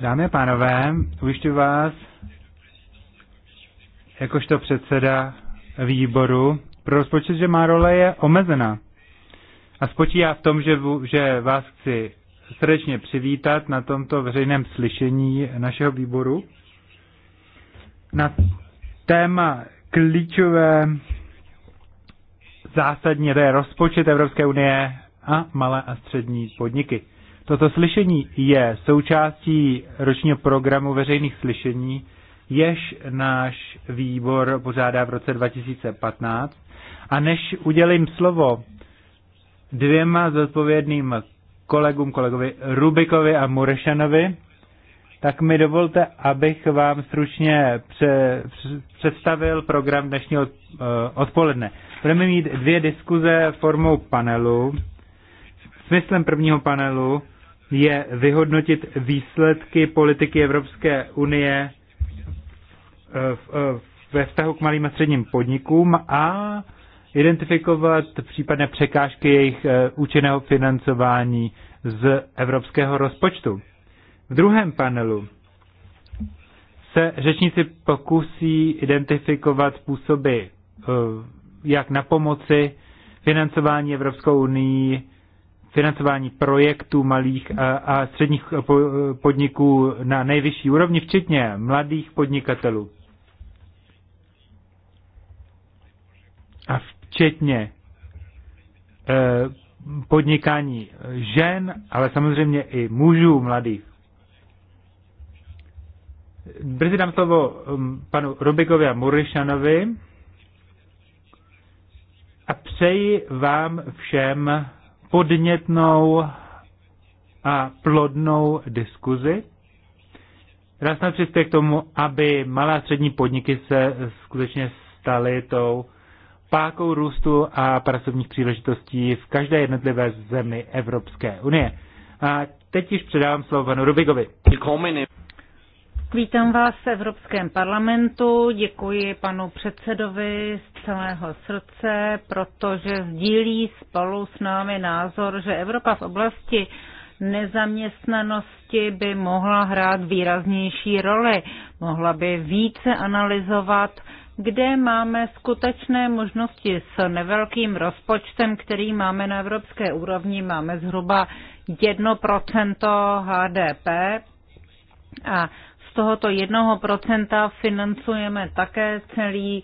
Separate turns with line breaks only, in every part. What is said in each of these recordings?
Dámy a pánové, ujišťuji vás, jakožto předseda výboru pro rozpočet, že má role je omezená. A spočívá v tom, že, že vás chci srdečně přivítat na tomto veřejném slyšení našeho výboru na téma klíčové zásadní, to je rozpočet Evropské unie a malé a střední podniky. Toto slyšení je součástí ročního programu veřejných slyšení, jež náš výbor pořádá v roce 2015. A než udělím slovo dvěma zodpovědným kolegům, kolegovi Rubikovi a Murešanovi, tak mi dovolte, abych vám stručně pře, představil program dnešního eh, odpoledne. Budeme mít dvě diskuze formou panelu. Smyslem prvního panelu je vyhodnotit výsledky politiky Evropské unie eh, eh, ve vztahu k malým a středním podnikům a identifikovat případné překážky jejich eh, účinného financování z evropského rozpočtu. V druhém panelu se řečníci pokusí identifikovat způsoby, jak na pomoci financování Evropskou unii financování projektů malých a středních podniků na nejvyšší úrovni, včetně mladých podnikatelů. A včetně e, podnikání žen, ale samozřejmě i mužů mladých. Brzy dám slovo panu Rubikovi a Murišanovi a přeji vám všem podnětnou a plodnou diskuzi. Rád snad přispěje k tomu, aby malá a střední podniky se skutečně staly tou pákou růstu a pracovních příležitostí v každé jednotlivé zemi Evropské unie. A teď již předávám slovo panu Rubigovi.
Vítám vás v Evropském parlamentu, děkuji panu předsedovi z celého srdce, protože sdílí spolu s námi názor, že Evropa v oblasti nezaměstnanosti by mohla hrát výraznější roli, mohla by více analyzovat, kde máme skutečné možnosti s nevelkým rozpočtem, který máme na evropské úrovni, máme zhruba 1% HDP a tohoto jednoho procenta financujeme také celý e,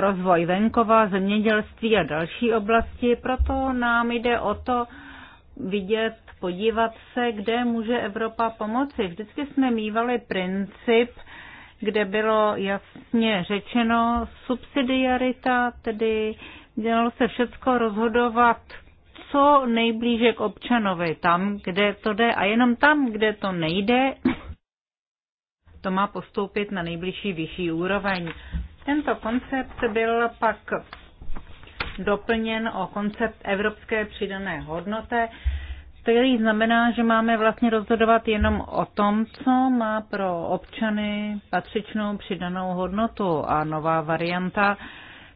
rozvoj venkova, zemědělství a další oblasti. Proto nám jde o to vidět, podívat se, kde může Evropa pomoci. Vždycky jsme mývali princip, kde bylo jasně řečeno subsidiarita, tedy mělo se všecko rozhodovat co nejblíže k občanovi, tam, kde to jde a jenom tam, kde to nejde, to má postoupit na nejbližší vyšší úroveň. Tento koncept byl pak doplněn o koncept evropské přidané hodnoty, který znamená, že máme vlastně rozhodovat jenom o tom, co má pro občany patřičnou přidanou hodnotu. A nová varianta,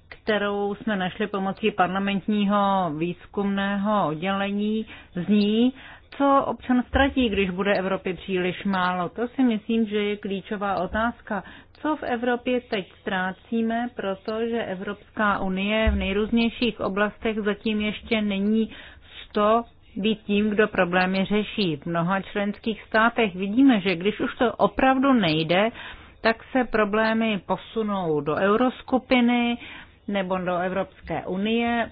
kterou jsme našli pomocí parlamentního výzkumného oddělení, zní, co občan ztratí, když bude Evropy příliš málo? To si myslím, že je klíčová otázka. Co v Evropě teď ztrácíme, protože Evropská unie v nejrůznějších oblastech zatím ještě není 100 být tím, kdo problémy řeší. V mnoha členských státech vidíme, že když už to opravdu nejde, tak se problémy posunou do euroskupiny nebo do Evropské unie.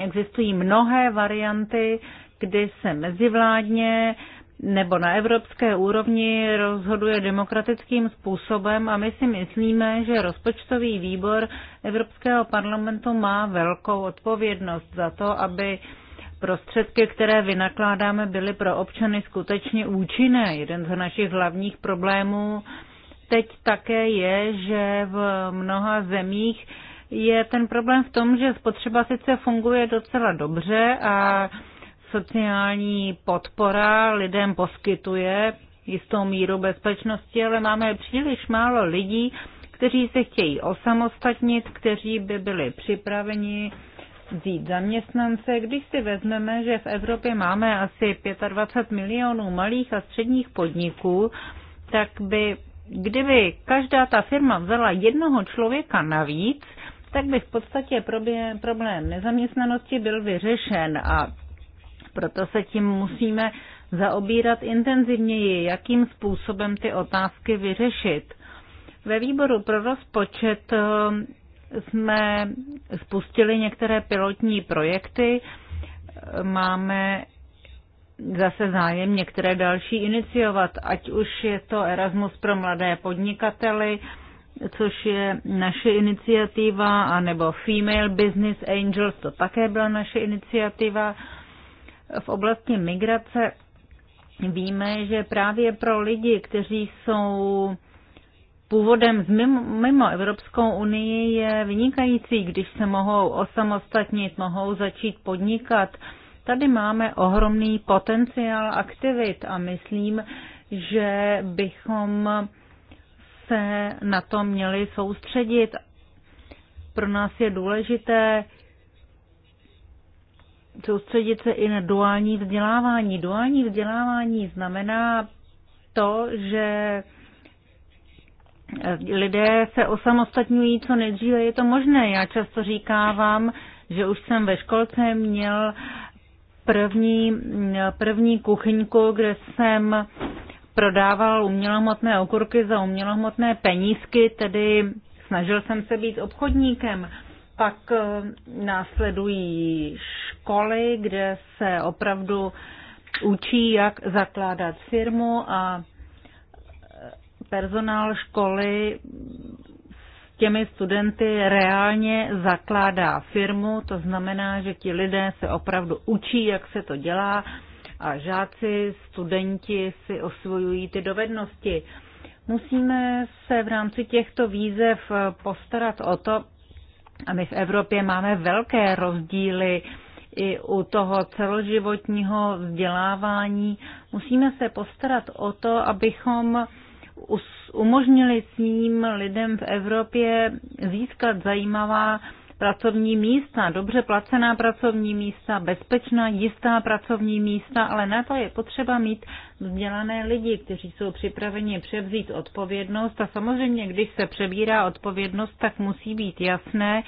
Existují mnohé varianty, kdy se mezivládně nebo na evropské úrovni rozhoduje demokratickým způsobem a my si myslíme, že rozpočtový výbor Evropského parlamentu má velkou odpovědnost za to, aby prostředky, které vynakládáme, byly pro občany skutečně účinné. Jeden z našich hlavních problémů teď také je, že v mnoha zemích je ten problém v tom, že spotřeba sice funguje docela dobře a sociální podpora lidem poskytuje jistou míru bezpečnosti, ale máme příliš málo lidí, kteří se chtějí osamostatnit, kteří by byli připraveni vzít zaměstnance. Když si vezmeme, že v Evropě máme asi 25 milionů malých a středních podniků, tak by, kdyby každá ta firma vzala jednoho člověka navíc, tak by v podstatě problém nezaměstnanosti byl vyřešen a proto se tím musíme zaobírat intenzivněji, jakým způsobem ty otázky vyřešit. Ve výboru pro rozpočet eh, jsme spustili některé pilotní projekty, eh, máme zase zájem některé další iniciovat, ať už je to Erasmus pro mladé podnikateli, což je naše iniciativa, anebo Female Business Angels, to také byla naše iniciativa v oblasti migrace víme, že právě pro lidi, kteří jsou původem z mimo, mimo Evropskou unii, je vynikající, když se mohou osamostatnit, mohou začít podnikat. Tady máme ohromný potenciál aktivit a myslím, že bychom se na to měli soustředit. Pro nás je důležité soustředit se i na duální vzdělávání. Duální vzdělávání znamená to, že lidé se osamostatňují co nejdříve, je to možné. Já často říkávám, že už jsem ve školce měl první, první kuchyňku, kde jsem prodával umělohmotné okurky za umělohmotné penízky, tedy snažil jsem se být obchodníkem. Pak eh, následují školy, kde se opravdu učí, jak zakládat firmu a eh, personál školy s těmi studenty reálně zakládá firmu, to znamená, že ti lidé se opravdu učí, jak se to dělá a žáci, studenti si osvojují ty dovednosti. Musíme se v rámci těchto výzev postarat o to, a my v Evropě máme velké rozdíly i u toho celoživotního vzdělávání. Musíme se postarat o to, abychom umožnili ním lidem v Evropě získat zajímavá pracovní místa, dobře placená pracovní místa, bezpečná, jistá pracovní místa, ale na to je potřeba mít vzdělané lidi, kteří jsou připraveni převzít odpovědnost a samozřejmě, když se přebírá odpovědnost, tak musí být jasné,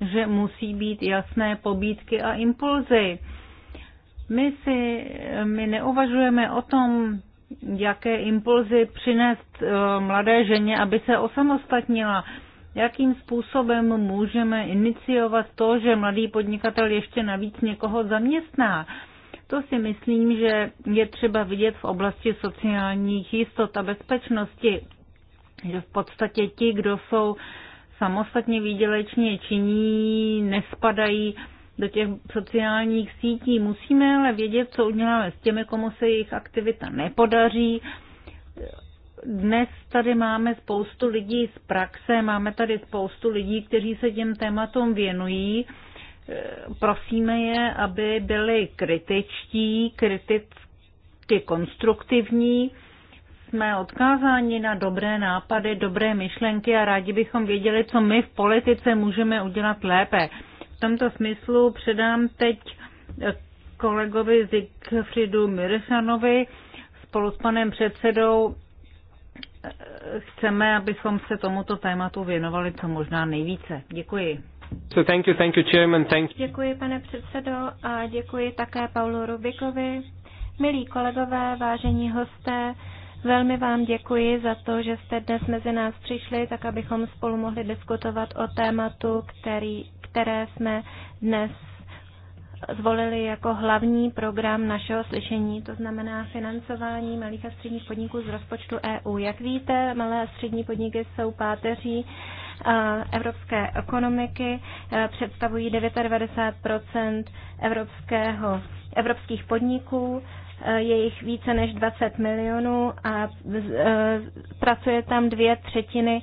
že musí být jasné pobídky a impulzy. My si my neuvažujeme o tom, jaké impulzy přinést eh, mladé ženě, aby se osamostatnila jakým způsobem můžeme iniciovat to, že mladý podnikatel ještě navíc někoho zaměstná. To si myslím, že je třeba vidět v oblasti sociálních jistot a bezpečnosti, že v podstatě ti, kdo jsou samostatně výdělečně činí, nespadají do těch sociálních sítí. Musíme ale vědět, co uděláme s těmi, komu se jejich aktivita nepodaří dnes tady máme spoustu lidí z praxe, máme tady spoustu lidí, kteří se těm tématům věnují. Eh, prosíme je, aby byli kritičtí, kriticky konstruktivní. Jsme odkázáni na dobré nápady, dobré myšlenky a rádi bychom věděli, co my v politice můžeme udělat lépe. V tomto smyslu předám teď eh, kolegovi Zigfridu Mirešanovi spolu s panem předsedou chceme, abychom se tomuto tématu věnovali co možná nejvíce. Děkuji.
So thank you, thank you, chairman, thank
you. Děkuji, pane předsedo, a děkuji také Paulu Rubikovi. Milí kolegové, vážení hosté, velmi vám děkuji za to, že jste dnes mezi nás přišli, tak abychom spolu mohli diskutovat o tématu, který, které jsme dnes zvolili jako hlavní program našeho slyšení, to znamená financování malých a středních podniků z rozpočtu EU. Jak víte, malé a střední podniky jsou páteří eh, evropské ekonomiky, eh, představují 99 evropského, evropských podniků, eh, je jich více než 20 milionů a pracuje tam dvě třetiny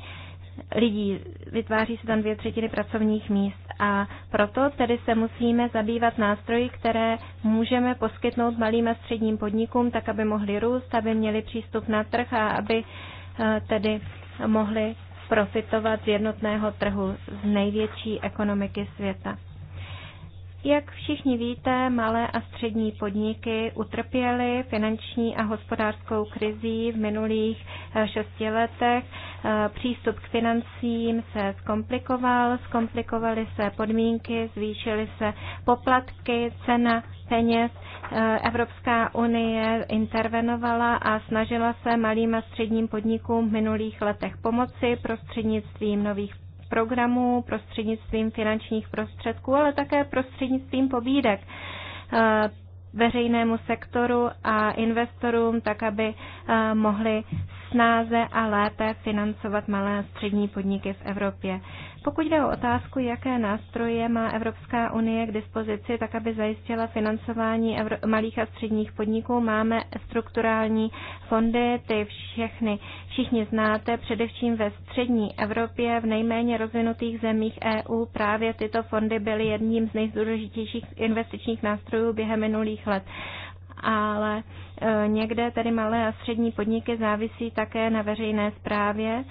lidí. Vytváří se tam dvě třetiny pracovních míst a proto tedy se musíme zabývat nástroji, které můžeme poskytnout malým a středním podnikům, tak aby mohli růst, aby měli přístup na trh a aby eh, tedy mohli profitovat z jednotného trhu z největší ekonomiky světa. Jak všichni víte, malé a střední podniky utrpěly finanční a hospodářskou krizí v minulých eh, šesti letech. Eh, Přístup k financím se zkomplikoval, zkomplikovaly se podmínky, zvýšily se poplatky, cena peněz. Eh, Evropská unie intervenovala a snažila se malým a středním podnikům v minulých letech pomoci prostřednictvím nových programů prostřednictvím finančních prostředků, ale také prostřednictvím pobídek eh, veřejnému sektoru a investorům, tak aby eh, mohli snáze a lépe financovat malé a střední podniky v Evropě. Pokud jde o otázku, jaké nástroje má Evropská unie k dispozici, tak aby zajistila financování malých a středních podniků, máme strukturální fondy, ty všechny všichni znáte, především ve střední Evropě, v nejméně rozvinutých zemích EU. Právě tyto fondy byly jedním z nejdůležitějších investičních nástrojů během minulých let ale e, někde tedy malé a střední podniky závisí také na veřejné správě,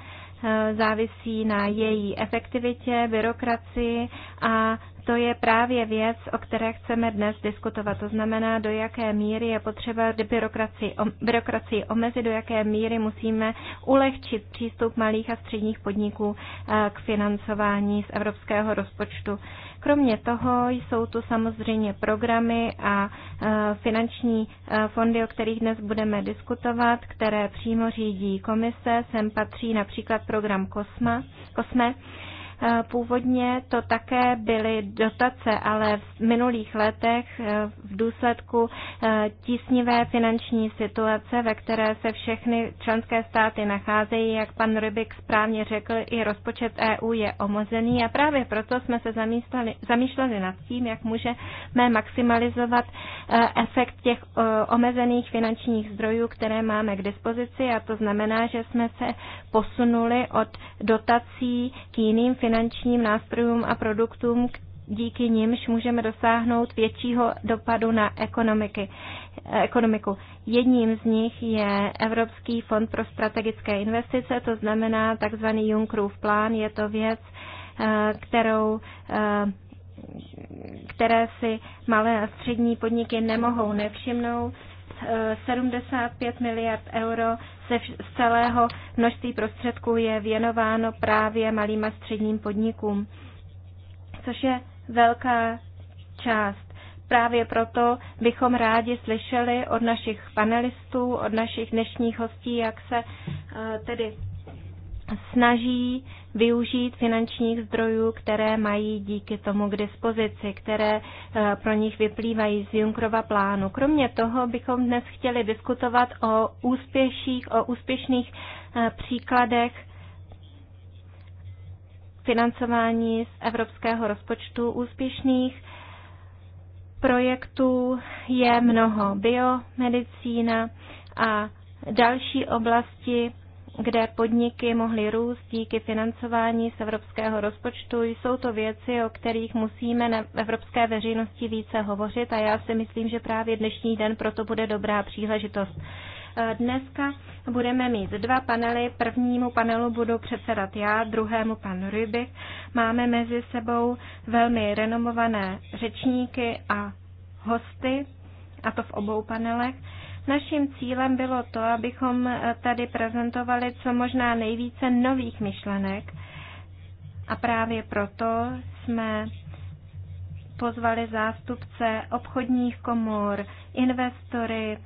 e, závisí na její efektivitě, byrokracii a to je právě věc, o které chceme dnes diskutovat. To znamená, do jaké míry je potřeba byrokracii, byrokracii omezit, do jaké míry musíme ulehčit přístup malých a středních podniků e, k financování z evropského rozpočtu. Kromě toho jsou tu samozřejmě programy a e, finanční e, fondy, o kterých dnes budeme diskutovat, které přímo řídí komise. Sem patří například program COSME, COSME Eh, původně to také byly dotace, ale v minulých letech eh, v důsledku eh, tísnivé finanční situace, ve které se všechny členské státy nacházejí, jak pan Rybik správně řekl, i rozpočet EU je omozený a právě proto jsme se zamýšleli nad tím, jak můžeme maximalizovat efekt těch omezených finančních zdrojů, které máme k dispozici a to znamená, že jsme se posunuli od dotací k jiným finančním finančním nástrojům a produktům, díky nimž můžeme dosáhnout většího dopadu na ekonomiky, eh, ekonomiku. Jedním z nich je Evropský fond pro strategické investice, to znamená takzvaný Junckerův plán. Je to věc, eh, kterou eh, které si malé a střední podniky nemohou nevšimnout 75 miliard euro se z celého množství prostředků je věnováno právě malým a středním podnikům, což je velká část. Právě proto bychom rádi slyšeli od našich panelistů, od našich dnešních hostí, jak se eh, tedy snaží využít finančních zdrojů, které mají díky tomu k dispozici, které eh, pro nich vyplývají z Junkrova plánu. Kromě toho bychom dnes chtěli diskutovat o úspěších, o úspěšných eh, příkladech financování z evropského rozpočtu úspěšných projektů je mnoho biomedicína a další oblasti kde podniky mohly růst díky financování z evropského rozpočtu. Jsou to věci, o kterých musíme na evropské veřejnosti více hovořit a já si myslím, že právě dnešní den proto bude dobrá příležitost. E, dneska budeme mít dva panely. Prvnímu panelu budu předsedat já, druhému pan Rybich. Máme mezi sebou velmi renomované řečníky a hosty, a to v obou panelech. Naším cílem bylo to, abychom eh, tady prezentovali co možná nejvíce nových myšlenek a právě proto jsme pozvali zástupce obchodních komor, investory,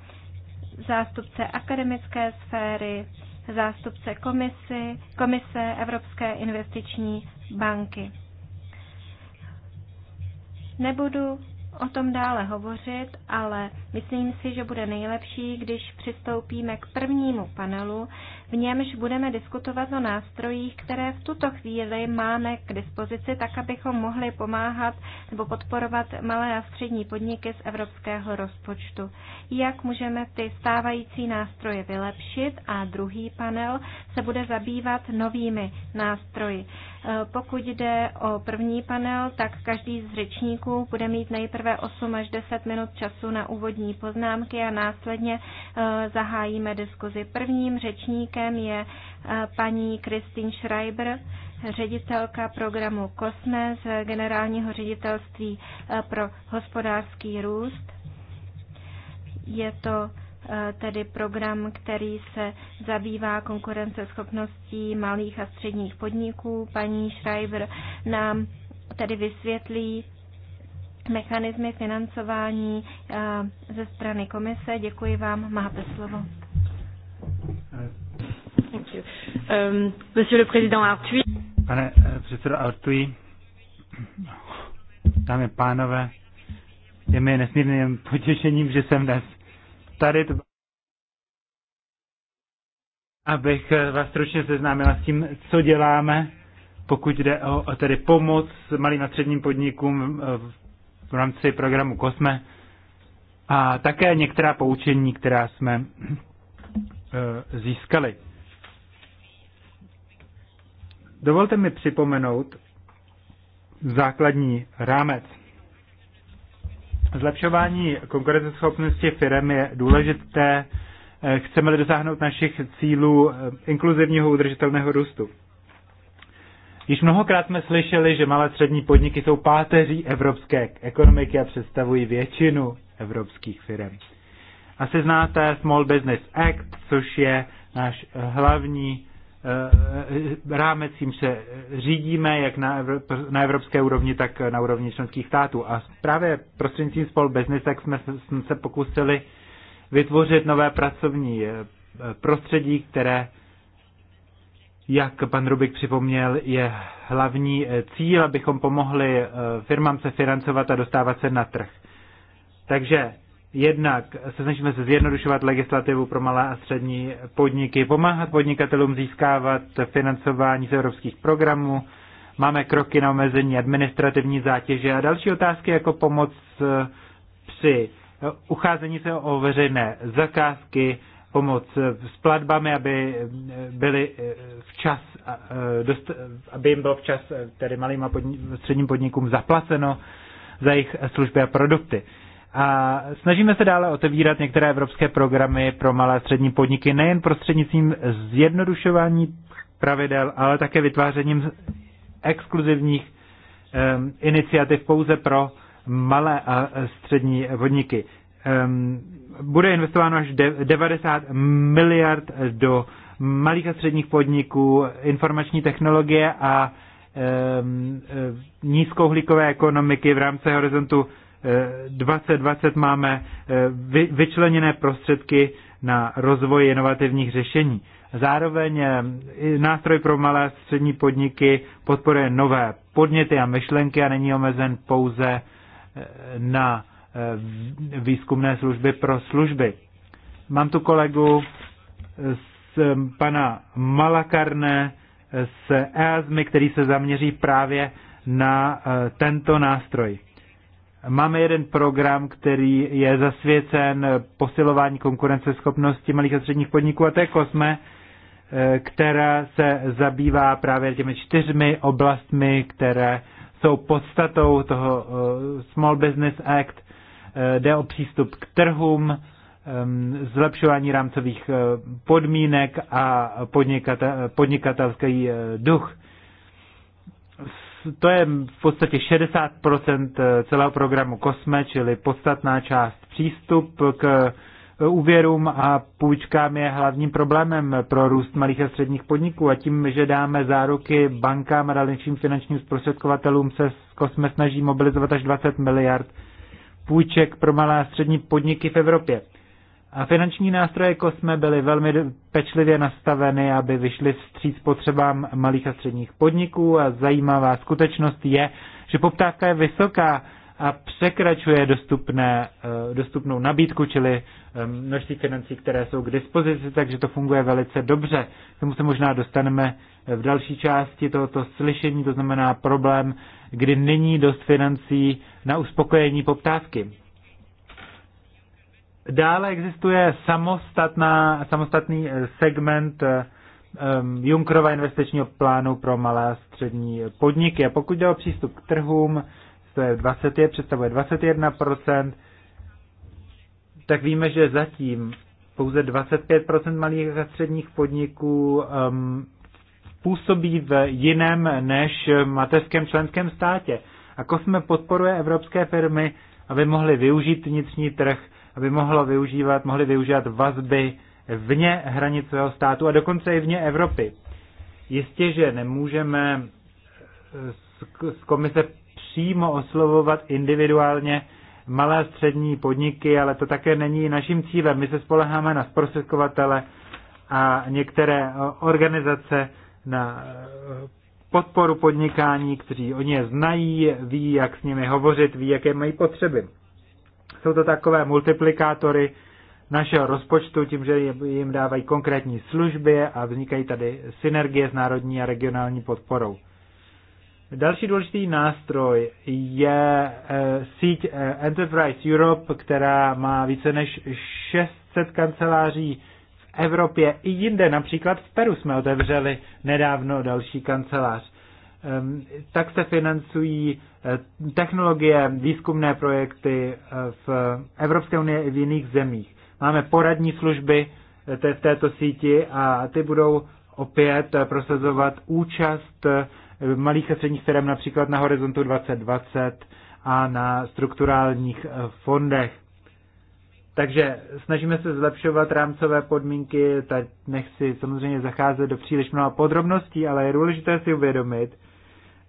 zástupce akademické sféry, zástupce komisy, komise Evropské investiční banky. Nebudu o tom dále hovořit, ale Myslím si, že bude nejlepší, když přistoupíme k prvnímu panelu, v němž budeme diskutovat o nástrojích, které v tuto chvíli máme k dispozici, tak abychom mohli pomáhat nebo podporovat malé a střední podniky z evropského rozpočtu. Jak můžeme ty stávající nástroje vylepšit a druhý panel se bude zabývat novými nástroji. E, pokud jde o první panel, tak každý z řečníků bude mít nejprve 8 až 10 minut času na úvodní úvodní poznámky a následně eh, zahájíme diskuzi. Prvním řečníkem je eh, paní Kristin Schreiber, ředitelka programu COSME z Generálního ředitelství eh, pro hospodářský růst. Je to tedy program, který se zabývá konkurenceschopností malých a středních podniků. Paní Schreiber nám tedy vysvětlí mechanizmy financování eh, ze strany komise. Děkuji vám, máte slovo. Um,
Pane eh, předsedo Artui, dámy pánové, je mi nesmírným potěšením, že jsem dnes tady, abych eh, vás stručně seznámila s tím, co děláme, pokud jde o tedy pomoc malým a středním podnikům v v rámci programu Kosme a také některá poučení, která jsme eh, získali. Dovolte mi připomenout základní rámec. Zlepšování konkurenceschopnosti firm je důležité, eh, chceme-li dosáhnout našich cílů eh, inkluzivního udržitelného růstu. Již mnohokrát jsme slyšeli, že malé střední podniky jsou páteří evropské ekonomiky a představují většinu evropských firm. Asi znáte Small Business Act, což je náš hlavní eh, rámec, tím se řídíme, jak na evropské úrovni, tak na úrovni členských států. A právě prostřednictvím Small Business Act jsme se pokusili vytvořit nové pracovní eh, prostředí, které jak pan Rubik připomněl, je hlavní eh, cíl, abychom pomohli eh, firmám se financovat a dostávat se na trh. Takže jednak se snažíme se zjednodušovat legislativu pro malé a střední podniky, pomáhat podnikatelům získávat financování z evropských programů, máme kroky na omezení administrativní zátěže a další otázky jako pomoc eh, při ucházení se o veřejné zakázky, pomoc s platbami, aby byli včas, aby jim bylo včas tedy malým a podnik, středním podnikům zaplaceno za jejich služby a produkty. A snažíme se dále otevírat některé evropské programy pro malé a střední podniky nejen prostřednictvím zjednodušování pravidel, ale také vytvářením exkluzivních iniciativ pouze pro malé a střední podniky um, bude investováno až 90 miliard do malých a středních podniků, informační technologie a um, nízkouhlíkové ekonomiky v rámci horizontu 2020 e, máme e, vyčleněné prostředky na rozvoj inovativních řešení. Zároveň nástroj pro malé a střední podniky podporuje nové podněty a myšlenky a není omezen pouze na Eh, výzkumné služby pro služby. Mám tu kolegu z pana Malakarne eh, z EASMY, který se zaměří právě na eh, tento nástroj. Máme jeden program, který je zasvěcen posilování konkurenceschopnosti malých a středních podniků, a to je COSME, která se zabývá právě těmi čtyřmi oblastmi, které jsou podstatou toho Small Business Act, Eh, jde o přístup k trhům, zlepšování rámcových eh, podmínek a podnikatelský eh, duch. To je v podstatě 60% celého programu COSME, čili podstatná část přístup k úvěrům a půjčkám je hlavním problémem pro růst malých a středních podniků a tím, že dáme záruky bankám a dalším finančním zprostředkovatelům, se COSME snaží mobilizovat až 20 miliard půjček pro malé a střední podniky v Evropě. A finanční nástroje Kosme byly velmi pečlivě nastaveny, aby vyšly vstříc potřebám malých a středních podniků a zajímavá skutečnost je, že poptávka je vysoká a překračuje dostupné, eh, dostupnou nabídku, čili eh, množství financí, které jsou k dispozici, takže to funguje velice dobře. K tomu se možná dostaneme eh, v další části tohoto slyšení, to znamená problém, kdy není dost financí na uspokojení poptávky. Dále existuje samostatná, samostatný eh, segment um, Junkrova investičního plánu pro malé a střední podniky. A pokud jde o přístup k trhům, to je 20, představuje 21%, tak víme, že zatím pouze 25% malých a středních podniků um, působí v jiném než mateřském členském státě. A Kosme podporuje evropské firmy, aby mohly využít vnitřní trh, aby mohlo využívat, mohly využívat vazby vně hranic svého státu a dokonce i vně Evropy. Jistě, že nemůžeme z komise přímo oslovovat individuálně malé a střední podniky, ale to také není naším cílem. My se spoleháme na zprostředkovatele a některé organizace, na podporu podnikání, kteří oni ně znají, ví, jak s nimi hovořit, ví, jaké mají potřeby. Jsou to takové multiplikátory našeho rozpočtu tím, že jim dávají konkrétní služby a vznikají tady synergie s národní a regionální podporou. Další důležitý nástroj je eh, síť eh, Enterprise Europe, která má více než 600 kanceláří Evropě i jinde, například v Peru jsme otevřeli nedávno další kancelář. Ehm, tak se financují eh, technologie, výzkumné projekty eh, v Evropské unii i v jiných zemích. Máme poradní služby eh, v této síti a ty budou opět prosazovat účast malých a středních firm například na Horizontu 2020 a na strukturálních fondech. Takže snažíme se zlepšovat rámcové podmínky, tak nechci samozřejmě zacházet do příliš mnoha podrobností, ale je důležité si uvědomit,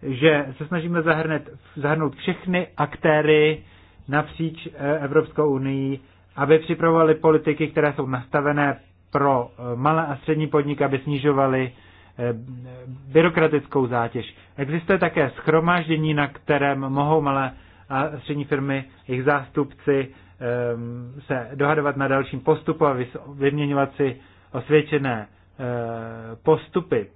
že se snažíme zahrnout, zahrnout všechny aktéry napříč eh, Evropskou unii, aby připravovali politiky, které jsou nastavené pro eh, malé a střední podnik, aby snižovaly eh, byrokratickou zátěž. Existuje také schromáždění, na kterém mohou malé a střední firmy, jejich zástupci Ehm, se dohadovat na dalším postupu a vyměňovat si osvědčené eh, postupy.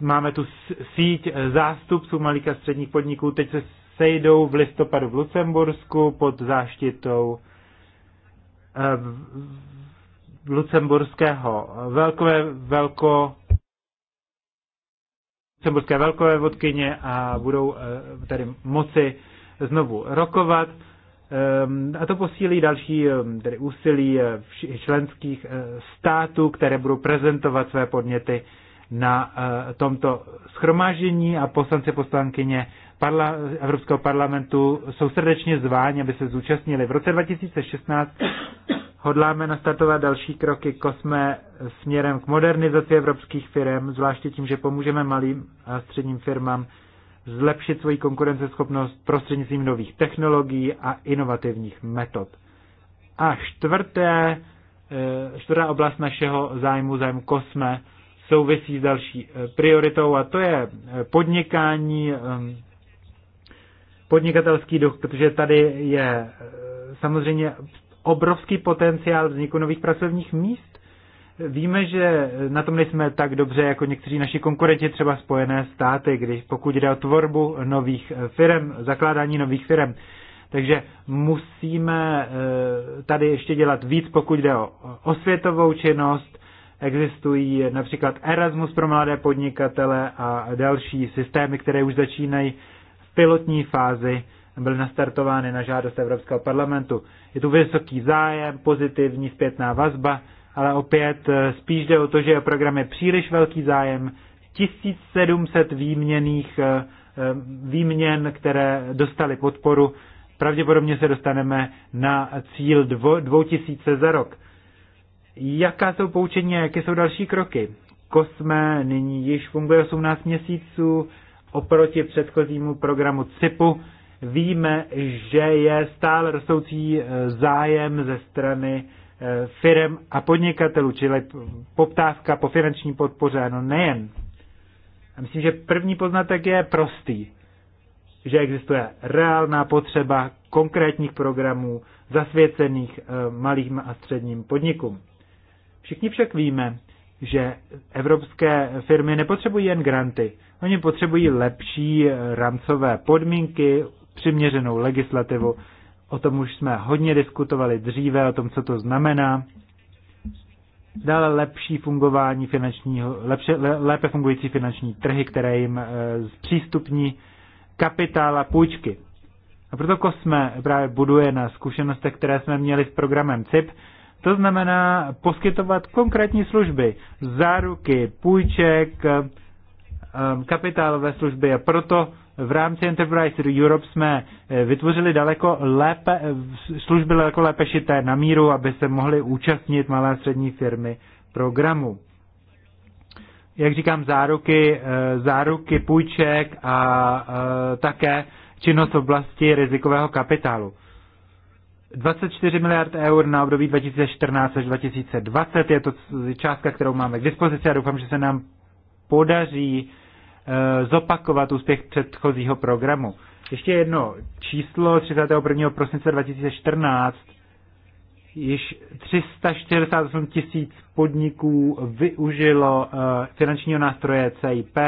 Máme tu síť eh, zástupců malých a středních podniků, teď se sejdou v listopadu v Lucembursku pod záštitou eh, lucemburského velkové, velko, lucemburské velkové vodkyně a budou tady moci znovu rokovat. Ehm, a to posílí další ehm, tedy úsilí eh, členských eh, států, které budou prezentovat své podněty na eh, tomto schromáždění a poslanci poslankyně parla, Evropského parlamentu jsou srdečně zváni, aby se zúčastnili. V roce 2016 hodláme nastartovat další kroky kosme směrem k modernizaci evropských firm, zvláště tím, že pomůžeme malým a středním firmám zlepšit svoji konkurenceschopnost prostřednictvím nových technologií a inovativních metod. A čtvrté, eh, čtvrtá oblast našeho zájmu, zájmu kosme, souvisí s další eh, prioritou a to je eh, podnikání, ehm, podnikatelský duch, protože tady je samozřejmě obrovský potenciál vzniku nových pracovních míst Víme, že na tom nejsme tak dobře jako někteří naši konkurenti, třeba Spojené státy, když pokud jde o tvorbu nových firm, zakládání nových firm. Takže musíme eh, tady ještě dělat víc, pokud jde o osvětovou činnost. Existují například Erasmus pro mladé podnikatele a další systémy, které už začínají v pilotní fázi byly nastartovány na žádost Evropského parlamentu. Je tu vysoký zájem, pozitivní zpětná vazba ale opět eh, spíš jde o to, že program je příliš velký zájem, 1700 výměných eh, eh, výměn, které dostali podporu. Pravděpodobně se dostaneme na cíl 2000 za rok. Jaká jsou poučení a jaké jsou další kroky? Kosme nyní již funguje 18 měsíců oproti předchozímu programu CIPu. Víme, že je stále rostoucí zájem ze strany Eh, firm a podnikatelů, čili poptávka po finanční podpoře, no nejen. A myslím, že první poznatek je prostý, že existuje reálná potřeba konkrétních programů zasvěcených eh, malým a středním podnikům. Všichni však víme, že evropské firmy nepotřebují jen granty. Oni potřebují lepší eh, rámcové podmínky, přiměřenou legislativu O tom už jsme hodně diskutovali dříve, o tom, co to znamená. Dále lepší fungování finančního, lepše, lépe fungující finanční trhy, které jim eh, zpřístupní kapitál a půjčky. A proto Kosme právě buduje na zkušenostech, které jsme měli s programem CIP. To znamená poskytovat konkrétní služby, záruky, půjček, eh, eh, kapitálové služby a proto v rámci Enterprise Europe jsme eh, vytvořili daleko lépe, eh, služby daleko lépe šité na míru, aby se mohly účastnit malé a střední firmy programu. Jak říkám, záruky, eh, záruky půjček a také činnost v oblasti rizikového kapitálu. 24 miliard eur na období 2014 až 2020 je to částka, kterou máme k dispozici a doufám, že se nám podaří Eh, zopakovat úspěch předchozího programu. Ještě jedno číslo 31. prosince 2014 již 348 tisíc podniků využilo eh, finančního nástroje CIP,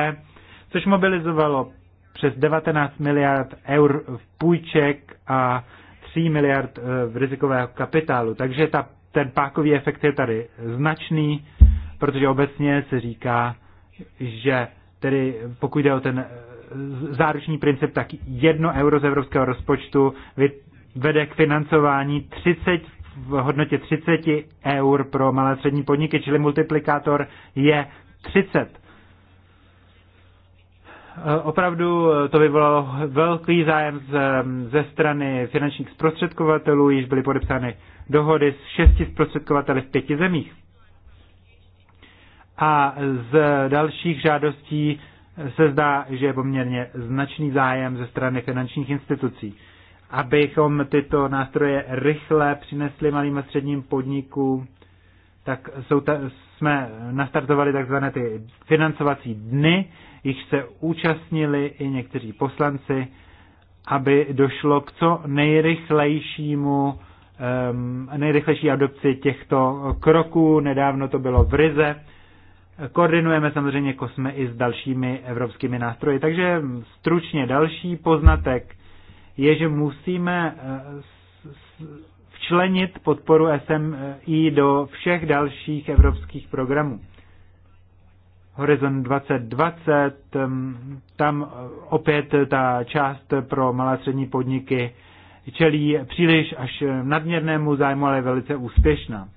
což mobilizovalo přes 19 miliard eur v půjček a 3 miliard eh, v rizikového kapitálu. Takže ta, ten pákový efekt je tady značný, protože obecně se říká, že tedy pokud jde o ten eh, záruční princip, tak jedno euro z evropského rozpočtu vede k financování 30 v hodnotě 30 eur pro malé střední podniky, čili multiplikátor je 30. Eh, opravdu eh, to vyvolalo velký zájem ze strany finančních zprostředkovatelů, již byly podepsány dohody s šesti zprostředkovateli v pěti zemích a z dalších žádostí se zdá, že je poměrně značný zájem ze strany finančních institucí. Abychom tyto nástroje rychle přinesli malým a středním podnikům, tak jsou ta, jsme nastartovali takzvané ty financovací dny, jich se účastnili i někteří poslanci, aby došlo k co nejrychlejšímu um, nejrychlejší adopci těchto kroků. Nedávno to bylo v Rize Koordinujeme samozřejmě kosme i s dalšími evropskými nástroji. Takže stručně další poznatek je, že musíme eh, včlenit podporu SMI do všech dalších evropských programů. Horizon 2020, tam eh, opět ta část pro malé a střední podniky čelí příliš až nadměrnému zájmu, ale je velice úspěšná.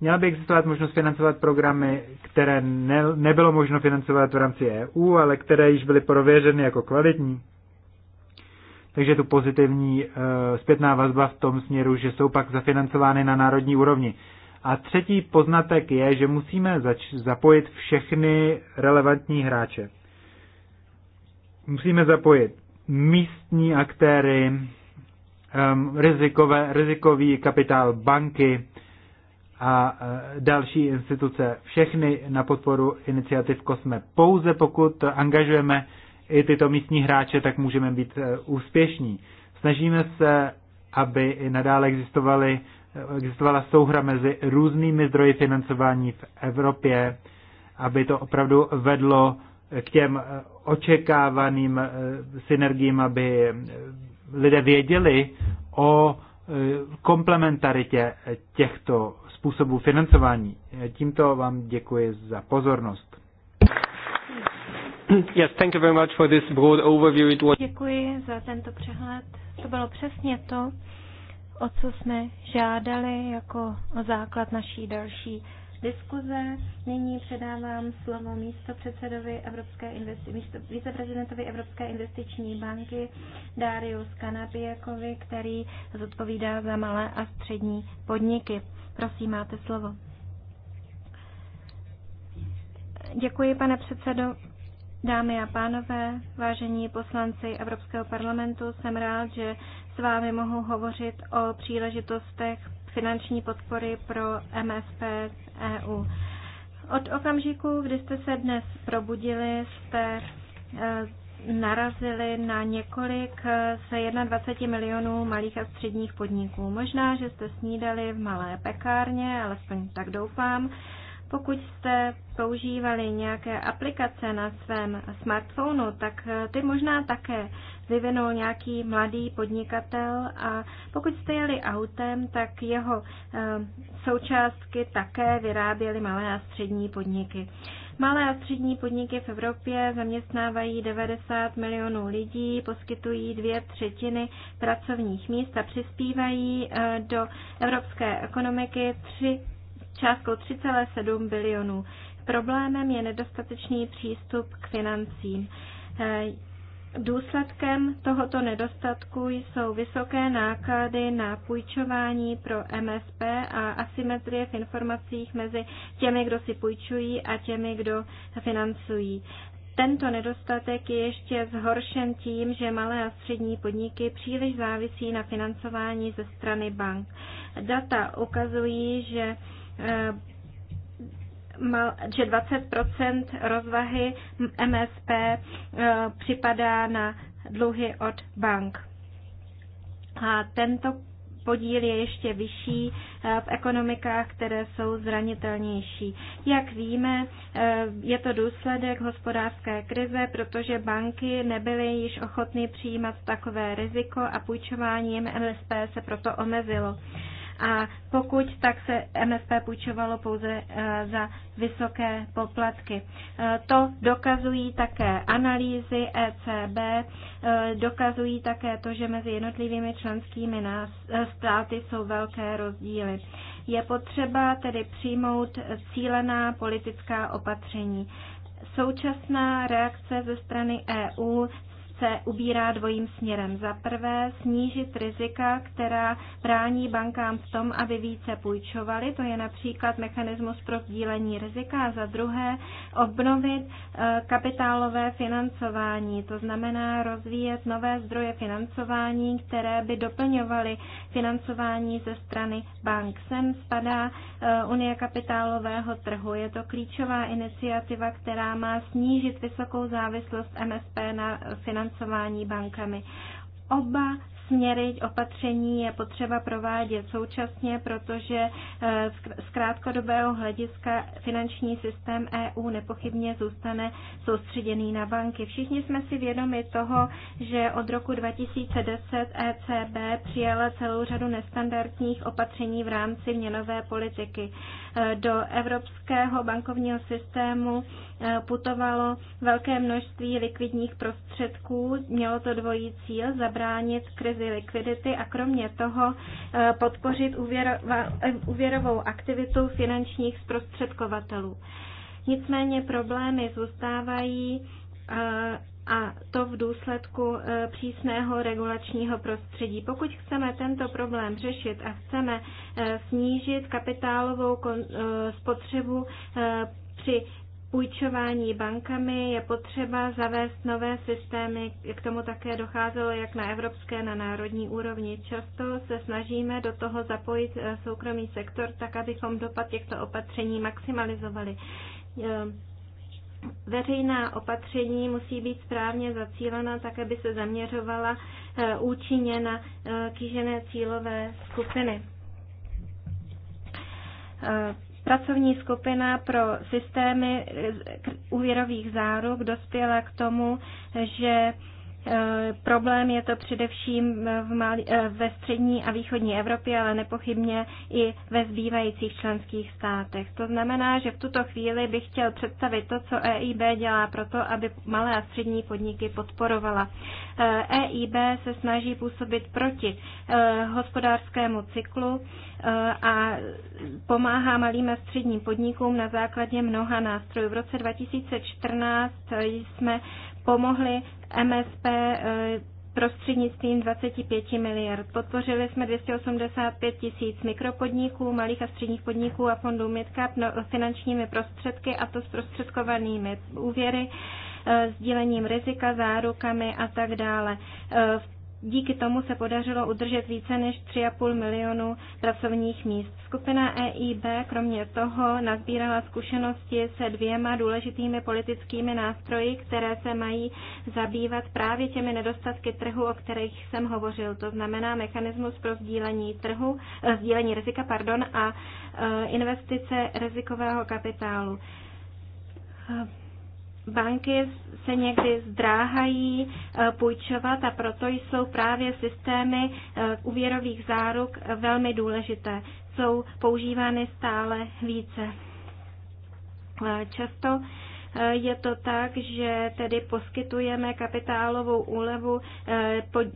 Měla by existovat možnost financovat programy, které ne, nebylo možno financovat v rámci EU, ale které již byly prověřeny jako kvalitní. Takže tu pozitivní uh, zpětná vazba v tom směru, že jsou pak zafinancovány na národní úrovni. A třetí poznatek je, že musíme zač- zapojit všechny relevantní hráče. Musíme zapojit místní aktéry, um, rizikové, rizikový kapitál banky, a e, další instituce, všechny na podporu iniciativ Kosme. Pouze pokud angažujeme i tyto místní hráče, tak můžeme být e, úspěšní. Snažíme se, aby i nadále existovaly, e, existovala souhra mezi různými zdroji financování v Evropě, aby to opravdu vedlo k těm očekávaným synergiím, aby lidé věděli o komplementaritě těchto způsobu financování. Tímto vám děkuji za pozornost.
Děkuji za tento přehled. To bylo přesně to, o co jsme žádali jako o základ naší další diskuze. Nyní předávám slovo místo předsedovi Evropské investi- místo, viceprezidentovi Evropské investiční banky Darius Kanapiekovi, který zodpovídá za malé a střední podniky. Prosím, máte slovo. Děkuji, pane předsedo. Dámy a pánové, vážení poslanci Evropského parlamentu, jsem rád, že s vámi mohu hovořit o příležitostech finanční podpory pro MSP EU. Od okamžiku, kdy jste se dnes probudili, jste e, narazili na několik e, se 21 milionů malých a středních podniků. Možná, že jste snídali v malé pekárně, alespoň tak doufám, pokud jste používali nějaké aplikace na svém smartphonu, tak eh, ty možná také vyvinul nějaký mladý podnikatel a pokud jste jeli autem, tak jeho eh, součástky také vyráběly malé a střední podniky. Malé a střední podniky v Evropě zaměstnávají 90 milionů lidí, poskytují dvě třetiny pracovních míst a přispívají eh, do evropské ekonomiky 3 částkou 3,7 bilionů. Problémem je nedostatečný přístup k financím. Eh, důsledkem tohoto nedostatku jsou vysoké náklady na půjčování pro MSP a asymetrie v informacích mezi těmi, kdo si půjčují a těmi, kdo financují. Tento nedostatek je ještě zhoršen tím, že malé a střední podniky příliš závisí na financování ze strany bank. Data ukazují, že Eh, že 20 rozvahy MSP eh, připadá na dluhy od bank. A tento podíl je ještě vyšší eh, v ekonomikách, které jsou zranitelnější. Jak víme, je to důsledek hospodářské krize, protože banky nebyly již ochotny přijímat takové riziko a půjčování MSP se proto omezilo a pokud, tak se MFP půjčovalo pouze eh, za vysoké poplatky. Eh, to dokazují také analýzy ECB, eh, dokazují také to, že mezi jednotlivými členskými státy jsou velké rozdíly. Je potřeba tedy přijmout cílená politická opatření. Současná reakce ze strany EU se ubírá dvojím směrem. Za prvé snížit rizika, která brání bankám v tom, aby více půjčovali, to je například mechanismus pro sdílení rizika, a za druhé obnovit eh, kapitálové financování, to znamená rozvíjet nové zdroje financování, které by doplňovaly financování ze strany bank. Sem spadá eh, Unie kapitálového trhu. Je to klíčová iniciativa, která má snížit vysokou závislost MSP na financování financování bankami. Oba směry opatření je potřeba provádět současně, protože eh, z krátkodobého hlediska finanční systém EU nepochybně zůstane soustředěný na banky. Všichni jsme si vědomi toho, že od roku 2010 ECB přijala celou řadu nestandardních opatření v rámci měnové politiky. Eh, do evropského bankovního systému eh, putovalo velké množství likvidních prostředků. Mělo to dvojí cíl zabránit krizi likvidity a kromě toho eh, podpořit úvěrovou aktivitu finančních zprostředkovatelů. Nicméně problémy zůstávají a to v důsledku e, přísného regulačního prostředí. Pokud chceme tento problém řešit a chceme e, snížit kapitálovou e, spotřebu při půjčování bankami je potřeba zavést nové systémy. K tomu také docházelo jak na evropské, na národní úrovni. Často se snažíme do toho zapojit soukromý sektor, tak abychom dopad těchto opatření maximalizovali veřejná opatření musí být správně zacílena tak, aby se zaměřovala eh, účinně na eh, kýžené cílové skupiny. Eh, pracovní skupina pro systémy úvěrových záruk dospěla k tomu, že Eh, problém je to především v eh, ve střední a východní Evropě, ale nepochybně i ve zbývajících členských státech. To znamená, že v tuto chvíli bych chtěl představit to, co EIB dělá pro to, aby malé a střední podniky podporovala. EIB eh, e se snaží působit proti hospodářskému cyklu a pomáhá malým a středním podnikům na základě mnoha nástrojů. V roce 2014 jsme pomohli MSP eh, prostřednictvím 25 miliard. Podpořili jsme 285 tisíc mikropodniků, malých a středních podniků a fondů MidCap no, finančními prostředky a to s prostředkovanými úvěry, eh, sdílením rizika, zárukami a tak dále. V eh, Díky tomu se podařilo udržet více než 3,5 milionu pracovních míst. Skupina EIB kromě toho nazbírala zkušenosti se dvěma důležitými politickými nástroji, které se mají zabývat právě těmi nedostatky trhu, o kterých jsem hovořil. To znamená mechanismus pro sdílení, trhu, eh, sdílení rizika pardon, a eh, investice rizikového kapitálu. Eh, banky se někdy zdráhají eh, půjčovat a proto jsou právě systémy eh, úvěrových záruk velmi důležité. Jsou používány stále více. Eh, často je to tak, že tedy poskytujeme kapitálovou úlevu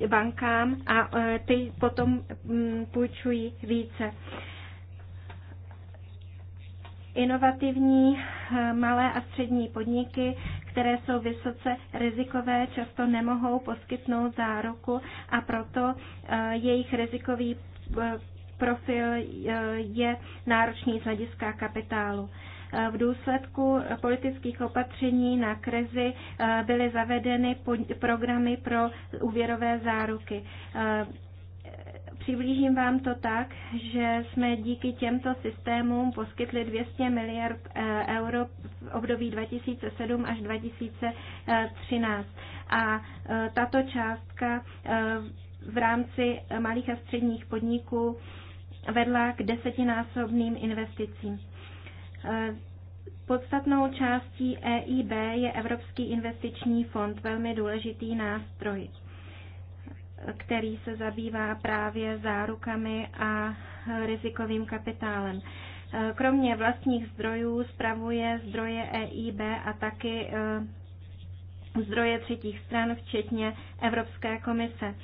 bankám a ty potom mm, půjčují více. Inovativní eh, malé a střední podniky, které jsou vysoce rizikové, často nemohou poskytnout záruku a proto eh, jejich rizikový eh, profil je náročný z hlediska kapitálu. V důsledku politických opatření na krizi byly zavedeny programy pro úvěrové záruky. Přiblížím vám to tak, že jsme díky těmto systémům poskytli 200 miliard eh, euro v období 2007 až 2013. A eh, tato částka eh, v rámci malých a středních podniků vedla k desetinásobným investicím. Podstatnou částí EIB je Evropský investiční fond, velmi důležitý nástroj který se zabývá právě zárukami a rizikovým kapitálem. Kromě vlastních zdrojů spravuje zdroje EIB a taky eh, zdroje třetích stran, včetně Evropské komise.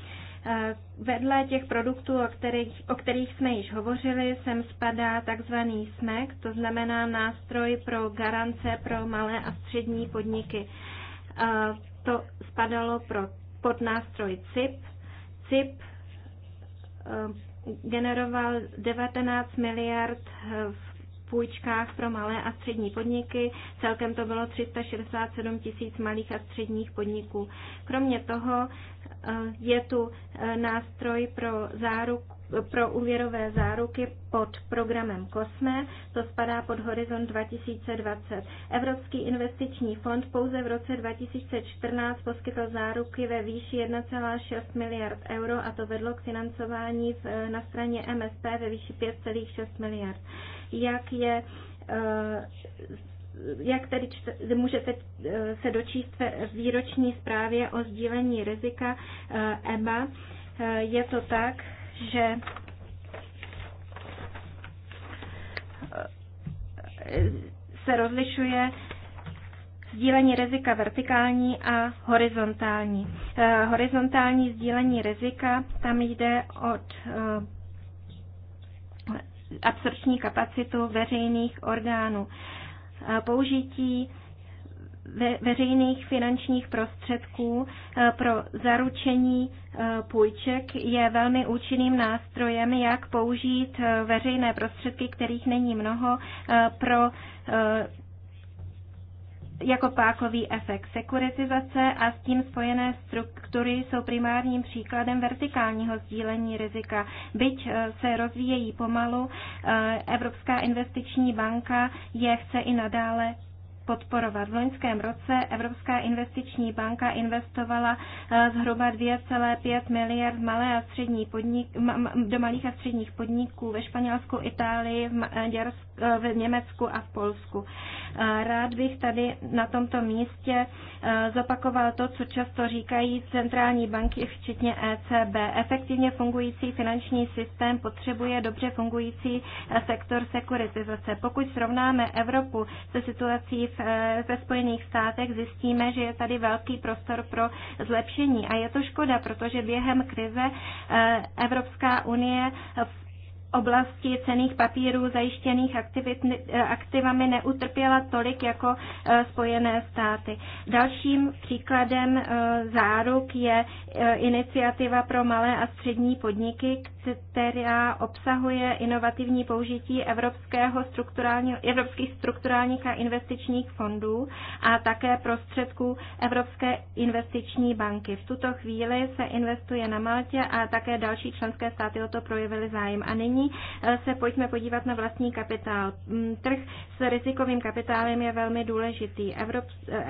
Eh, vedle těch produktů, o kterých, o kterých jsme již hovořili, sem spadá takzvaný SMEC, to znamená nástroj pro garance pro malé a střední podniky. Eh, to spadalo pro, pod nástroj CIP, CIP eh, generoval 19 miliard eh, v půjčkách pro malé a střední podniky. Celkem to bylo 367 tisíc malých a středních podniků. Kromě toho eh, je tu nástroj pro záruku pro úvěrové záruky pod programem COSME, to spadá pod horizont 2020. Evropský investiční fond pouze v roce 2014 poskytl záruky ve výši 1,6 miliard euro a to vedlo k financování na straně MSP ve výši 5,6 miliard. Jak je eh, jak tedy čte, můžete eh, se dočíst ve výroční zprávě o sdílení rizika EBA, eh, e je to tak, že eh, se rozlišuje sdílení rizika vertikální a horizontální. Eh, horizontální sdílení rizika, tam jde od eh, absorpční kapacitu veřejných orgánů. Použití ve, veřejných finančních prostředků eh, pro zaručení eh, půjček je velmi účinným nástrojem, jak použít eh, veřejné prostředky, kterých není mnoho, pro jako pákový efekt sekuritizace a s tím spojené struktury jsou primárním příkladem vertikálního sdílení rizika. Byť se rozvíjejí pomalu, Evropská investiční banka je chce i nadále podporovat. V loňském roce Evropská investiční banka investovala eh, zhruba 2,5 miliard malé a střední podnik, do malých a středních podniků ve Španělsku, Itálii, v eh, Maďarsku Eh, v Německu a v Polsku. Eh, rád bych tady na tomto místě eh, zopakoval to, co často říkají centrální banky, včetně ECB. Efektivně fungující finanční systém potřebuje dobře fungující sektor sekuritizace. Pokud srovnáme Evropu se situací ve Spojených státech, zjistíme, že je tady velký prostor pro zlepšení. A je to škoda, protože během krize Evropská unie oblasti cených papírů zajištěných aktivit, eh, aktivami neutrpěla tolik jako eh, Spojené státy. Dalším příkladem eh, záruk je iniciativa pro malé a střední podniky, která obsahuje inovativní použití evropského strukturálního, evropských strukturálních a investičních fondů a také prostředků Evropské investiční banky. V tuto chvíli se investuje na Maltě a také další členské státy o to projevily zájem. A nyní Eh, se pojďme podívat na vlastní kapitál. Mm, trh s rizikovým kapitálem je velmi důležitý. Eh,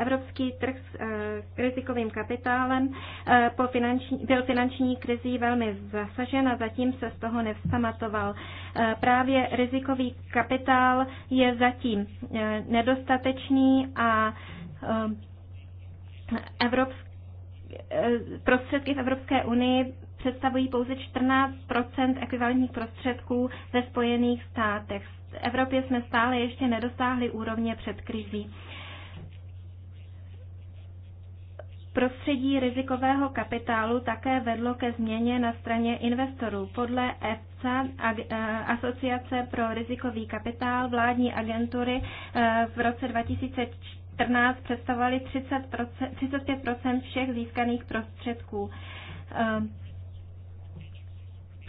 evropský trh s eh, rizikovým kapitálem po finanční, byl finanční krizí velmi zasažen a zatím se z toho nevstamatoval. Právě rizikový kapitál je zatím nedostatečný a evropský prostředky v Evropské unii představují pouze 14 ekvivalentních prostředků ve Spojených státech. V Evropě jsme stále ještě nedosáhli úrovně před krizí. Prostředí rizikového kapitálu také vedlo ke změně na straně investorů. Podle EFSA, eh, Asociace pro rizikový kapitál, vládní agentury eh, v roce 2014 představovaly 35 všech získaných prostředků. Eh,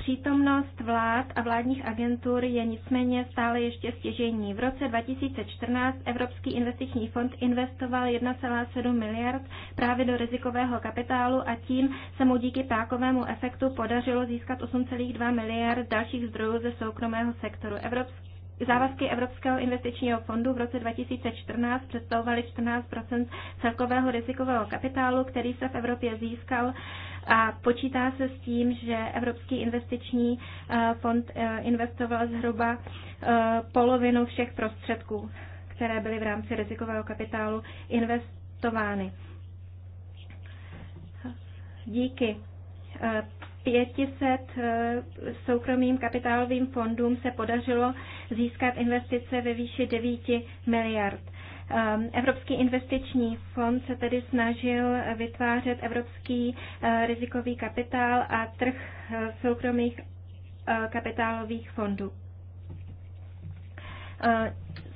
Přítomnost vlád a vládních agentur je nicméně stále ještě stěžení. V roce 2014 Evropský investiční fond investoval 1,7 miliard právě do rizikového kapitálu a tím se mu díky pákovému efektu podařilo získat 8,2 miliard dalších zdrojů ze soukromého sektoru. Evropský Závazky Evropského investičního fondu v roce 2014 představovaly 14 celkového rizikového kapitálu, který se v Evropě získal a počítá se s tím, že Evropský investiční eh, fond eh, investoval zhruba eh, polovinu všech prostředků, které byly v rámci rizikového kapitálu investovány. Díky 500 soukromým kapitálovým fondům se podařilo získat investice ve výši 9 miliard. Ehm, evropský investiční fond se tedy snažil vytvářet evropský eh, rizikový kapitál a trh eh, soukromých eh, kapitálových fondů.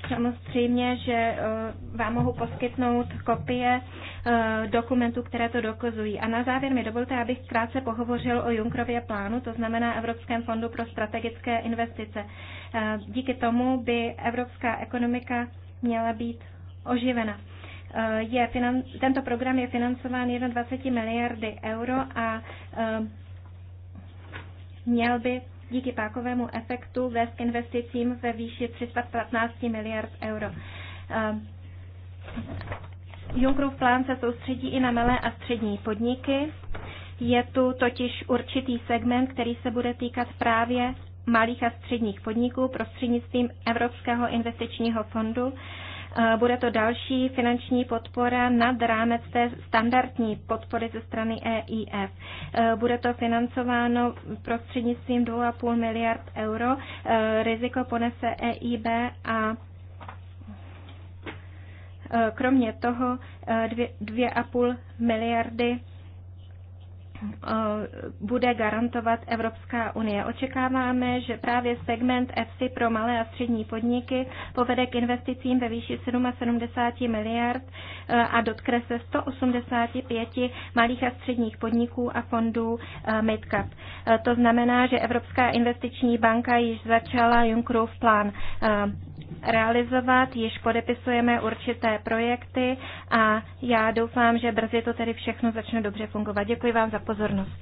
Samozřejmě, že vám mohu poskytnout kopie dokumentů, které to dokazují. A na závěr mi dovolte, abych krátce pohovořil o Junkrově plánu, to znamená Evropském fondu pro strategické investice. Díky tomu by evropská ekonomika měla být oživena. Eh, je, finan, tento program je financován 21 miliardy euro a eh, měl by díky pákovému efektu vést k investicím ve výši 315 miliard euro. Eh, Junckerův plán se soustředí i na malé a střední podniky. Je tu totiž určitý segment, který se bude týkat právě malých a středních podniků prostřednictvím Evropského investičního fondu. Bude to další finanční podpora nad rámec té standardní podpory ze strany EIF. E, bude to financováno prostřednictvím 2,5 miliard euro. E, riziko ponese EIB a e, kromě toho 2,5 miliardy Eh, bude garantovat Evropská unie. Očekáváme, že právě segment EFSI pro malé a střední podniky povede k investicím ve výši 77 miliard eh, a dotkne se 185 malých a středních podniků a fondů eh, MidCap. To znamená, že Evropská investiční banka již začala Junckerův plán realizovat, již podepisujeme určité projekty a já doufám, že brzy to tedy všechno začne dobře fungovat. Děkuji vám za pozornost pozornost.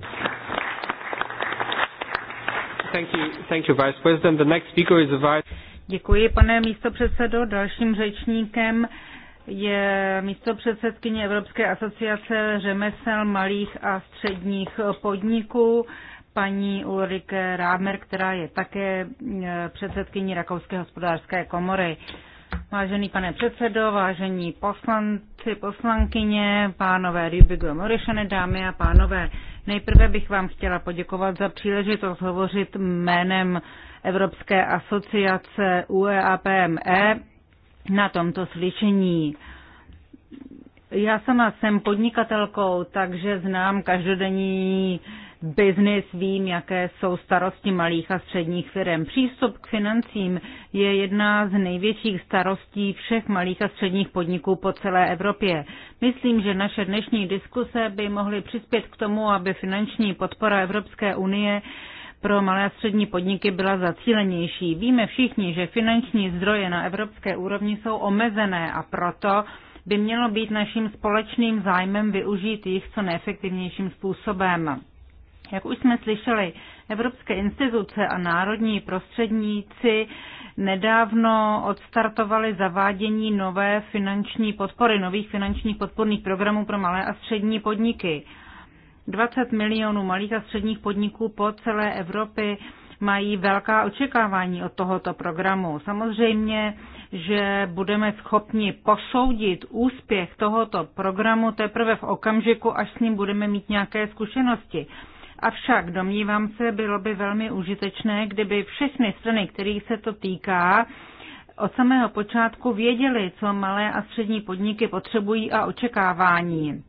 Thank you, thank you, Vice President. The next speaker is Vice...
Děkuji, pane místopředsedo.
Dalším řečníkem je místopředsedkyně Evropské asociace řemesel malých a středních podniků, paní Ulrike Rámer, která je také eh, předsedkyní Rakouské hospodářské komory. Vážený pane předsedo, vážení poslanci, poslankyně, pánové Rybigo Morišane, dámy a pánové, nejprve bych vám chtěla poděkovat za příležitost hovořit jménem Evropské asociace UEAPME e na tomto slyšení. Já sama jsem podnikatelkou, takže znám každodenní biznis, vím, jaké jsou starosti malých a středních firm. Přístup k financím je jedna z největších starostí všech malých a středních podniků po celé Evropě. Myslím, že naše dnešní diskuse by mohly přispět k tomu, aby finanční podpora Evropské unie pro malé a střední podniky byla zacílenější. Víme všichni, že finanční zdroje na evropské úrovni jsou omezené a proto by mělo být naším společným zájmem využít jich co nejefektivnějším způsobem. Jak už jsme slyšeli, evropské instituce a národní prostředníci nedávno odstartovali zavádění nové finanční podpory, nových finančních podporných programů pro malé a střední podniky. 20 milionů malých a středních podniků po celé Evropě mají velká očekávání od tohoto programu. Samozřejmě, že budeme schopni posoudit úspěch tohoto programu teprve v okamžiku, až s ním budeme mít nějaké zkušenosti. Avšak domnívám se, bylo by velmi užitečné, kdyby všechny strany, kterých se to týká, od samého počátku věděli, co malé a střední podniky potřebují a očekávání.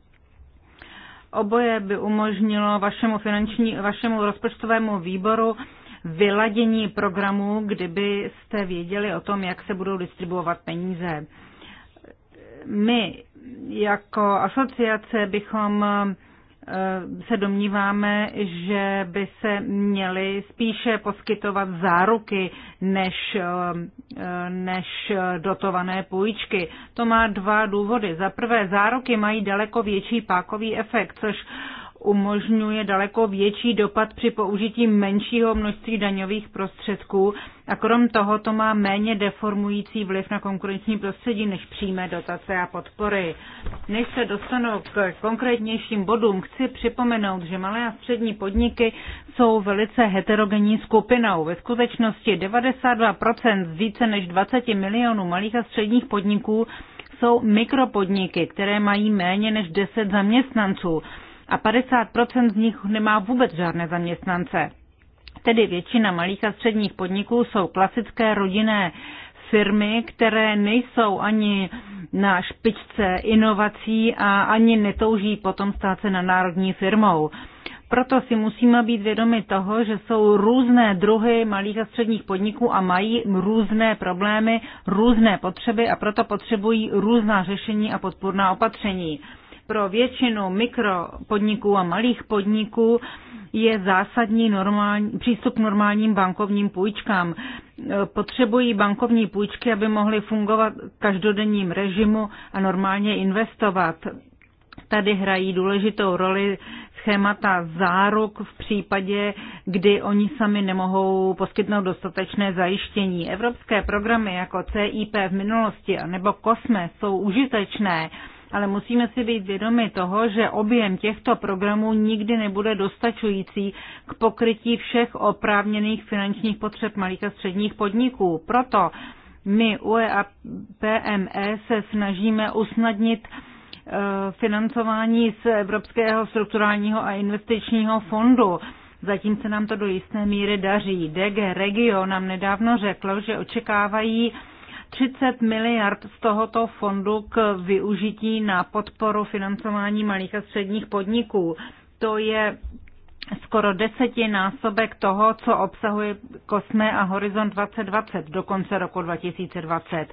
Oboje by umožnilo vašemu, finanční, vašemu rozpočtovému výboru vyladění programu, kdybyste věděli o tom, jak se budou distribuovat peníze. My jako asociace bychom Eh, se domníváme, že by se měly spíše poskytovat záruky než, eh, než dotované půjčky. To má dva důvody. Za prvé, záruky mají daleko větší pákový efekt, což umožňuje daleko větší dopad při použití menšího množství daňových prostředků a krom toho to má méně deformující vliv na konkurenční prostředí než přímé dotace a podpory. Než se dostanu k konkrétnějším bodům, chci připomenout, že malé a střední podniky jsou velice heterogenní skupinou. Ve skutečnosti 92% z více než 20 milionů malých a středních podniků jsou mikropodniky, které mají méně než 10 zaměstnanců a 50% z nich nemá vůbec žádné zaměstnance. Tedy většina malých a středních podniků jsou klasické rodinné firmy, které nejsou ani na špičce inovací a ani netouží potom stát se na národní firmou. Proto si musíme být vědomi toho, že jsou různé druhy malých a středních podniků a mají různé problémy, různé potřeby a proto potřebují různá řešení a podporná opatření pro většinu mikropodniků a malých podniků je zásadní normální, přístup k normálním bankovním půjčkám. Potřebují bankovní půjčky, aby mohly fungovat v každodenním režimu a normálně investovat. Tady hrají důležitou roli schémata záruk v případě, kdy oni sami nemohou poskytnout dostatečné zajištění. Evropské programy jako CIP v minulosti nebo COSME jsou užitečné ale musíme si být vědomi toho, že objem těchto programů nikdy nebude dostačující k pokrytí všech oprávněných finančních potřeb malých a středních podniků. Proto my UE a PME se snažíme usnadnit eh, financování z Evropského strukturálního a investičního fondu. Zatím se nám to do jisté míry daří. DG Regio nám nedávno řeklo, že očekávají 30 miliard z tohoto fondu k využití na podporu financování malých a středních podniků. To je skoro desetinásobek toho, co obsahuje Kosme a Horizont 2020 do konce roku 2020.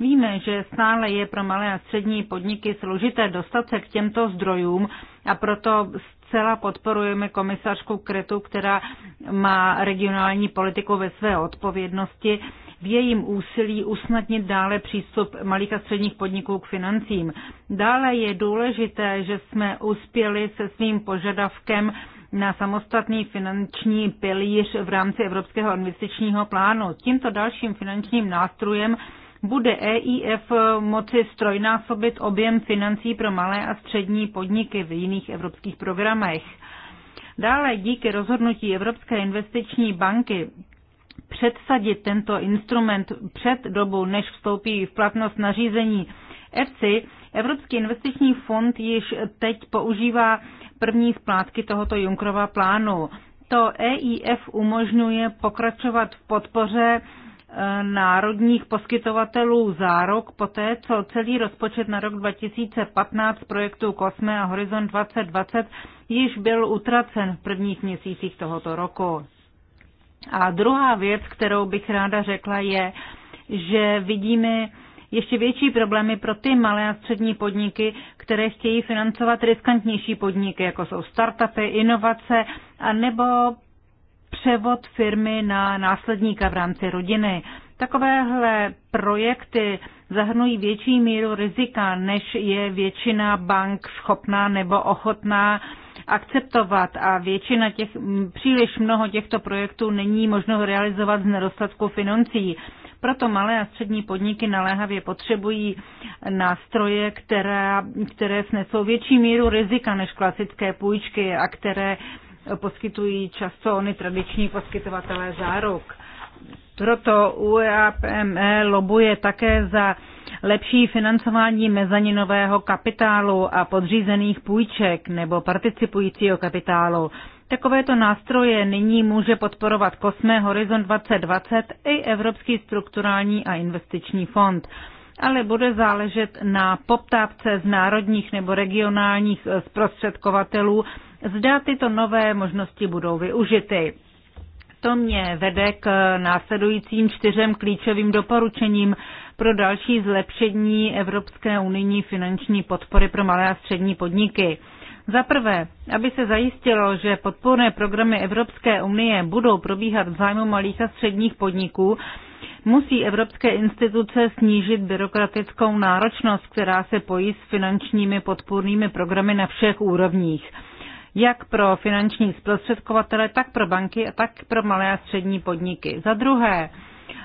Víme, že stále je pro malé a střední podniky složité dostat se k těmto zdrojům a proto zcela podporujeme komisařku Kretu, která má regionální politiku ve své odpovědnosti v jejím úsilí usnadnit dále přístup malých a středních podniků k financím. Dále je důležité, že jsme uspěli se svým požadavkem na samostatný finanční pilíř v rámci Evropského investičního plánu. Tímto dalším finančním nástrojem bude EIF moci strojnásobit objem financí pro malé a střední podniky v jiných evropských programech. Dále díky rozhodnutí Evropské investiční banky předsadit tento instrument před dobu, než vstoupí v platnost nařízení EFSI, Evropský investiční fond již teď používá první splátky tohoto Junkrova plánu. To EIF umožňuje pokračovat v podpoře e, národních poskytovatelů zárok poté, co celý rozpočet na rok 2015 projektu Kosme a Horizon 2020 již byl utracen v prvních měsících tohoto roku. A druhá věc, kterou bych ráda řekla, je, že vidíme ještě větší problémy pro ty malé a střední podniky, které chtějí financovat riskantnější podniky, jako jsou startupy, inovace, a nebo převod firmy na následníka v rámci rodiny. Takovéhle projekty zahrnují větší míru rizika, než je většina bank schopná nebo ochotná uh, akceptovat a většina těch, příliš mnoho těchto projektů není možno realizovat z nedostatku financí. Proto malé a střední podniky naléhavě potřebují nástroje, které, které snesou větší míru rizika než klasické půjčky a které poskytují často ony tradiční poskytovatelé záruk. Proto UEAPME lobuje také za lepší financování mezaninového kapitálu a podřízených půjček nebo participujícího kapitálu. Takovéto nástroje nyní může podporovat Kosme Horizon 2020 i Evropský strukturální a investiční fond ale bude záležet na poptávce z národních nebo regionálních eh, zprostředkovatelů, zda tyto nové možnosti budou využity to mě vede k následujícím čtyřem klíčovým doporučením pro další zlepšení Evropské unijní finanční podpory pro malé a střední podniky. Za prvé, aby se zajistilo, že podporné programy Evropské unie budou probíhat v zájmu malých a středních podniků, musí evropské instituce snížit byrokratickou náročnost, která se pojí s finančními podpůrnými programy na všech úrovních jak pro finanční zprostředkovatele, tak pro banky, tak pro malé a střední podniky. Za druhé,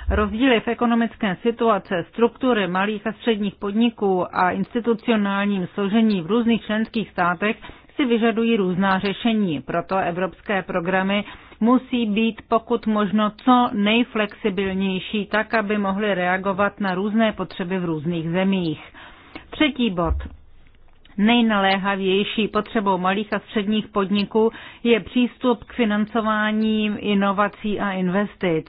rozdíly v ekonomické situace, struktury malých a středních podniků a institucionálním složení v různých členských státech si vyžadují různá řešení, proto evropské programy musí být pokud možno co nejflexibilnější, tak aby mohly reagovat na různé potřeby v různých zemích. Třetí bod. Nejnaléhavější potřebou malých a středních podniků je přístup k financování inovací a investic.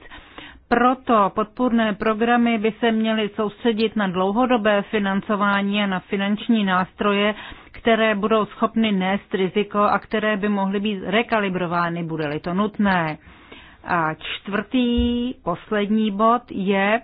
Proto podpůrné programy by se měly soustředit na dlouhodobé financování a na finanční nástroje, které budou schopny nést riziko a které by mohly být rekalibrovány, bude-li to nutné. A čtvrtý, poslední bod je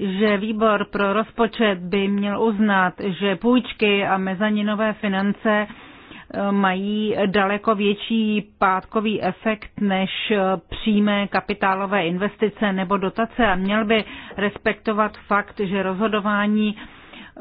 že výbor pro rozpočet by měl uznat, že půjčky a mezaninové finance eh, mají daleko větší pátkový efekt než eh, přímé kapitálové investice nebo dotace a měl by respektovat fakt, že rozhodování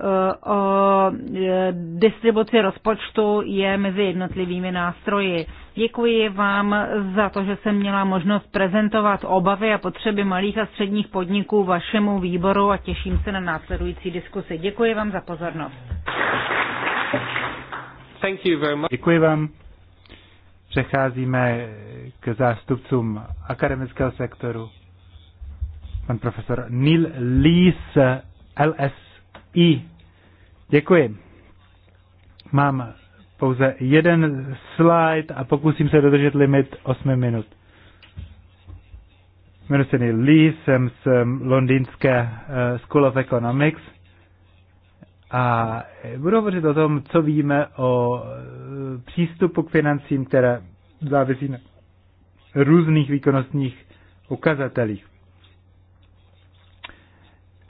Eh, o eh, distribuci rozpočtu je mezi jednotlivými nástroji. Děkuji vám za to, že jsem měla možnost prezentovat obavy a potřeby malých a středních podniků vašemu výboru a těším se na následující diskusi. Děkuji vám za pozornost.
Thank you very much. Děkuji vám. Přecházíme k zástupcům akademického sektoru. Pan profesor Neil Lees, LS i. Děkuji. Mám pouze jeden slide a pokusím se dodržet limit 8 minut. Jmenuji se Lee, jsem z um, londýnské uh, School of Economics a eh, budu hovořit o tom, co víme o eh, přístupu k financím, které závisí na různých výkonnostních ukazatelích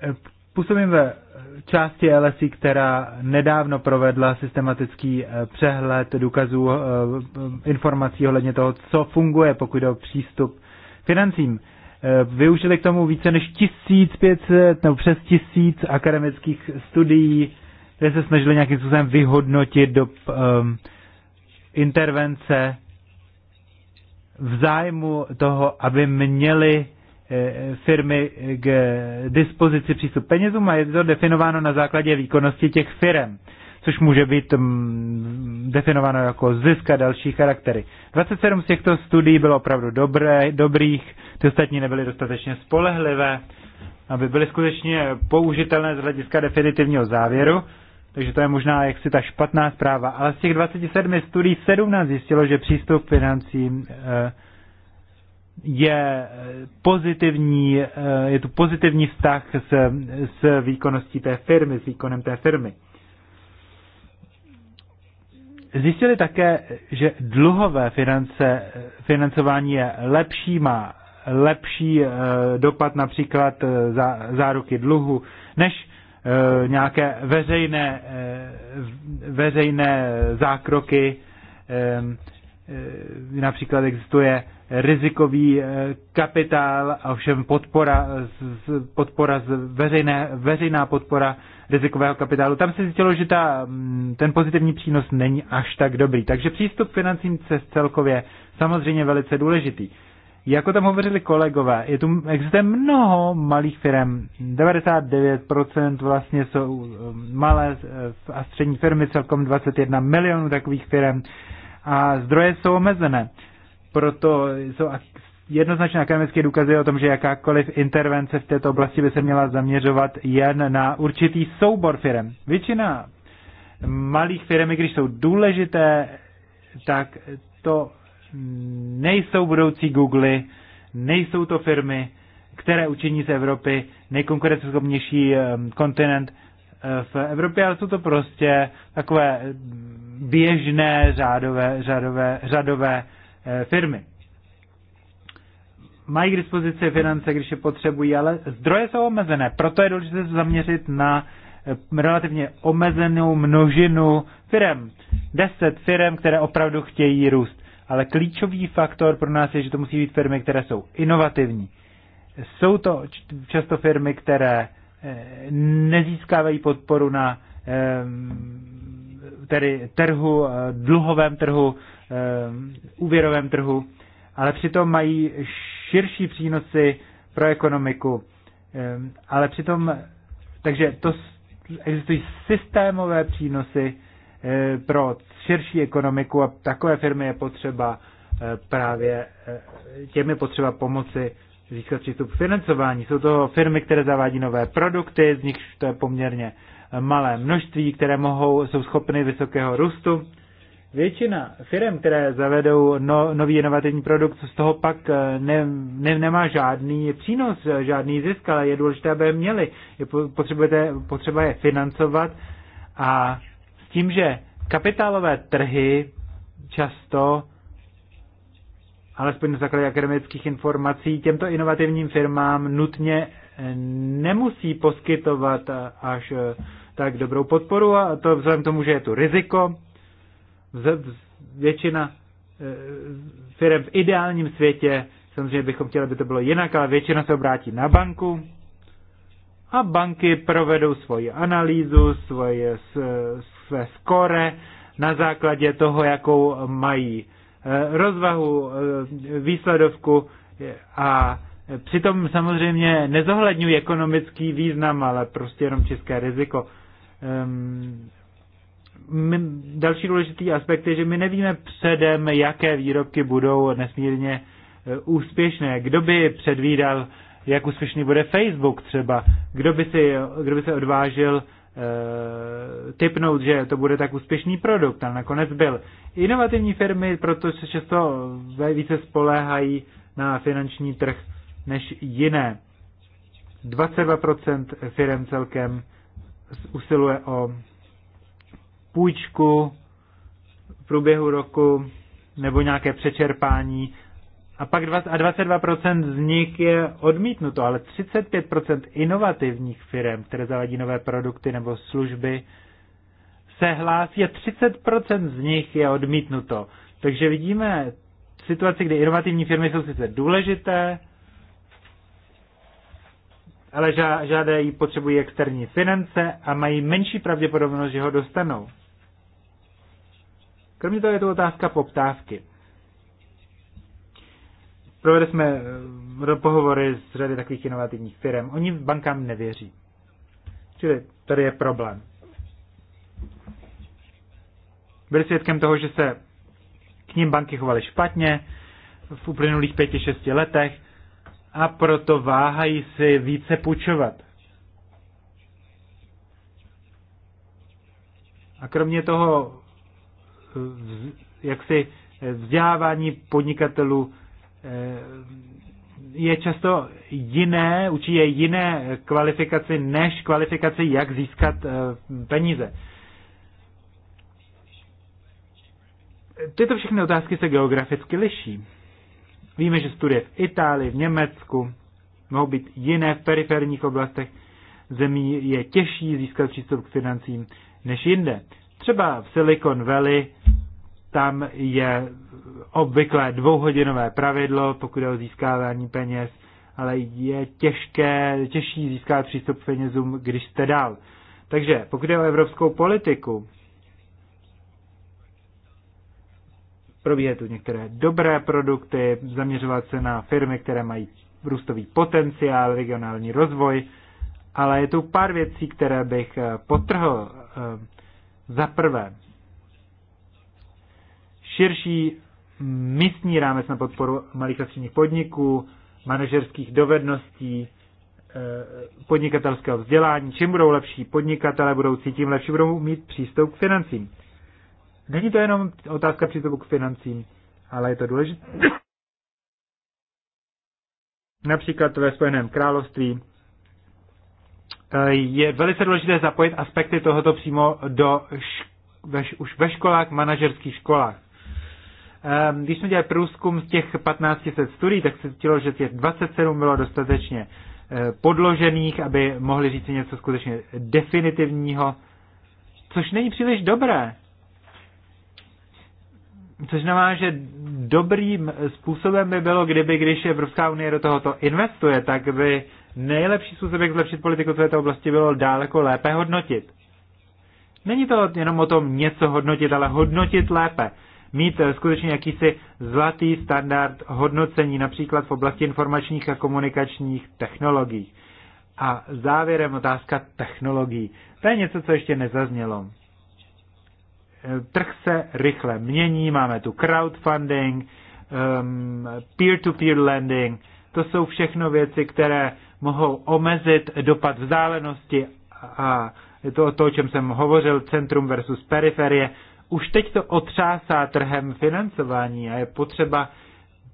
eh, Působím ve části LSI, která nedávno provedla systematický eh, přehled důkazů eh, eh, informací ohledně toho, co funguje, pokud jde o přístup financím. Využili k tomu více než 1500 nebo přes 1000 akademických studií, kde se snažili nějakým způsobem vyhodnotit do um, intervence v zájmu toho, aby měli Eh, firmy k dispozici přístup penězům a je to definováno na základě výkonnosti těch firm, což může být mm, definováno jako zisk a další charaktery. 27 z těchto studií bylo opravdu dobré, dobrých, ty ostatní nebyly dostatečně spolehlivé, aby byly skutečně použitelné z hlediska definitivního závěru, takže to je možná jaksi ta špatná zpráva. Ale z těch 27 studií 17 zjistilo, že přístup k financím eh, je eh, pozitivní, eh, je tu pozitivní vztah s, s výkonností té firmy, s výkonem té firmy. Zjistili také, že dluhové finance, financování je lepší, má lepší eh, dopad například za, záruky dluhu, než nějaké veřejné, veřejné zákroky. Například existuje rizikový eh, kapitál, a všem podpora, podpora z veřejné, veřejná podpora rizikového kapitálu. Tam se zjistilo, že ta, mm, ten pozitivní přínos není až tak dobrý. Takže přístup k financím se celkově samozřejmě velice důležitý. Jako tam hovořili kolegové, je tu, existuje mnoho malých firm. 99% vlastně jsou mm, malé eh, a střední firmy, celkom 21 milionů takových firm. A zdroje jsou omezené proto jsou jednoznačné akademické důkazy o tom, že jakákoliv intervence v této oblasti by se měla zaměřovat jen na určitý soubor firm. Většina malých firm, když jsou důležité, tak to nejsou budoucí Google, nejsou to firmy, které učiní z Evropy nejkonkurenceschopnější eh, kontinent eh, v Evropě, ale jsou to prostě takové běžné řádové, řádové, řádové Eh, firmy. Mají k dispozici finance, když je potřebují, ale zdroje jsou omezené. Proto je důležité se zaměřit na eh, relativně omezenou množinu firm. Deset firm, které opravdu chtějí růst. Ale klíčový faktor pro nás je, že to musí být firmy, které jsou inovativní. Jsou to často firmy, které eh, nezískávají podporu na tedy trhu, dluhovém trhu, Eh, úvěrovém trhu, ale přitom mají širší přínosy pro ekonomiku. Eh, ale přitom, takže to existují systémové přínosy eh, pro širší ekonomiku a takové firmy je potřeba právě těm je potřeba pomoci získat přístup k financování. Jsou to firmy, které zavádí nové produkty, z nichž to je poměrně malé množství, které mohou, jsou schopny vysokého růstu Většina firm, které zavedou no, nový inovativní produkt, z toho pak eh, ne, ne, nemá žádný přínos, eh, žádný zisk, ale je důležité, aby je měli. Je potřebujete, potřeba je financovat a s tím, že kapitálové trhy často, alespoň na základě akademických informací, těmto inovativním firmám nutně eh, nemusí poskytovat až tak dobrou podporu a to vzhledem k tomu, že je tu riziko, většina e, firm v ideálním světě, samozřejmě bychom chtěli, aby to bylo jinak, ale většina se obrátí na banku a banky provedou svoji analýzu, svoje, své skore na základě toho, jakou mají e, rozvahu, e, výsledovku a přitom samozřejmě nezohledňují ekonomický význam, ale prostě jenom české riziko. Ehm, my, další důležitý aspekt je, že my nevíme předem, jaké výrobky budou nesmírně e, úspěšné. Kdo by předvídal, jak úspěšný bude Facebook třeba? Kdo by, si, kdo by se odvážil uh, typnout, že to bude tak úspěšný produkt, A nakonec byl. Inovativní firmy proto se často více spoléhají na finanční trh než jiné. 22% firm celkem usiluje o půjčku v průběhu roku nebo nějaké přečerpání. A pak 20, a 22% z nich je odmítnuto, ale 35% inovativních firm, které zavadí nové produkty nebo služby, se hlásí a 30% z nich je odmítnuto. Takže vidíme situaci, kdy inovativní firmy jsou sice důležité, ale žádají, potřebují externí finance a mají menší pravděpodobnost, že ho dostanou. Kromě toho je to otázka poptávky. Provedli jsme eh, pohovory s řady takových inovativních firm. Oni bankám nevěří. Čili tady je problém. Byli svědkem toho, že se k ním banky chovaly špatně v uplynulých pěti, šesti letech a proto váhají si více půjčovat. A kromě toho jaksi vzdělávání podnikatelů eh, je často jiné, učí je jiné kvalifikaci než kvalifikaci, jak získat eh, peníze. Tyto všechny otázky se geograficky liší. Víme, že studie v Itálii, v Německu mohou být jiné v periferních oblastech zemí je těžší získat přístup k financím než jinde. Třeba v Silicon Valley tam je obvyklé dvouhodinové pravidlo, pokud je o získávání peněz, ale je těžké, těžší získat přístup k penězům, když jste dál. Takže pokud je o evropskou politiku, probíhá tu některé dobré produkty, zaměřovat se na firmy, které mají růstový potenciál, regionální rozvoj, ale je tu pár věcí, které bych eh, potrhl. Eh, za prvé, širší místní rámec na podporu malých a středních podniků, manažerských dovedností, eh, podnikatelského vzdělání. Čím budou lepší podnikatele budoucí, tím lepší budou mít přístup k financím. Není to jenom otázka přístupu k financím, ale je to důležité. Například ve Spojeném království Eh, je velice důležité zapojit aspekty tohoto přímo do ve, už ve školách, manažerských školách. Ehm, když jsme dělali průzkum z těch 1500 studií, tak se zjistilo, že těch 27 bylo dostatečně eh, podložených, aby mohli říct něco skutečně definitivního, což není příliš dobré. Což znamená, že dobrým způsobem by bylo, kdyby, když Evropská unie do tohoto investuje, tak by nejlepší způsob, jak zlepšit politiku v této oblasti, bylo daleko lépe hodnotit. Není to jenom o tom něco hodnotit, ale hodnotit lépe. Mít eh, skutečně jakýsi zlatý standard hodnocení, například v oblasti informačních a komunikačních technologií. A závěrem otázka technologií. To je něco, co ještě nezaznělo. Eh, trh se rychle mění, máme tu crowdfunding, ehm, peer-to-peer -peer lending, to jsou všechno věci, které mohou omezit dopad vzdálenosti a to, to, o čem jsem hovořil, centrum versus periferie. Už teď to otřásá trhem financování a je potřeba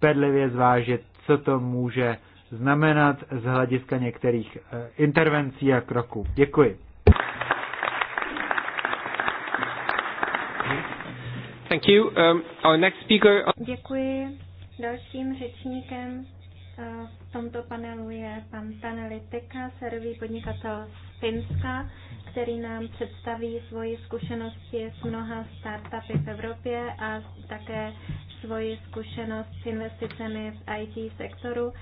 bedlivě zvážit, co to může znamenat z hlediska některých eh, intervencí a kroků. Děkuji.
Thank you. Um, our next speaker... Děkuji. Dalším řečníkem v tomto panelu je pan Taneli Teka, servý podnikatel z Finska, který nám představí svoji zkušenosti s mnoha startupy v Evropě a také svoji zkušenost s investicemi v IT sektoru.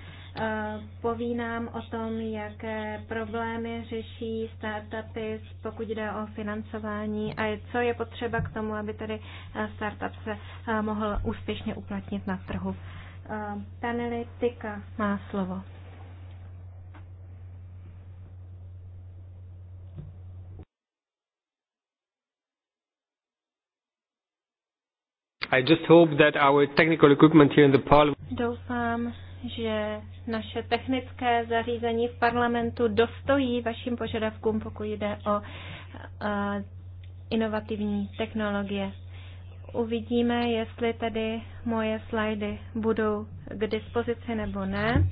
Eh, poví nám o tom, jaké problémy řeší startupy, pokud jde o financování a co je potřeba k tomu, aby tedy eh, startup se eh, mohl úspěšně uplatnit na trhu. Taneli Tyka má slovo.
I just hope that our technical equipment here in the parliament
Doufám, že naše technické zařízení v parlamentu dostojí vašim požadavkům, pokud jde o uh, inovativní technologie. Uvidíme, jestli tedy moje slajdy budou k dispozici nebo ne.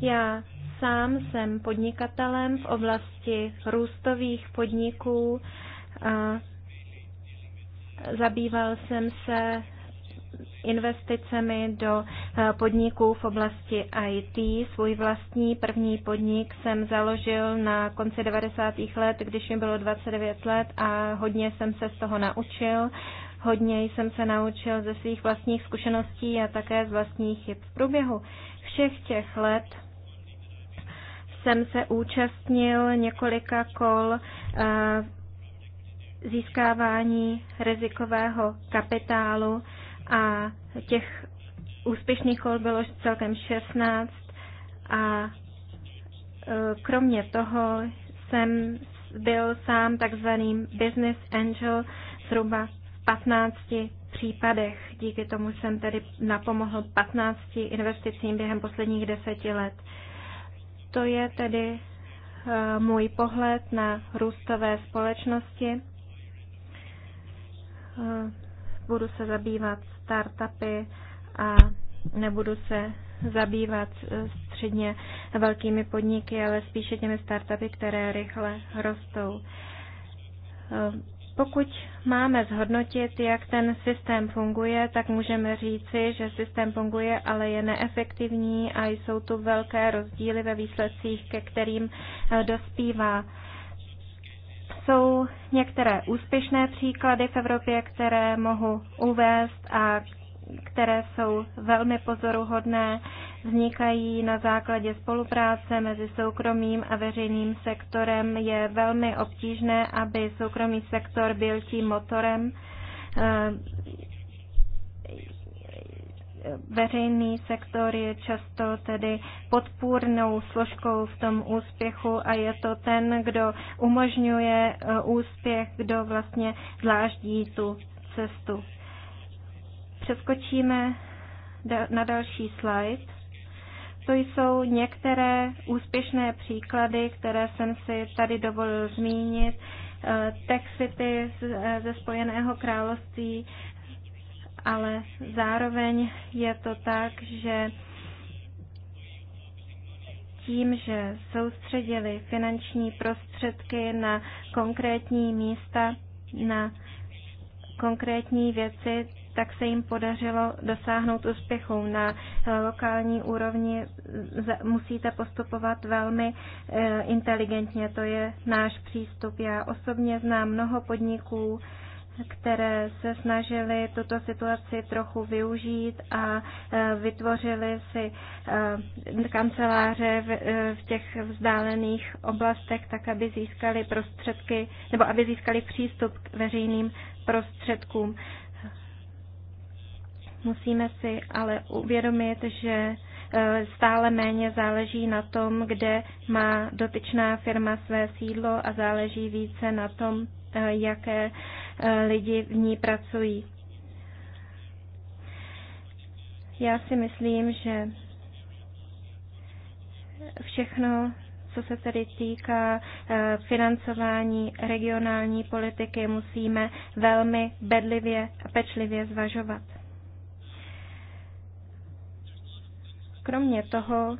Já sám jsem podnikatelem v oblasti růstových podniků. zabýval jsem se investicemi do eh, podniků v oblasti IT. Svůj vlastní první podnik jsem založil na konci 90. let, když mi bylo 29 let a hodně jsem se z toho naučil. Hodně jsem se naučil ze svých vlastních zkušeností a také z vlastních chyb. V průběhu všech těch let jsem se účastnil několika kol eh, získávání rizikového kapitálu a těch úspěšných kol bylo celkem 16 a eh, kromě toho jsem byl sám takzvaným business angel zhruba 15 případech. Díky tomu jsem tedy napomohl 15 investicím během posledních deseti let. To je tedy eh, můj pohled na růstové společnosti. Eh, budu se zabývat startupy a nebudu se zabývat eh, středně velkými podniky, ale spíše těmi startupy, které rychle rostou. Pokud máme zhodnotit, jak ten systém funguje, tak můžeme říci, že systém funguje, ale je neefektivní a jsou tu velké rozdíly ve výsledcích, ke kterým eh, dospívá. Jsou některé úspěšné příklady v Evropě, které mohu uvést a které jsou velmi pozoruhodné vznikají na základě spolupráce mezi soukromým a veřejným sektorem. Je velmi obtížné, aby soukromý sektor byl tím motorem. Eh, veřejný sektor je často tedy podpůrnou složkou v tom úspěchu a je to ten, kdo umožňuje eh, úspěch, kdo vlastně dláždí tu cestu. Přeskočíme na další slide. To jsou některé úspěšné příklady, které jsem si tady dovolil zmínit. Eh, Texity eh, ze Spojeného království, ale zároveň je to tak, že tím, že soustředili finanční prostředky na konkrétní místa, na konkrétní věci, tak se jim podařilo dosáhnout úspěchu. Na eh, lokální úrovni musíte postupovat velmi eh, inteligentně, to je náš přístup. Já osobně znám mnoho podniků, které se snažili tuto situaci trochu využít a eh, vytvořili si kanceláře v těch vzdálených oblastech, tak aby získali prostředky nebo aby získali přístup k veřejným prostředkům. Musíme si ale uvědomit, že e, stále méně záleží na tom, kde má dotyčná firma své sídlo a záleží více na tom, e, jaké e, lidi v ní pracují. Já si myslím, že všechno, co se tedy týká financování regionální politiky, musíme velmi bedlivě a pečlivě zvažovat. Kromě toho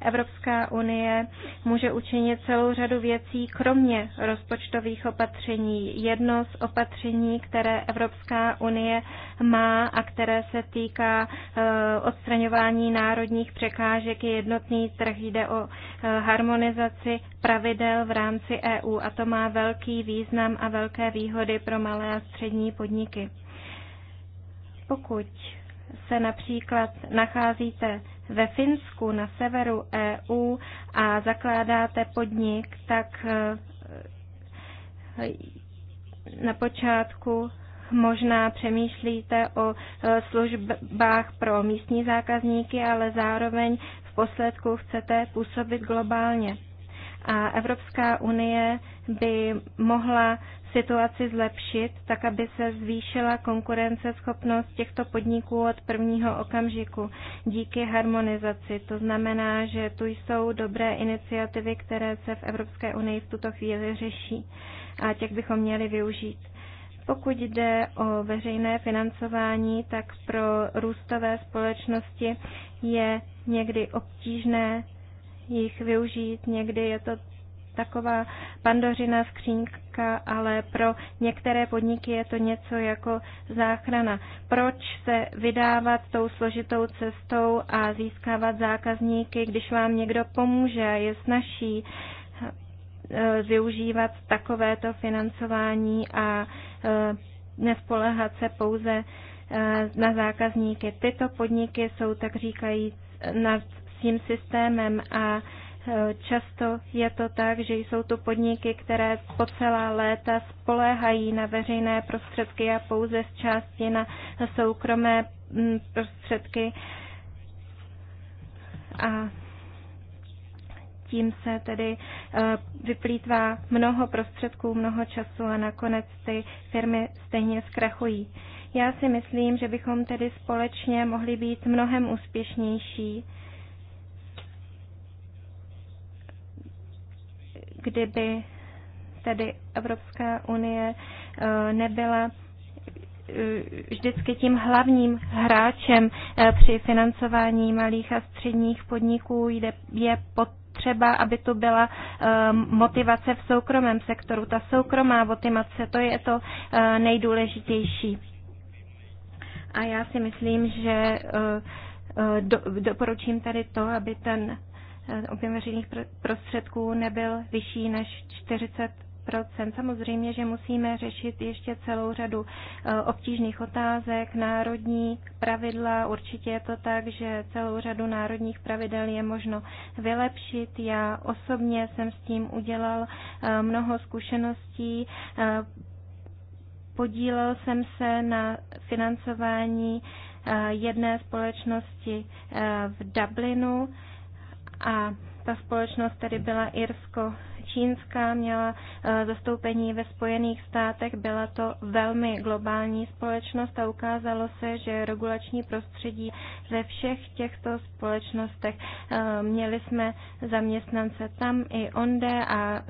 Evropská unie může učinit celou řadu věcí, kromě rozpočtových opatření. Jedno z opatření, které Evropská unie má a které se týká eh, odstraňování národních překážek, je jednotný trh. Jde o eh, harmonizaci pravidel v rámci EU a to má velký význam a velké výhody pro malé a střední podniky. Pokud se například nacházíte ve Finsku na severu EU a zakládáte podnik, tak eh, na počátku možná přemýšlíte o eh, službách pro místní zákazníky, ale zároveň v posledku chcete působit globálně. A Evropská unie by mohla situaci zlepšit, tak aby se zvýšila konkurenceschopnost těchto podniků od prvního okamžiku díky harmonizaci. To znamená, že tu jsou dobré iniciativy, které se v Evropské unii v tuto chvíli řeší a těch bychom měli využít. Pokud jde o veřejné financování, tak pro růstové společnosti je někdy obtížné jich využít, někdy je to taková pandořina skřínka, ale pro některé podniky je to něco jako záchrana. Proč se vydávat tou složitou cestou a získávat zákazníky, když vám někdo pomůže, je snaží eh, využívat takovéto financování a eh, nespolehat se pouze eh, na zákazníky. Tyto podniky jsou tak říkajíc nad tím systémem a Často je to tak, že jsou to podniky, které po celá léta spoléhají na veřejné prostředky a pouze z části na soukromé mm, prostředky. A tím se tedy eh, vyplýtvá mnoho prostředků, mnoho času a nakonec ty firmy stejně zkrachují. Já si myslím, že bychom tedy společně mohli být mnohem úspěšnější kdyby tedy Evropská unie eh, nebyla eh, vždycky tím hlavním hráčem eh, při financování malých a středních podniků jde, je pod třeba, aby tu byla motivace v soukromém sektoru. Ta soukromá motivace, to je to nejdůležitější. A já si myslím, že doporučím tady to, aby ten Eh, objem veřejných prostředků nebyl vyšší než 40 Samozřejmě, že musíme řešit ještě celou řadu eh, obtížných otázek, národní pravidla. Určitě je to tak, že celou řadu národních pravidel je možno vylepšit. Já osobně jsem s tím udělal eh, mnoho zkušeností. Podílel jsem se na financování jedné společnosti v Dublinu a ta společnost tedy byla irsko-čínská, měla e, zastoupení ve Spojených státech, byla to velmi globální společnost a ukázalo se, že regulační prostředí ve všech těchto společnostech e, měli jsme zaměstnance tam i onde a e,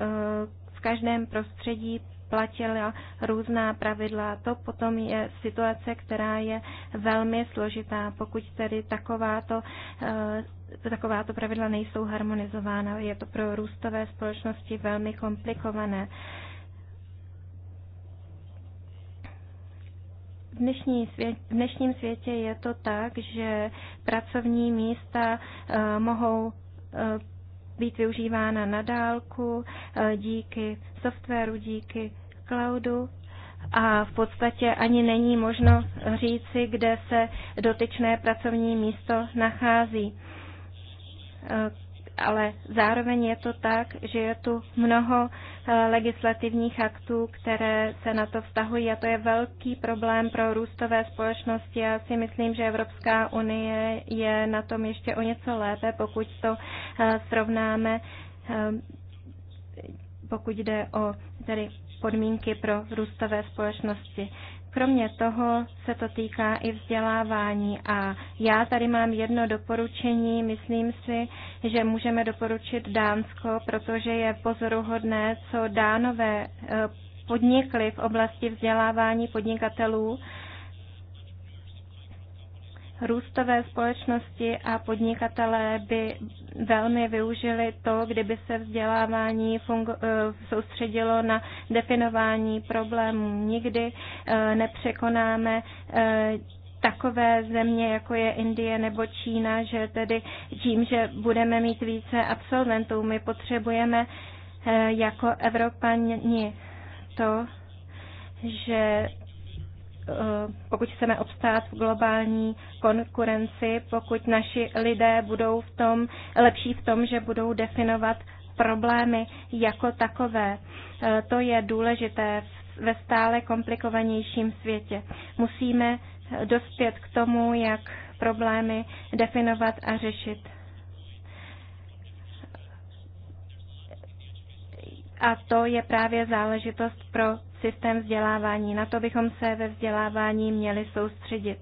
v každém prostředí platila různá pravidla. To potom je situace, která je velmi složitá, pokud tedy takováto eh, takováto pravidla nejsou harmonizována. Je to pro růstové společnosti velmi komplikované. V, dnešní svět, v dnešním světě je to tak, že pracovní místa uh, mohou uh, být využívána na dálku eh, díky softwaru, díky cloudu a v podstatě ani není možno říci, kde se dotyčné pracovní místo nachází. Eh, ale zároveň je to tak, že je tu mnoho eh, legislativních aktů, které se na to vztahují a to je velký problém pro růstové společnosti. Já si myslím, že Evropská unie je na tom ještě o něco lépe, pokud to eh, srovnáme, eh, pokud jde o tedy podmínky pro růstové společnosti. Kromě toho se to týká i vzdělávání a já tady mám jedno doporučení. Myslím si, že můžeme doporučit Dánsko, protože je pozoruhodné, co dánové eh, podnikli v oblasti vzdělávání podnikatelů růstové společnosti a podnikatelé by velmi využili to, kdyby se vzdělávání eh, soustředilo na definování problémů. Nikdy eh, nepřekonáme eh, takové země, jako je Indie nebo Čína, že tedy tím, že budeme mít více absolventů, my potřebujeme jako Evropani to, že Eh, pokud chceme obstát v globální konkurenci, pokud naši lidé budou v tom, lepší v tom, že budou definovat problémy jako takové. Eh, to je důležité ve stále komplikovanějším světě. Musíme dospět k tomu, jak problémy definovat a řešit. A to je právě záležitost pro systém vzdělávání. Na to bychom se ve vzdělávání měli soustředit.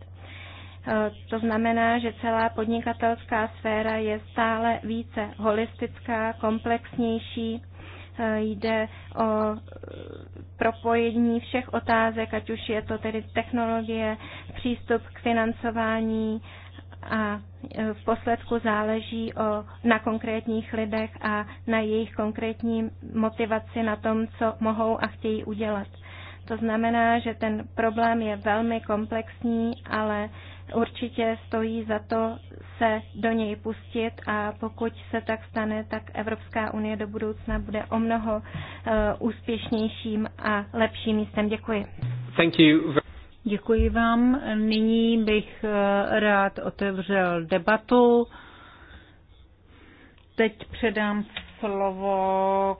E, to znamená, že celá podnikatelská sféra je stále více holistická, komplexnější. E, jde o e, propojení všech otázek, ať už je to tedy technologie, přístup k financování a e, v posledku záleží o, na konkrétních lidech a na jejich konkrétní motivaci, na tom, co mohou a chtějí udělat. To znamená, že ten problém je velmi komplexní, ale určitě stojí za to se do něj pustit a pokud se tak stane, tak Evropská unie do budoucna bude o mnoho e, úspěšnějším a lepším místem. Děkuji. Thank you. Děkuji vám.
Nyní bych eh, rád otevřel debatu. Teď předám slovo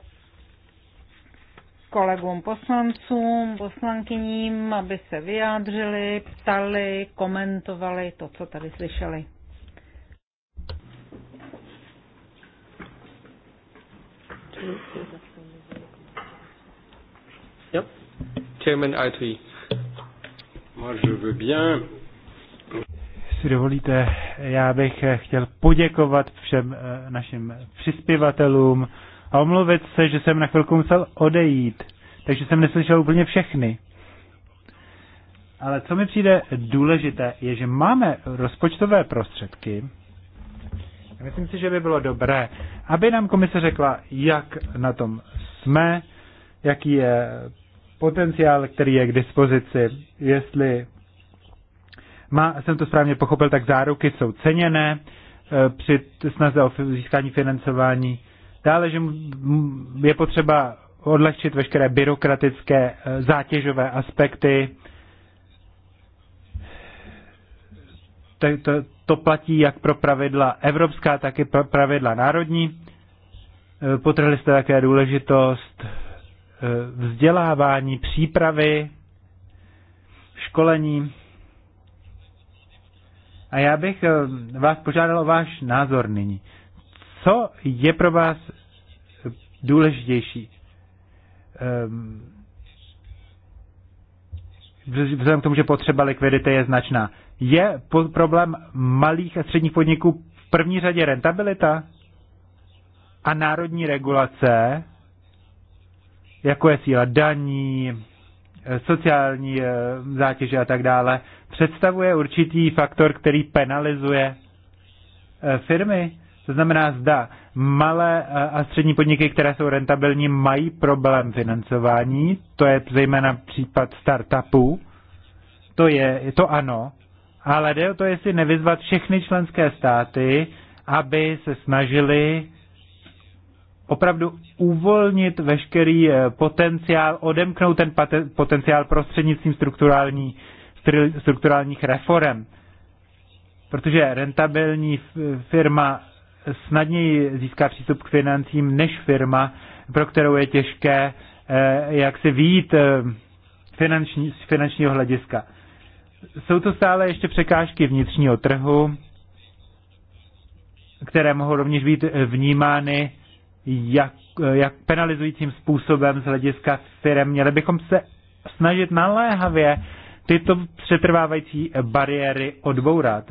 kolegům poslancům, poslankyním, aby se vyjádřili, ptali, komentovali to, co tady slyšeli.
Yep. Chairman I3. Si dovolíte, já bych chtěl poděkovat všem eh, našim přispěvatelům a omluvit se, že jsem na chvilku musel odejít, takže jsem neslyšel úplně všechny. Ale co mi přijde důležité, je, že máme rozpočtové prostředky. Myslím si, že by bylo dobré, aby nám komise řekla, jak na tom jsme, jaký je potenciál, který je k dispozici, jestli má, jsem to správně pochopil, tak záruky jsou ceněné eh, při snaze o získání financování. Dále, že je potřeba odlehčit veškeré byrokratické eh, zátěžové aspekty. To, to, to platí jak pro pravidla evropská, tak i pro pravidla národní. Eh, potrhli jste také důležitost Eh, vzdělávání, přípravy, školení. A já bych eh, vás požádal o váš názor nyní. Co je pro vás důležitější? Eh, vzhledem k tomu, že potřeba likvidity je značná. Je problém malých a středních podniků v první řadě rentabilita a národní regulace jako je síla daní, sociální eh, zátěže a tak dále, představuje určitý faktor, který penalizuje eh, firmy. To znamená, zda malé eh, a střední podniky, které jsou rentabilní, mají problém financování, to je zejména případ startupů, to je, to ano, ale jde o to, jestli nevyzvat všechny členské státy, aby se snažili opravdu uvolnit veškerý eh, potenciál, odemknout ten potenciál prostřednictvím strukturální, strukturálních reform. Protože rentabilní firma snadněji získá přístup k financím než firma, pro kterou je těžké eh, jak si výjít eh, finanční, z finančního hlediska. Jsou to stále ještě překážky vnitřního trhu, které mohou rovněž být vnímány jak jak penalizujícím způsobem z hlediska firem. Měli bychom se snažit naléhavě tyto přetrvávající bariéry odbourat.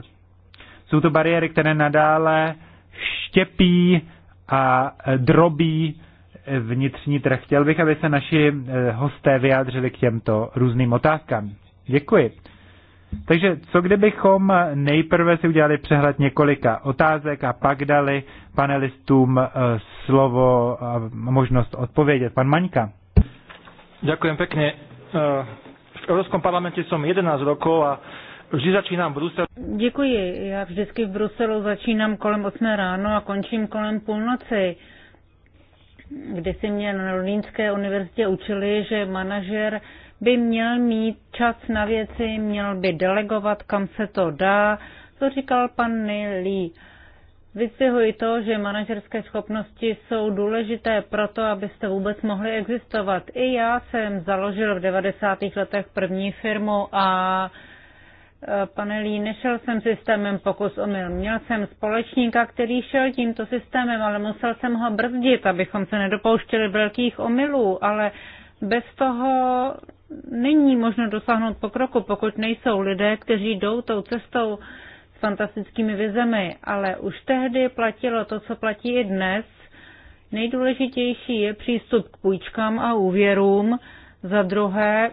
Jsou to bariéry, které nadále štěpí a drobí vnitřní trh. Chtěl bych, aby se naši eh, hosté vyjádřili k těmto různým otázkám. Děkuji. Takže co kdybychom nejprve si udělali přehled několika otázek a pak dali panelistům eh, slovo a možnost odpovědět. Pan Maňka. Děkuji. pěkně. Eh, v Evropském parlamentě jsem 11 rokov a vždy začínám v Bruselu.
Děkuji. Já vždycky v Bruselu začínám kolem 8 ráno a končím kolem půlnoci. si mě na Londýnské univerzitě učili, že manažer by měl mít čas na věci, měl by delegovat, kam se to dá, co říkal pan Nilí. Vystihuji to, že manažerské schopnosti jsou důležité proto, abyste vůbec mohli existovat. I já jsem založil v 90. letech první firmu a e, pane Lí, nešel jsem systémem pokus omyl. Měl jsem společníka, který šel tímto systémem, ale musel jsem ho brzdit, abychom se nedopouštěli velkých omylů, ale bez toho není možno dosáhnout pokroku, pokud nejsou lidé, kteří jdou tou cestou s fantastickými vizemi. Ale už tehdy platilo to, co platí i dnes. Nejdůležitější je přístup k půjčkám a úvěrům. Za druhé,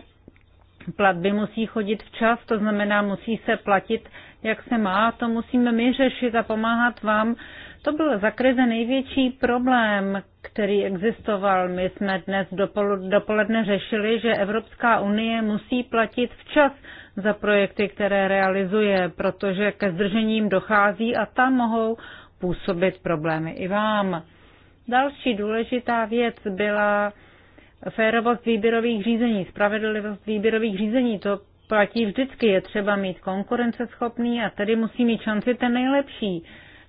platby musí chodit včas, to znamená, musí se platit, jak se má. To musíme my řešit a pomáhat vám to byl za krize největší problém, který existoval. My jsme dnes dopoledne řešili, že Evropská unie musí platit včas za projekty, které realizuje, protože ke zdržením dochází a tam mohou působit problémy i vám. Další důležitá věc byla férovost výběrových řízení, spravedlivost výběrových řízení. To platí vždycky, je třeba mít konkurenceschopný a tedy musí mít šanci ten nejlepší.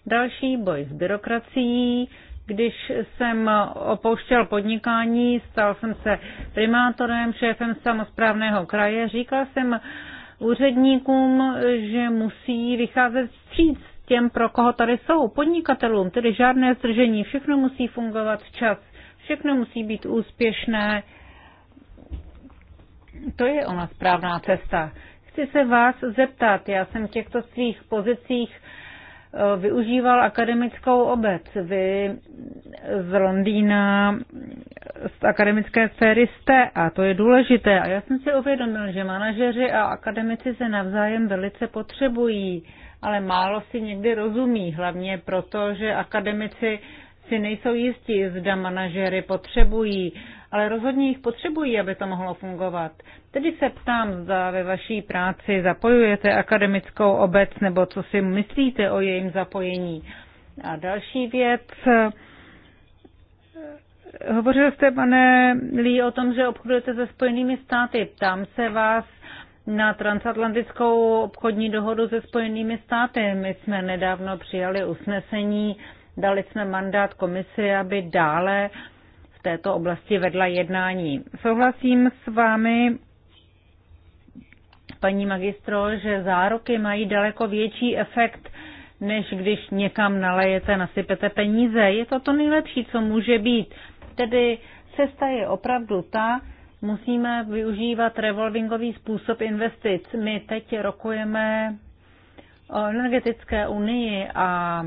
Další boj s byrokracií. Když jsem opouštěl podnikání, stal jsem se primátorem, šéfem samozprávného kraje. Říkal jsem úředníkům, že musí vycházet vstříc těm, pro koho tady jsou, podnikatelům, tedy žádné zdržení, všechno musí fungovat včas, všechno musí být úspěšné. To je ona správná cesta. Chci se vás zeptat, já jsem v těchto svých pozicích využíval akademickou obec. Vy z Londýna, z akademické sféry jste a to je důležité. A já jsem si uvědomil, že manažeři a akademici se navzájem velice potřebují, ale málo si někdy rozumí, hlavně proto, že akademici si nejsou jistí, zda manažery potřebují ale rozhodně jich potřebují, aby to mohlo fungovat. Tedy se ptám, zda ve vaší práci zapojujete akademickou obec nebo co si myslíte o jejím zapojení. A další věc, hovořil jste, pane Lí, o tom, že obchodujete se Spojenými státy. Ptám se vás, na transatlantickou obchodní dohodu se Spojenými státy. My jsme nedávno přijali usnesení, dali jsme mandát komisi, aby dále této oblasti vedla jednání. Souhlasím s vámi, paní magistro, že zároky mají daleko větší efekt, než když někam nalejete, nasypete peníze. Je to to nejlepší, co může být. Tedy cesta je opravdu ta, musíme využívat revolvingový způsob investic. My teď rokujeme o energetické unii a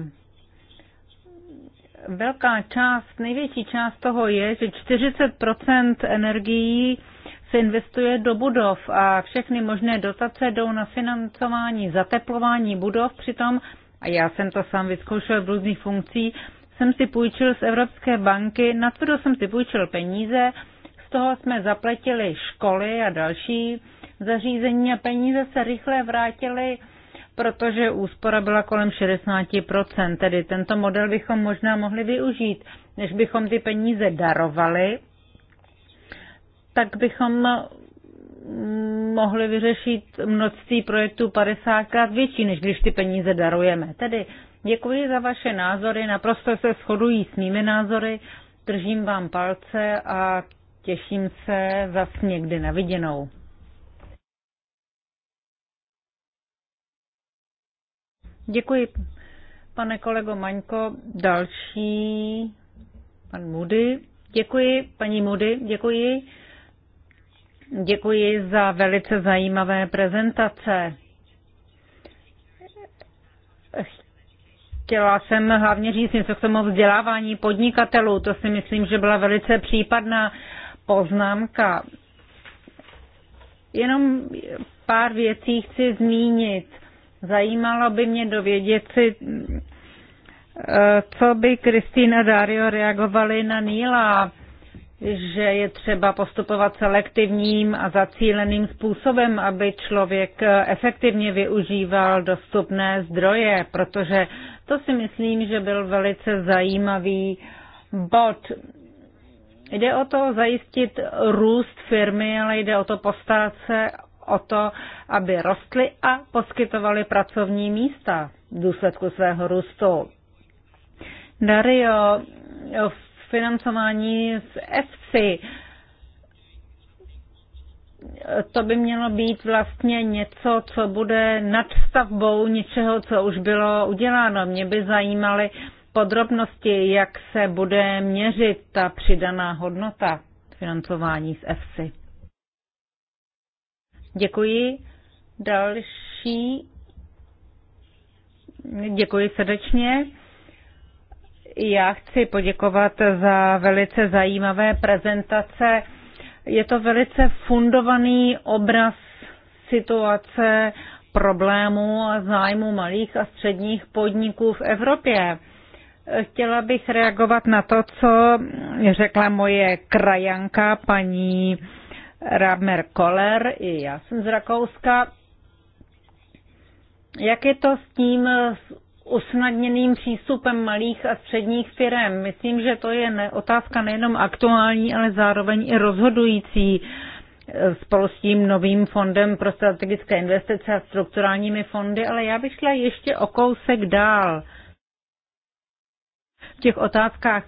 velká část, největší část toho je, že 40% energií se investuje do budov a všechny možné dotace jdou na financování, zateplování budov. Přitom, a já jsem to sám vyzkoušel v různých funkcí, jsem si půjčil z Evropské banky, na co jsem si půjčil peníze, z toho jsme zapletili školy a další zařízení a peníze se rychle vrátily protože úspora byla kolem 60%. Tedy tento model bychom možná mohli využít, než bychom ty peníze darovali, tak bychom mohli vyřešit množství projektů 50krát větší, než když ty peníze darujeme. Tedy děkuji za vaše názory, naprosto se shodují s mými názory, držím vám palce a těším se zase někdy na viděnou. Děkuji, pane kolego Maňko. Další, pan Mudy, Děkuji, paní Mudy, děkuji. Děkuji za velice zajímavé prezentace. Chtěla jsem hlavně říct něco k tomu vzdělávání podnikatelů. To si myslím, že byla velice případná poznámka. Jenom pár věcí chci zmínit. Zajímalo by mě dovědět si, eh, co by Kristýna Dario reagovali na Níla, že je třeba postupovat selektivním a zacíleným způsobem, aby člověk eh, efektivně využíval dostupné zdroje, protože to si myslím, že byl velice zajímavý bod. Jde o to zajistit růst firmy, ale jde o to postát se o to, aby rostly a poskytovaly pracovní místa v důsledku svého růstu. Dario, financování z EFSI, to by mělo být vlastně něco, co bude nadstavbou něčeho, co už bylo uděláno. Mě by zajímaly podrobnosti, jak se bude měřit ta přidaná hodnota financování z EFSI. Děkuji. Další. Děkuji srdečně. Já chci poděkovat za velice zajímavé prezentace. Je to velice fundovaný obraz situace, problémů a zájmu malých a středních podniků v Evropě. Chtěla bych reagovat na to, co řekla moje krajanka paní Ramer Koller, i já jsem z Rakouska. Jak je to s tím s usnadněným přístupem malých a středních firm? Myslím, že to je ne, otázka nejenom aktuální, ale zároveň i rozhodující eh, spolu s tím novým fondem pro strategické investice a strukturálními fondy, ale já bych šla ještě o kousek dál v těch otázkách,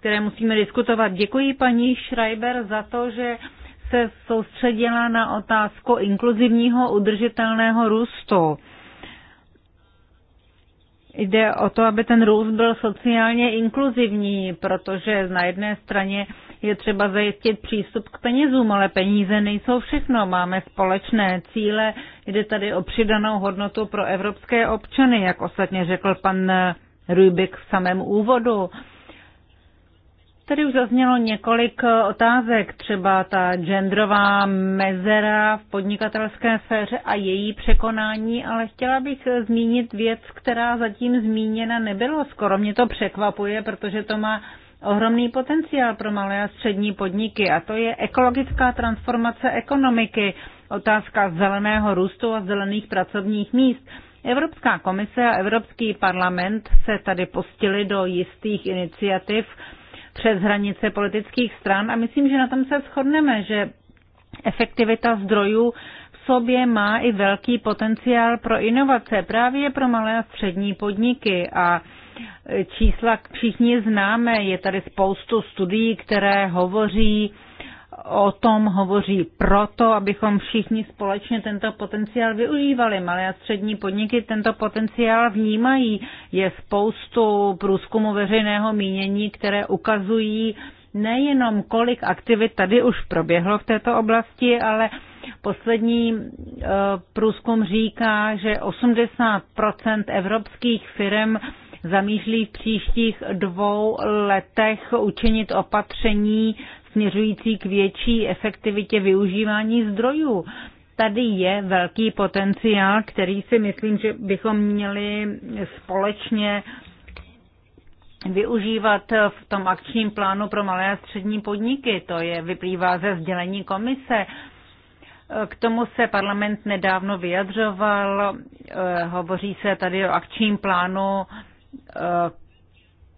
které musíme diskutovat. Děkuji paní Schreiber za to, že se soustředila na otázku inkluzivního udržitelného růstu. Jde o to, aby ten růst byl sociálně inkluzivní, protože na jedné straně je třeba zajistit přístup k penězům, ale peníze nejsou všechno. Máme společné cíle, jde tady o přidanou hodnotu pro evropské občany, jak ostatně řekl pan Rubik v samém úvodu. Tady už zaznělo několik eh, otázek, třeba ta genderová mezera v podnikatelské sféře a její překonání, ale chtěla bych eh, zmínit věc, která zatím zmíněna nebyla. Skoro mě to překvapuje, protože to má ohromný potenciál pro malé a střední podniky a to je ekologická transformace ekonomiky, otázka zeleného růstu a zelených pracovních míst. Evropská komise a Evropský parlament se tady postili do jistých iniciativ, přes hranice politických stran a myslím, že na tom se shodneme, že efektivita zdrojů v sobě má i velký potenciál pro inovace právě pro malé a střední podniky a čísla všichni známe, je tady spoustu studií, které hovoří o tom hovoří proto, abychom všichni společně tento potenciál využívali. Malé a střední podniky tento potenciál vnímají. Je spoustu průzkumu veřejného mínění, které ukazují nejenom kolik aktivit tady už proběhlo v této oblasti, ale poslední e, průzkum říká, že 80 evropských firm zamýšlí v příštích dvou letech učinit opatření směřující k větší efektivitě využívání zdrojů. Tady je velký potenciál, který si myslím, že bychom měli společně využívat v tom akčním plánu pro malé a střední podniky. To je vyplývá ze sdělení komise. K tomu se parlament nedávno vyjadřoval. Eh, hovoří se tady o akčním plánu eh,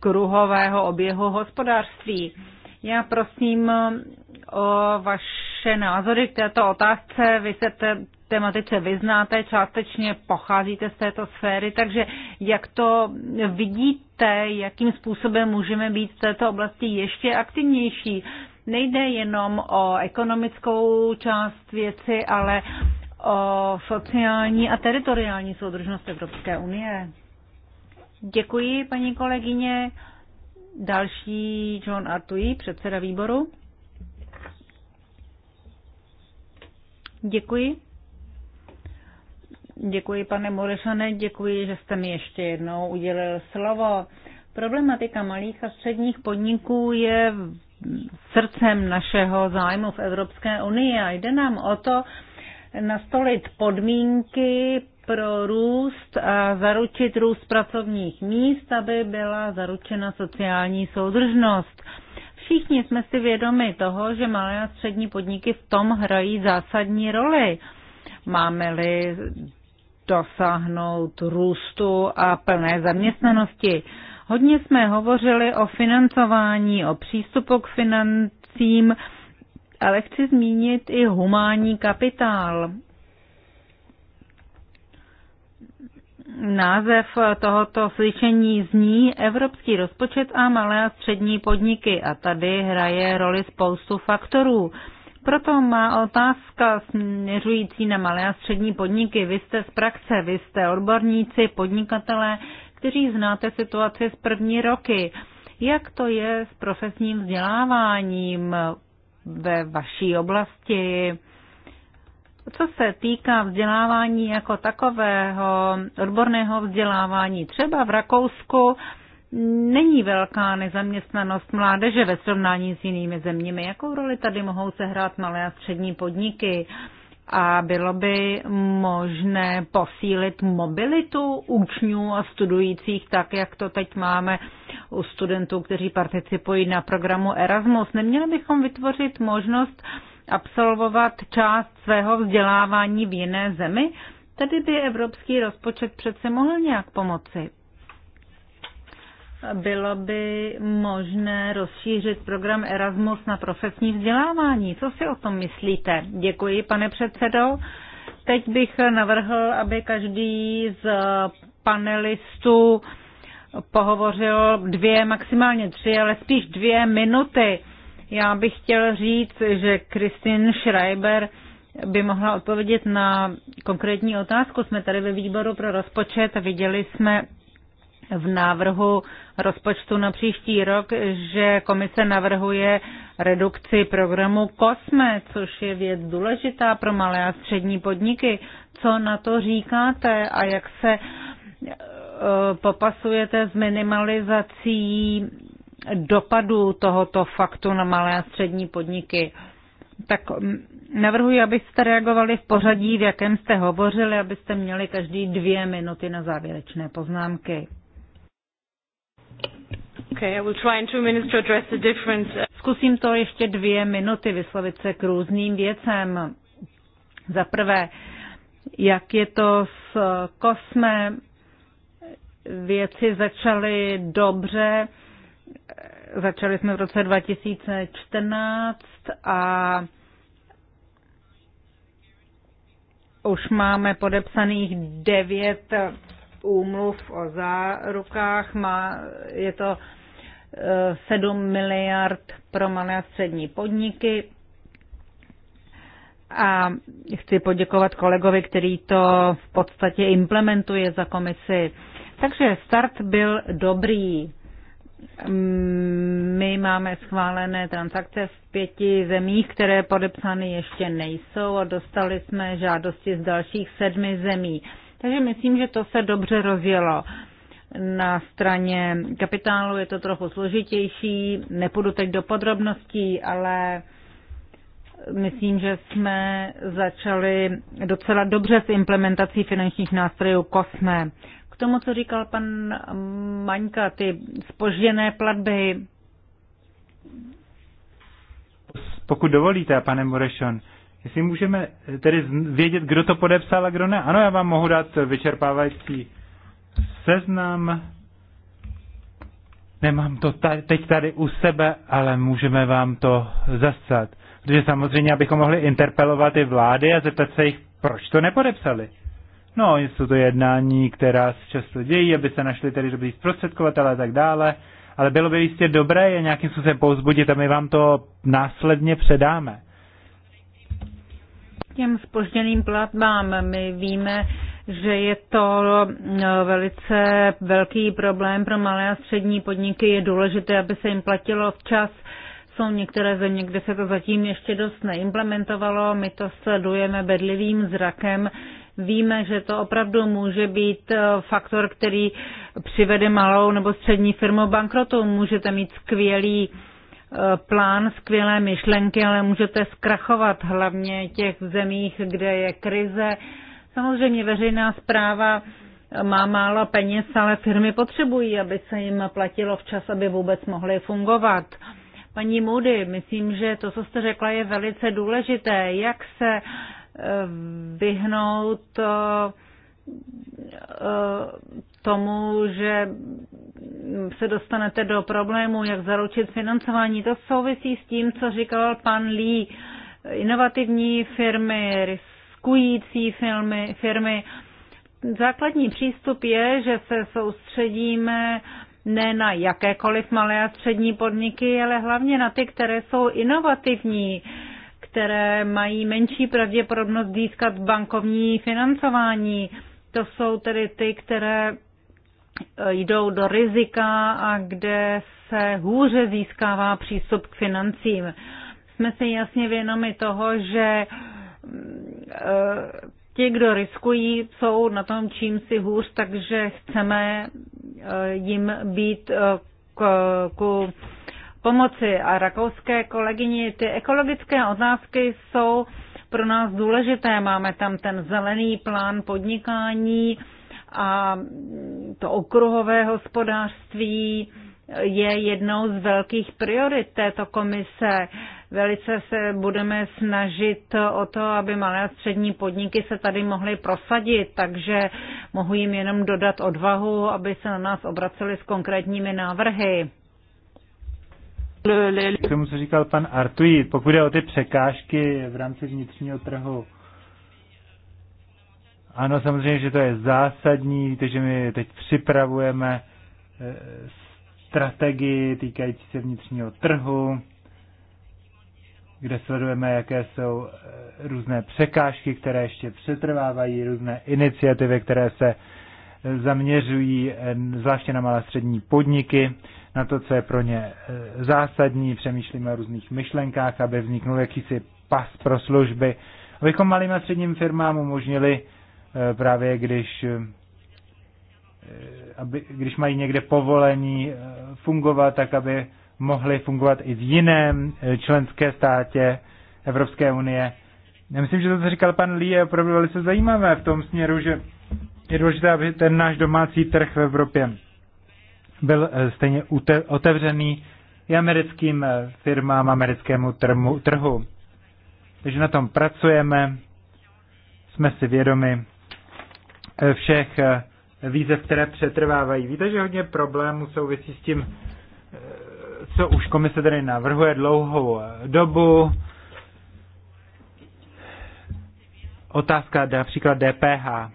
kruhového oběhu hospodářství. Já prosím eh, o vaše názory k této otázce. Vy se té tematice vyznáte, částečně pocházíte z této sféry, takže jak to vidíte, jakým způsobem můžeme být v této oblasti ještě aktivnější? Nejde jenom o ekonomickou část věci, ale o sociální a teritoriální soudržnost Evropské unie. Děkuji, paní kolegyně. Další John Artui, předseda výboru. Děkuji. Děkuji, pane Morešane, děkuji, že jste mi ještě jednou udělil slovo. Problematika malých a středních podniků je srdcem našeho zájmu v Evropské unii a jde nám o to nastolit podmínky pro růst a zaručit růst pracovních míst, aby byla zaručena sociální soudržnost. Všichni jsme si vědomi toho, že malé a střední podniky v tom hrají zásadní roli. Máme-li dosáhnout růstu a plné zaměstnanosti. Hodně jsme hovořili o financování, o přístupu k financím, ale chci zmínit i humánní kapitál. Název tohoto slyšení zní Evropský rozpočet a malé a střední podniky a tady hraje roli spoustu faktorů. Proto má otázka směřující na malé a střední podniky. Vy jste z praxe, vy jste odborníci, podnikatelé, kteří znáte situaci z první roky. Jak to je s profesním vzděláváním ve vaší oblasti? Co se týká vzdělávání jako takového, odborného vzdělávání, třeba v Rakousku není velká nezaměstnanost mládeže ve srovnání s jinými zeměmi. Jakou roli tady mohou sehrát malé a střední podniky? A bylo by možné posílit mobilitu učňů a studujících tak, jak to teď máme u studentů, kteří participují na programu Erasmus. Neměli bychom vytvořit možnost, absolvovat část svého vzdělávání v jiné zemi? Tady by evropský rozpočet přece mohl nějak pomoci. Bylo by možné rozšířit program Erasmus na profesní vzdělávání. Co si o tom myslíte? Děkuji, pane předsedo. Teď bych navrhl, aby každý z panelistů pohovořil dvě, maximálně tři, ale spíš dvě minuty já bych chtěl říct, že Kristin Schreiber by mohla odpovědět na konkrétní otázku. Jsme tady ve výboru pro rozpočet a viděli jsme v návrhu rozpočtu na příští rok, že komise navrhuje redukci programu COSME, což je věc důležitá pro malé a střední podniky. Co na to říkáte a jak se eh, popasujete s minimalizací dopadu tohoto faktu na malé a střední podniky. Tak navrhuji, abyste reagovali v pořadí, v jakém jste hovořili, abyste měli každý dvě minuty na závěrečné poznámky. to Zkusím to ještě dvě minuty vyslovit se k různým věcem. Za prvé, jak je to s kosmem, věci začaly dobře, Začali jsme v roce 2014 a už máme podepsaných devět úmluv o zárukách. Má, je to 7 eh, miliard pro malé a střední podniky. A chci poděkovat kolegovi, který to v podstatě implementuje za komisi. Takže start byl dobrý. My máme schválené transakce v pěti zemích, které podepsány ještě nejsou a dostali jsme žádosti z dalších sedmi zemí. Takže myslím, že to se dobře rozjelo. Na straně kapitálu je to trochu složitější, nepůjdu teď do podrobností, ale myslím, že jsme začali docela dobře s implementací finančních nástrojů COSME tomu, co říkal pan Maňka, ty spožděné platby.
Pokud dovolíte, pane Morešon, jestli můžeme tedy vědět, kdo to podepsal a kdo ne. Ano, já vám mohu dát vyčerpávající seznam. Nemám to tady, teď tady u sebe, ale můžeme vám to zasat. Protože samozřejmě, abychom mohli interpelovat i vlády a zeptat se jich, proč to nepodepsali. No, jsou to jednání, která se často dějí, aby se našli tedy dobrý zprostředkovatel a tak dále, ale bylo by jistě dobré je nějakým způsobem pouzbudit a my vám to následně předáme.
Těm spožděným platbám my víme, že je to mm, velice velký problém pro malé a střední podniky. Je důležité, aby se jim platilo včas. Jsou některé země, kde se to zatím ještě dost neimplementovalo. My to sledujeme bedlivým zrakem Víme, že to opravdu může být eh, faktor, který přivede malou nebo střední firmu bankrotu. Můžete mít skvělý eh, plán, skvělé myšlenky, ale můžete zkrachovat hlavně těch zemích, kde je krize. Samozřejmě veřejná zpráva eh, má málo peněz, ale firmy potřebují, aby se jim platilo včas, aby vůbec mohly fungovat. Paní Moody, myslím, že to, co jste řekla, je velice důležité. Jak se uh, vyhnout eh, tomu, že se dostanete do problému, jak zaručit financování. To souvisí s tím, co říkal pan Lee. Inovativní firmy, riskující firmy, firmy. Základní přístup je, že se soustředíme ne na jakékoliv malé a střední podniky, ale hlavně na ty, které jsou inovativní které mají menší pravděpodobnost získat bankovní financování. To jsou tedy ty, které eh, jdou do rizika a kde se hůře získává přístup k financím. Jsme si jasně vědomi toho, že eh, ti, kdo riskují, jsou na tom čím si hůř, takže chceme eh, jim být k, k pomoci. A rakouské kolegyni, ty ekologické otázky jsou pro nás důležité. Máme tam ten zelený plán podnikání a to okruhové hospodářství je jednou z velkých priorit této komise. Velice se budeme snažit o to, aby malé a střední podniky se tady mohly prosadit, takže mohu jim jenom dodat odvahu, aby se na nás obraceli s konkrétními návrhy.
K tomu, co říkal pan Artuji, pokud jde o ty překážky v rámci vnitřního trhu, ano, samozřejmě, že to je zásadní, víte, že my teď připravujeme e, strategii týkající se vnitřního trhu, kde sledujeme, jaké jsou e, různé překážky, které ještě přetrvávají, různé iniciativy, které se zaměřují eh, zvláště na malé střední podniky, na to, co je pro ně eh, zásadní, přemýšlíme o různých myšlenkách, aby vzniknul jakýsi pas pro služby, abychom malým a středním firmám umožnili eh, právě, když, aby, když mají někde povolení fungovat, tak aby mohly fungovat i v jiném členské státě Evropské unie. Já myslím, že to, co říkal pan Lee, je opravdu velice zajímavé v tom směru, že je důležité, aby ten náš domácí trh v Evropě byl eh, stejně otevřený i americkým eh, firmám, americkému trhu. Takže na tom pracujeme, jsme si vědomi eh, všech výzev, které přetrvávají. Víte, že hodně problémů souvisí s tím, co už komise tady navrhuje dlouhou dobu. Otázka například DPH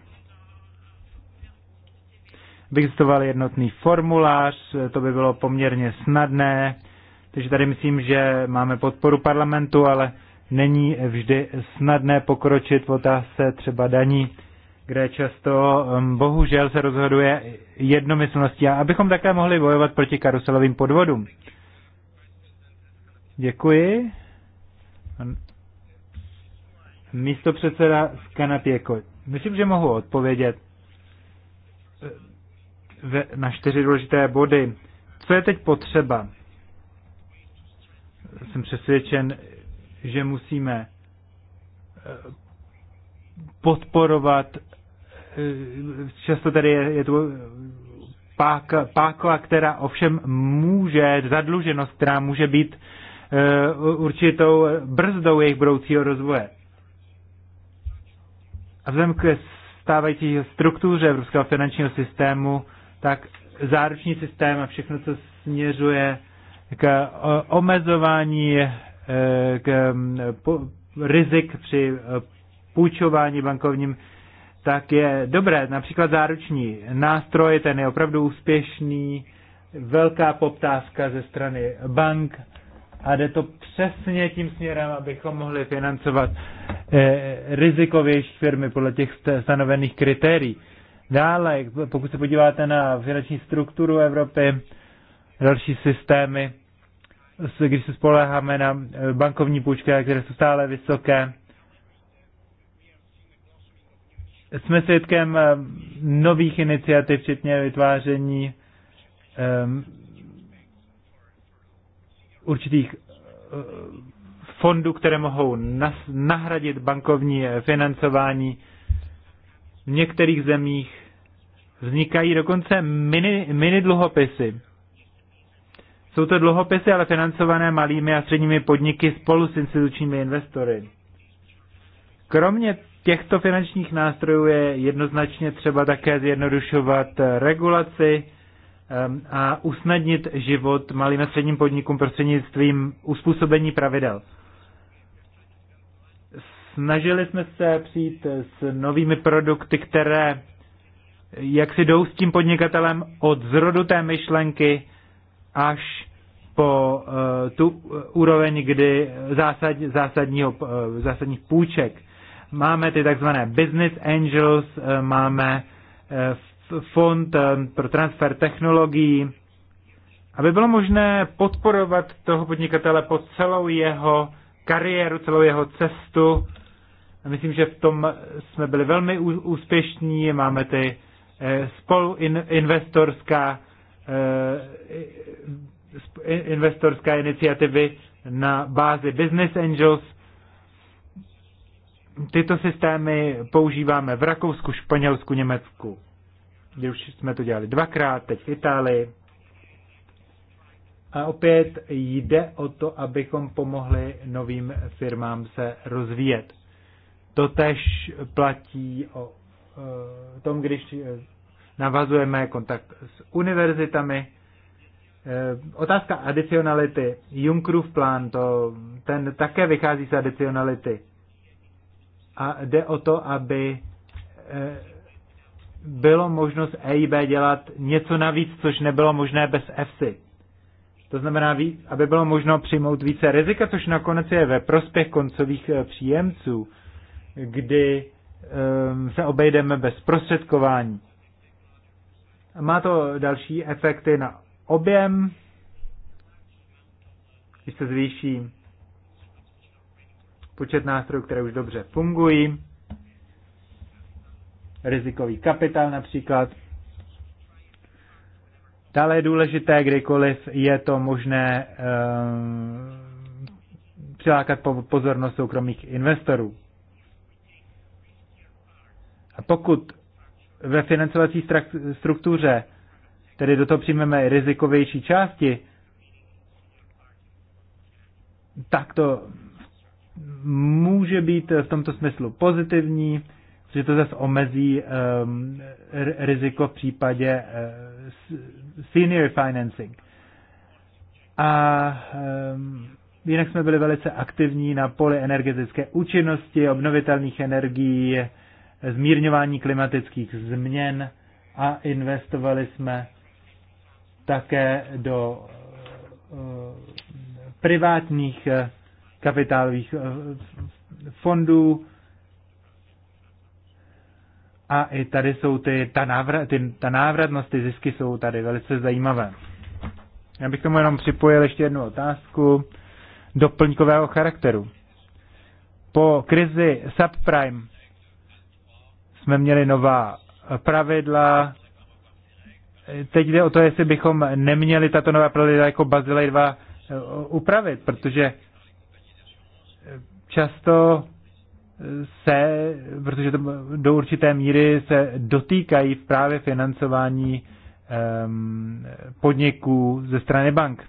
existoval jednotný formulář, to by bylo poměrně snadné, takže tady myslím, že máme podporu parlamentu, ale není vždy snadné pokročit v otázce třeba daní, kde často um, bohužel se rozhoduje jednomyslností, a abychom také mohli bojovat proti karuselovým podvodům. Děkuji. Místo předseda Kanapěko. Myslím, že mohu odpovědět na čtyři důležité body. Co je teď potřeba? Jsem přesvědčen, že musíme eh, podporovat, eh, často tady je, je tu páka, pákla, která ovšem může, zadluženost, která může být eh, určitou brzdou jejich budoucího rozvoje. A vzhledem k stávající struktuře evropského finančního systému tak záruční systém a všechno, co směřuje k eh, omezování eh, k mm, rizik při eh, půjčování bankovním, tak je dobré. Například záruční nástroj, ten je opravdu úspěšný, velká poptávka ze strany bank a jde to přesně tím směrem, abychom mohli financovat rizikovější firmy podle těch stanovených kritérií. Dále, pokud se podíváte na finanční strukturu Evropy, další systémy, když se spoleháme na eh, bankovní půjčky, které jsou stále vysoké, jsme svědkem eh, nových iniciativ, včetně vytváření um, určitých eh, fondů, které mohou nahradit bankovní financování v některých zemích vznikají dokonce mini, mini dluhopisy. Jsou to dluhopisy, ale financované malými a středními podniky spolu s institučními investory. Kromě těchto finančních nástrojů je jednoznačně třeba také zjednodušovat regulaci ehm, a usnadnit život malým a středním podnikům prostřednictvím uspůsobení pravidel. Snažili jsme se přijít s novými produkty, které jak si jdou s tím podnikatelem od zrodu té myšlenky až po uh, tu eh, úroveň, kdy zásad, zásadního, uh, zásadních půjček. Máme ty takzvané business angels, uh, máme uh, fond uh, pro transfer technologií, aby bylo možné podporovat toho podnikatele po celou jeho kariéru, celou jeho cestu Myslím, že v tom jsme byli velmi úspěšní, máme ty eh, spoluinvestorská eh, investorská iniciativy na bázi Business Angels. Tyto systémy používáme v Rakousku, Španělsku, Německu. už jsme to dělali dvakrát, teď v Itálii. A opět jde o to, abychom pomohli novým firmám se rozvíjet. Totež platí o eh, tom, když eh, navazujeme kontakt s univerzitami. Eh, otázka adicionality. Junkerův plán, to, ten také vychází z adicionality. A jde o to, aby bylo možno EIB dělat něco navíc, což nebylo možné bez EFSI. To znamená, aby bylo možno přijmout více rizika, což nakonec je ve prospěch koncových příjemců kdy ehm, se obejdeme bez prostředkování. Má to další efekty na objem, když se zvýší počet nástrojů, které už dobře fungují, rizikový kapitál například. Dále je důležité, kdykoliv je to možné um, přilákat pozornost soukromých investorů. A pokud ve financovací struktuře tedy do toho přijmeme rizikovější části, tak to může být v tomto smyslu pozitivní, že to zase omezí um, riziko v případě uh, senior financing. A um, jinak jsme byli velice aktivní na poli energetické účinnosti, obnovitelných energií, zmírňování klimatických změn a investovali jsme také do eh, privátních eh, kapitálových eh, fondů. A i tady jsou ty, ta, návrat, ty, ta návratnost, ty zisky jsou tady velice zajímavé. Já bych tomu jenom připojil ještě jednu otázku doplňkového charakteru. Po krizi subprime jsme měli nová pravidla. Teď jde o to, jestli bychom neměli tato nová pravidla jako Bazilej 2 eh, upravit, protože eh, často eh, se, protože to do určité míry se dotýkají právě financování um, podniků ze strany bank.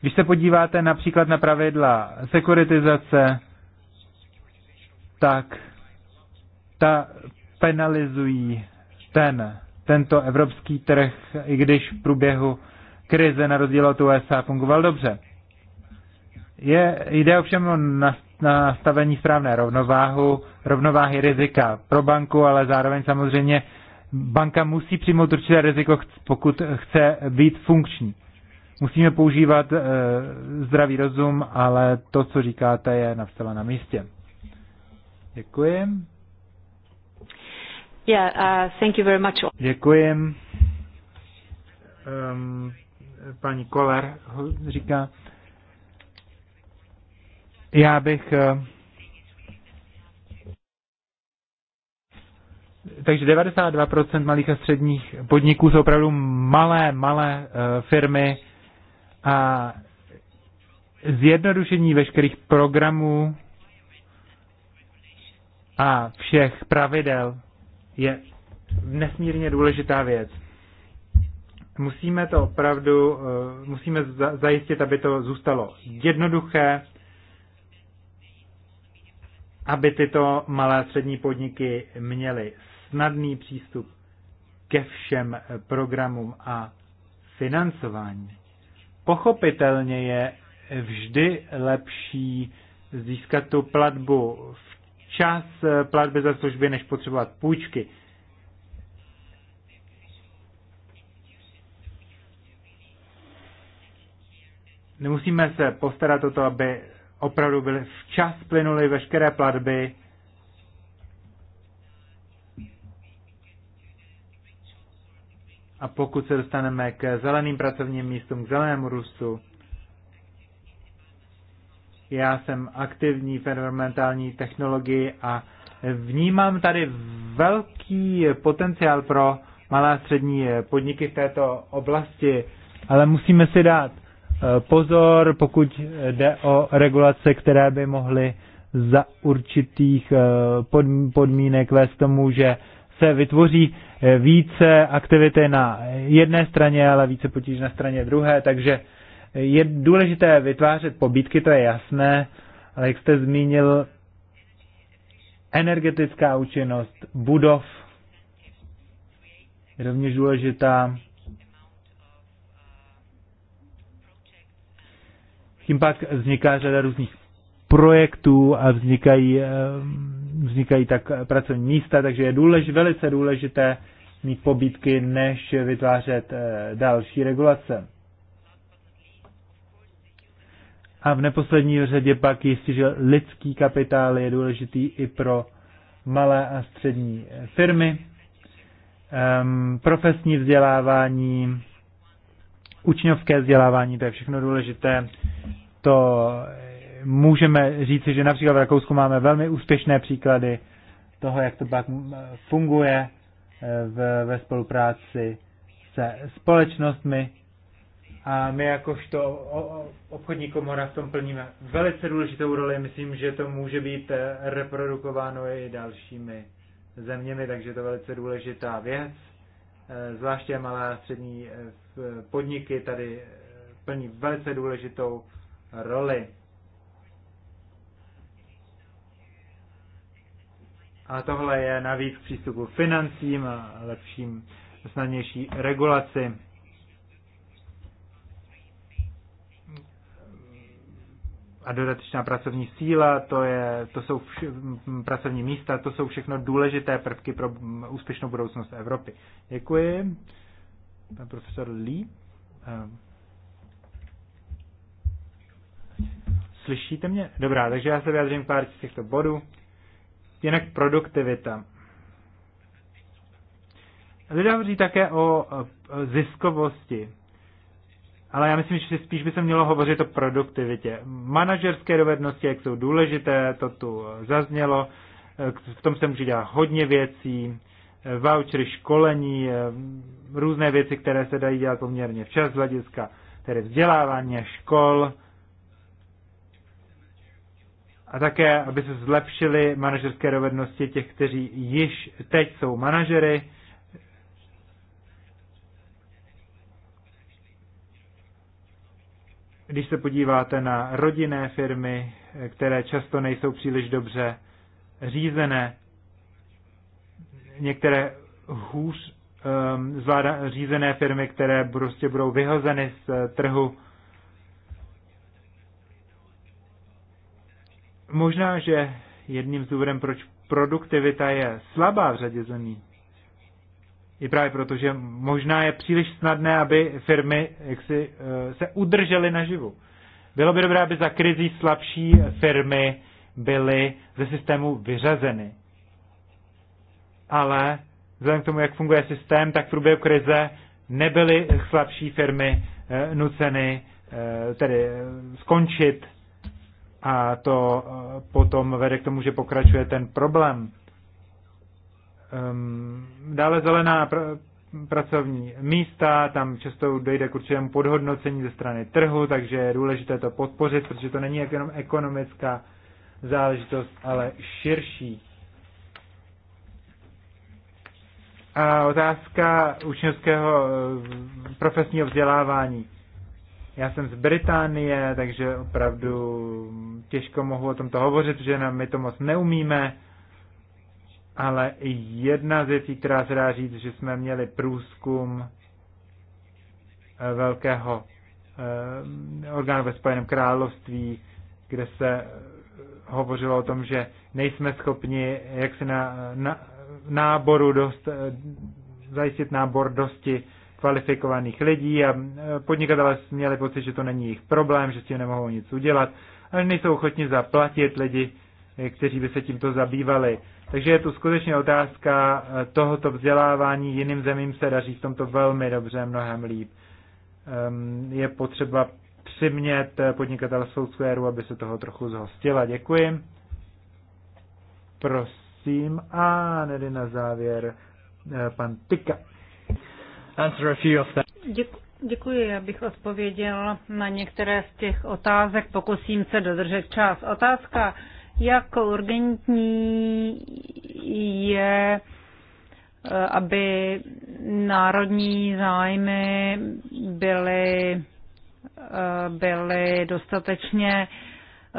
Když se podíváte například na pravidla sekuritizace, tak ta penalizují ten, tento evropský trh, i když v průběhu krize na rozdíl od USA fungoval dobře. Je, jde ovšem o nastavení správné rovnováhu, rovnováhy rizika pro banku, ale zároveň samozřejmě banka musí přijmout určité riziko, pokud chce být funkční. Musíme používat e, zdravý rozum, ale to, co říkáte, je navcela na místě. Děkuji.
Yeah, uh, thank
you very much. Děkuji. Um, paní Koller říká, já bych eh, Takže 92% malých a středních podniků jsou opravdu malé, malé eh, firmy a zjednodušení veškerých programů a všech pravidel je nesmírně důležitá věc. Musíme to opravdu, eh, musíme zajistit, aby to zůstalo jednoduché, aby tyto malé a střední podniky měly snadný přístup ke všem eh, programům a financování. Pochopitelně je vždy lepší získat tu platbu čas eh, platby za služby, než potřebovat půjčky. Nemusíme se postarat o to, aby opravdu byly včas plynuly veškeré platby. A pokud se dostaneme k zeleným pracovním místům, k zelenému růstu, já jsem aktivní v environmentální technologii a vnímám tady velký potenciál pro malé a střední podniky v této oblasti, ale musíme si dát eh, pozor, pokud jde o regulace, které by mohly za určitých eh, podmínek vést tomu, že se vytvoří eh, více aktivity na jedné straně, ale více potíž na straně druhé, takže je důležité vytvářet pobídky, to je jasné, ale jak jste zmínil, energetická účinnost budov je rovněž důležitá. Tím pak vzniká řada různých projektů a vznikají, eh, vznikají tak pracovní místa, takže je důlež, velice důležité mít pobítky, než vytvářet eh, další regulace. A v neposlední řadě pak jistě, že lidský kapitál je důležitý i pro malé a střední firmy, um, profesní vzdělávání, učňovské vzdělávání, to je všechno důležité. To můžeme říci, že například v Rakousku máme velmi úspěšné příklady toho, jak to pak funguje eh, v, ve spolupráci se společnostmi, a my jakožto obchodní komora v tom plníme velice důležitou roli. Myslím, že to může být eh, reprodukováno i dalšími zeměmi, takže to je velice důležitá věc. Eh, zvláště malé a střední eh, podniky tady plní velice důležitou roli. A tohle je navíc přístupu k financím a lepším, snadnější regulaci. a dodatečná pracovní síla, to, je, to jsou vš, pracovní místa, to jsou všechno důležité prvky pro úspěšnou budoucnost Evropy. Děkuji. Pan profesor Lee. Ehm. Slyšíte mě? Dobrá, takže já se vyjádřím pár z těchto bodů. Jinak produktivita. Lidé hovoří také o ziskovosti ale já myslím, že spíš by se mělo hovořit o produktivitě. Manažerské dovednosti, jak jsou důležité, to tu zaznělo, v tom se může dělat hodně věcí, vouchery, školení, různé věci, které se dají dělat poměrně včas z hlediska tedy vzdělávání škol a také, aby se zlepšily manažerské dovednosti těch, kteří již teď jsou manažery, Když se podíváte na rodinné firmy, které často nejsou příliš dobře řízené, některé hůř um, zvláda, řízené firmy, které prostě budou vyhozeny z eh, trhu. Možná, že jedním z důvodem, proč produktivita je slabá v řadě zemí, i právě proto, že možná je příliš snadné, aby firmy jaksi, eh, se udržely naživu. Bylo by dobré, aby za krizí slabší firmy byly ze systému vyřazeny. Ale vzhledem k tomu, jak funguje systém, tak v průběhu krize nebyly slabší firmy eh, nuceny eh, tedy skončit a to potom vede k tomu, že pokračuje ten problém um, dále zelená pr- pracovní místa, tam často dojde k určitému podhodnocení ze strany trhu, takže je důležité to podpořit, protože to není jenom ekonomická záležitost, ale širší. A otázka učňovského eh, profesního vzdělávání. Já jsem z Británie, takže opravdu těžko mohu o tomto hovořit, že my to moc neumíme. Ale jedna z věcí, která se dá říct, že jsme měli průzkum eh, velkého eh, orgánu ve Spojeném království, kde se eh, hovořilo o tom, že nejsme schopni jak se na, na náboru dost, zajistit nábor dosti kvalifikovaných lidí a podnikatelé měli pocit, že to není jejich problém, že s tím nemohou nic udělat ale nejsou ochotni zaplatit lidi, kteří by se tímto zabývali. Takže je tu skutečně otázka eh, tohoto vzdělávání. Jiným zemím se daří v tomto velmi dobře, mnohem líp. Ehm, je potřeba přimět eh, podnikatele Soulsquareu, aby se toho trochu zhostila. Děkuji. Prosím. A nedy na závěr eh, pan Tyka. Answer a few of them.
Děkuji, já bych odpověděl na některé z těch otázek. Pokusím se dodržet čas. Otázka jak urgentní je, eh, aby národní zájmy byly, eh, byly dostatečně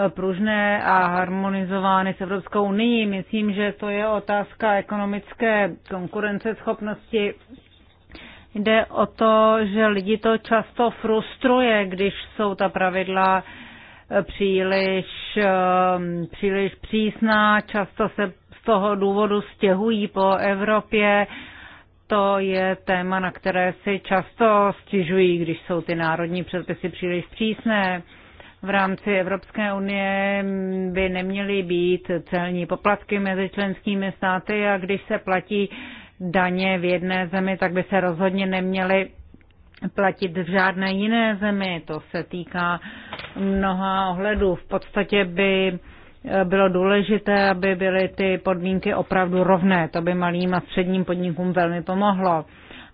eh, pružné a harmonizovány s Evropskou unii. Myslím, že to je otázka ekonomické konkurenceschopnosti. Jde o to, že lidi to často frustruje, když jsou ta pravidla příliš, eh, příliš přísná, často se z toho důvodu stěhují po Evropě. To je téma, na které si často stěžují, když jsou ty národní předpisy příliš přísné. V rámci Evropské unie by neměly být celní poplatky mezi členskými státy a když se platí daně v jedné zemi, tak by se rozhodně neměly platit v žádné jiné zemi. To se týká mnoha ohledů. V podstatě by eh, bylo důležité, aby byly ty podmínky opravdu rovné. To by malým a středním podnikům velmi pomohlo.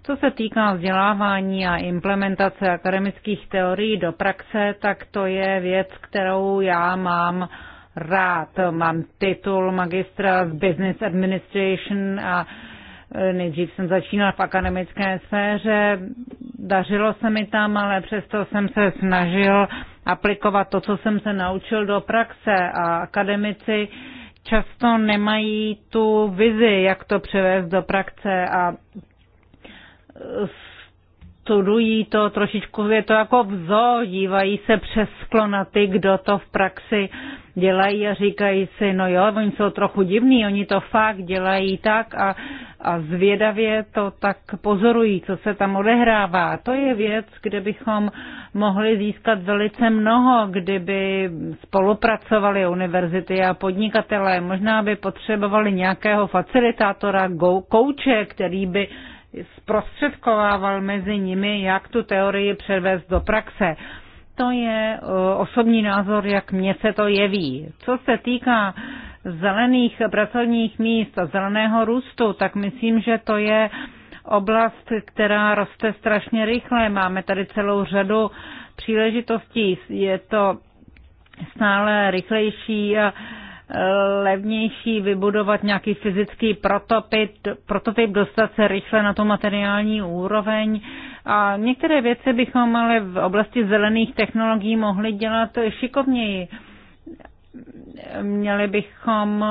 Co se týká vzdělávání a implementace akademických teorií do praxe, tak to je věc, kterou já mám rád. Mám titul magistra z Business Administration a eh, nejdřív jsem začínal v akademické sféře dařilo se mi tam, ale přesto jsem se snažil aplikovat to, co jsem se naučil do praxe a akademici často nemají tu vizi, jak to převést do praxe a studují to, trošičku je to jako vzor dívají se přes sklo na ty, kdo to v praxi dělají a říkají si, no jo, oni jsou trochu divní, oni to fakt dělají tak a, a zvědavě to tak pozorují, co se tam odehrává. To je věc, kde bychom mohli získat velice mnoho, kdyby spolupracovali univerzity a podnikatelé. Možná by potřebovali nějakého facilitátora, kouče, který by zprostředkovával mezi nimi, jak tu teorii převést do praxe. To je e, osobní názor, jak mně se to jeví. Co se týká zelených pracovních míst a zeleného růstu, tak myslím, že to je oblast, která roste strašně rychle. Máme tady celou řadu příležitostí. Je to stále rychlejší a levnější vybudovat nějaký fyzický prototyp, prototyp dostat se rychle na tu materiální úroveň. A některé věci bychom ale v oblasti zelených technologií mohli dělat šikovněji. Měli bychom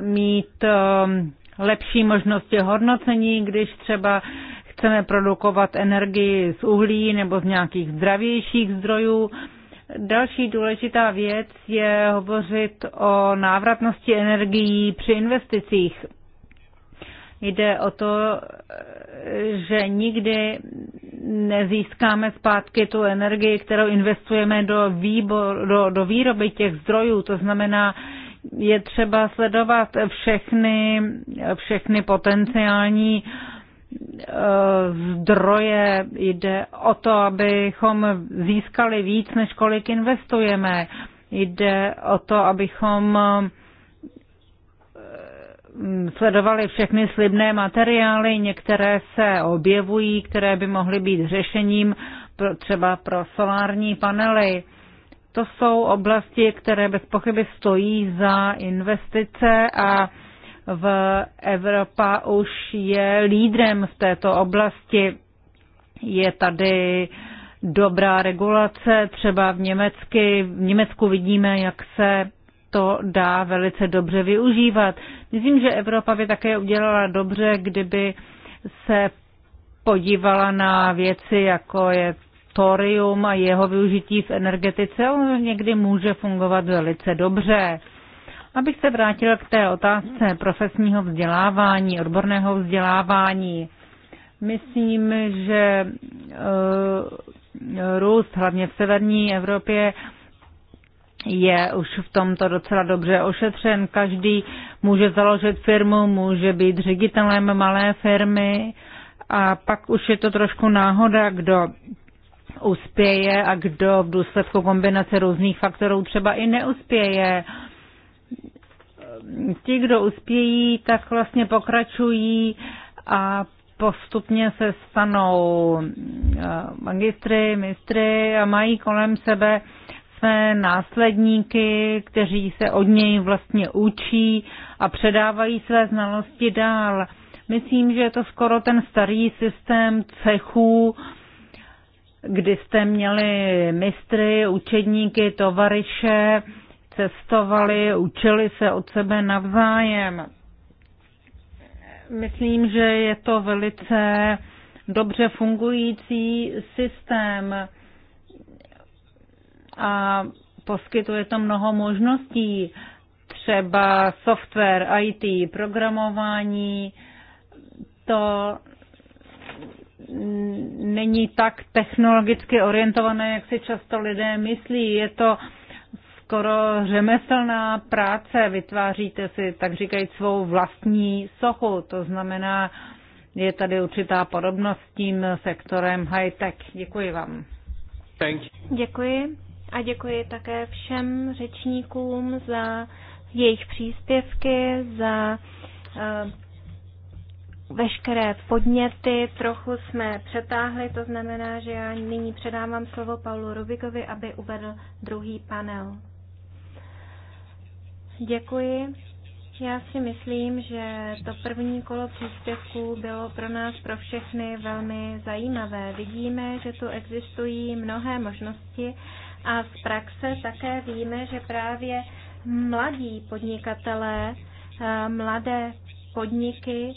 mít um, lepší možnosti hodnocení, když třeba chceme produkovat energii z uhlí nebo z nějakých zdravějších zdrojů Další důležitá věc je hovořit o návratnosti energií při investicích. Jde o to, že nikdy nezískáme zpátky tu energii, kterou investujeme do, výbor, do, do výroby těch zdrojů. To znamená, je třeba sledovat všechny, všechny potenciální uh, Eh, zdroje, jde o to, abychom získali víc, než kolik investujeme. Jde o to, abychom eh, sledovali všechny slibné materiály, některé se objevují, které by mohly být řešením třeba pro solární panely. To jsou oblasti, které bez pochyby stojí za investice a v Evropa už je lídrem v této oblasti. Je tady dobrá regulace, třeba v, Německy, v Německu vidíme, jak se to dá velice dobře využívat. Myslím, že Evropa by také udělala dobře, kdyby se podívala na věci, jako je thorium a jeho využití v energetice, On někdy může fungovat velice dobře. Abych se vrátil k té otázce profesního vzdělávání, odborného vzdělávání. Myslím, že eh, růst, hlavně v severní Evropě, je už v tomto docela dobře ošetřen. Každý může založit firmu, může být ředitelem malé firmy a pak už je to trošku náhoda, kdo uspěje a kdo v důsledku kombinace různých faktorů třeba i neuspěje. Uh, ti, kdo uspějí, tak vlastně pokračují a postupně se stanou eh, magistry, mistry a mají kolem sebe své následníky, kteří se od něj vlastně učí a předávají své znalosti dál. Myslím, že je to skoro ten starý systém cechů, kdy jste měli mistry, učedníky, tovaryše, cestovali, učili se od sebe navzájem. Myslím, že je to velice dobře fungující systém a poskytuje to mnoho možností, třeba software, IT, programování. To není tak technologicky orientované, jak si často lidé myslí. Je to skoro řemeslná práce. Vytváříte si, tak říkají, svou vlastní sochu. To znamená, je tady určitá podobnost s tím sektorem high-tech. Děkuji vám.
Thank
you. Děkuji a děkuji také všem řečníkům za jejich příspěvky, za eh, veškeré podněty. Trochu jsme přetáhli, to znamená, že já nyní předávám slovo Paulu Rubikovi, aby uvedl druhý panel. Děkuji. Já si myslím, že to první kolo příspěvků bylo pro nás, pro všechny, velmi zajímavé. Vidíme, že tu existují mnohé možnosti a z praxe také víme, že právě mladí podnikatelé, eh, mladé podniky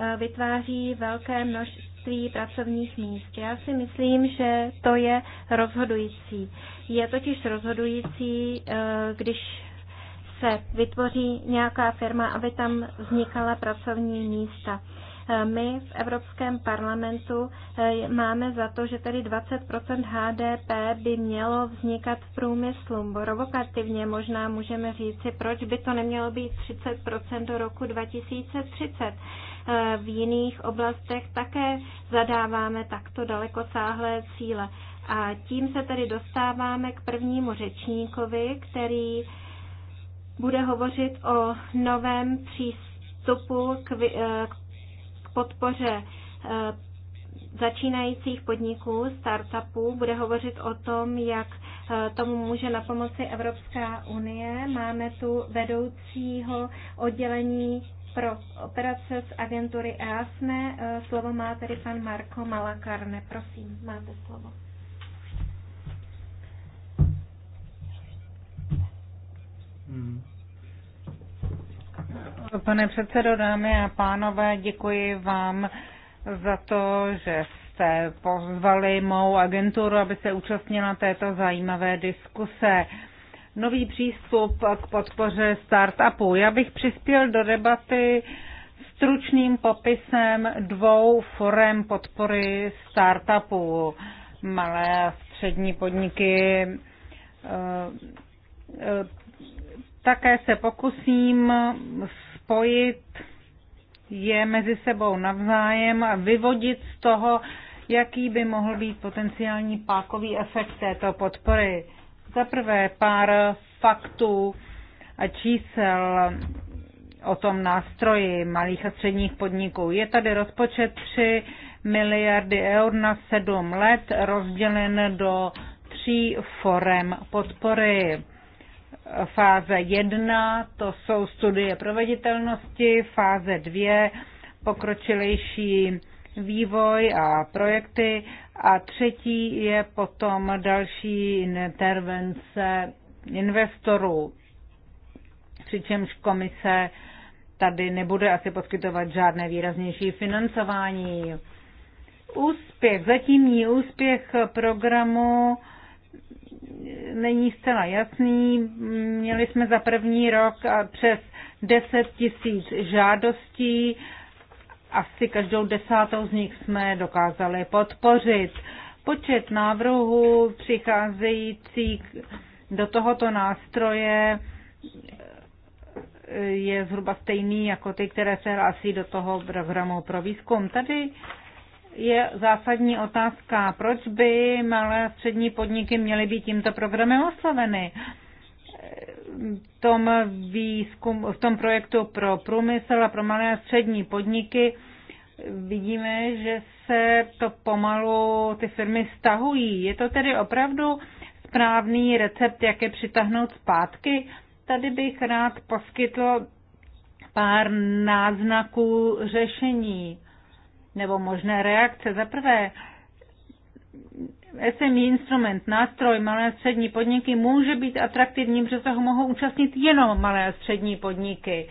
eh, vytváří velké množství pracovních míst. Já si myslím, že to je rozhodující. Je totiž rozhodující, eh, když se vytvoří nějaká firma, aby tam vznikala pracovní místa. Eh, my v Evropském parlamentu eh, máme za to, že tedy 20 HDP by mělo vznikat v průmyslu. Provokativně možná můžeme říci, proč by to nemělo být 30 do roku 2030. Eh, v jiných oblastech také zadáváme takto dalekosáhlé cíle. A tím se tedy dostáváme k prvnímu řečníkovi, který bude hovořit o novém přístupu k, eh, k podpoře eh, začínajících podniků, startupů, bude hovořit o tom, jak eh, tomu může na pomoci Evropská unie. Máme tu vedoucího oddělení pro operace z agentury EASME. Slovo má tedy pan Marko Malakarne. Prosím, máte slovo.
Pane předsedo, dámy a pánové, děkuji vám za to, že jste pozvali mou agenturu, aby se účastnila této zajímavé diskuse. Nový přístup k podpoře startupů. Já bych přispěl do debaty stručným popisem dvou forem podpory startupů. Malé a střední podniky eh, také se pokusím spojit je mezi sebou navzájem a vyvodit z toho, jaký by mohl být potenciální pákový efekt této podpory. Za prvé pár faktů a čísel o tom nástroji malých a středních podniků. Je tady rozpočet 3 miliardy eur na 7 let rozdělen do tří forem podpory. Fáze 1 to jsou studie proveditelnosti, fáze 2 pokročilejší vývoj a projekty a třetí je potom další intervence investorů. Přičemž komise tady nebude asi poskytovat žádné výraznější financování. Úspěch, zatímní úspěch programu není zcela jasný. Měli jsme za první rok přes 10 tisíc žádostí. Asi každou desátou z nich jsme dokázali podpořit. Počet návrhů přicházejících do tohoto nástroje eh, je zhruba stejný jako ty, které se hlásí do toho programu pro výzkum. Tady je zásadní otázka, proč by malé a střední podniky měly být tímto programem oslaveny. V tom, výzkum, v tom projektu pro průmysl a pro malé a střední podniky vidíme, že se to pomalu ty firmy stahují. Je to tedy opravdu správný recept, jak je přitahnout zpátky? Tady bych rád poskytl pár náznaků řešení nebo možné reakce. Za prvé, SMI instrument, nástroj malé a střední podniky může být atraktivní, protože se ho mohou účastnit jenom malé a střední podniky.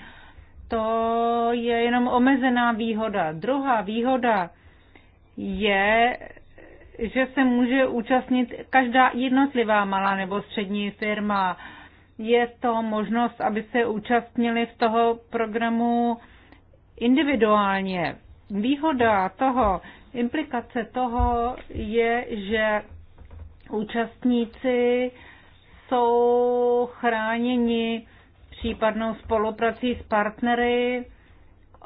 To je jenom omezená výhoda. Druhá výhoda je, že se může účastnit každá jednotlivá malá nebo střední firma. Je to možnost, aby se účastnili v toho programu individuálně výhoda toho, implikace toho je, že účastníci jsou chráněni případnou spoluprací s partnery,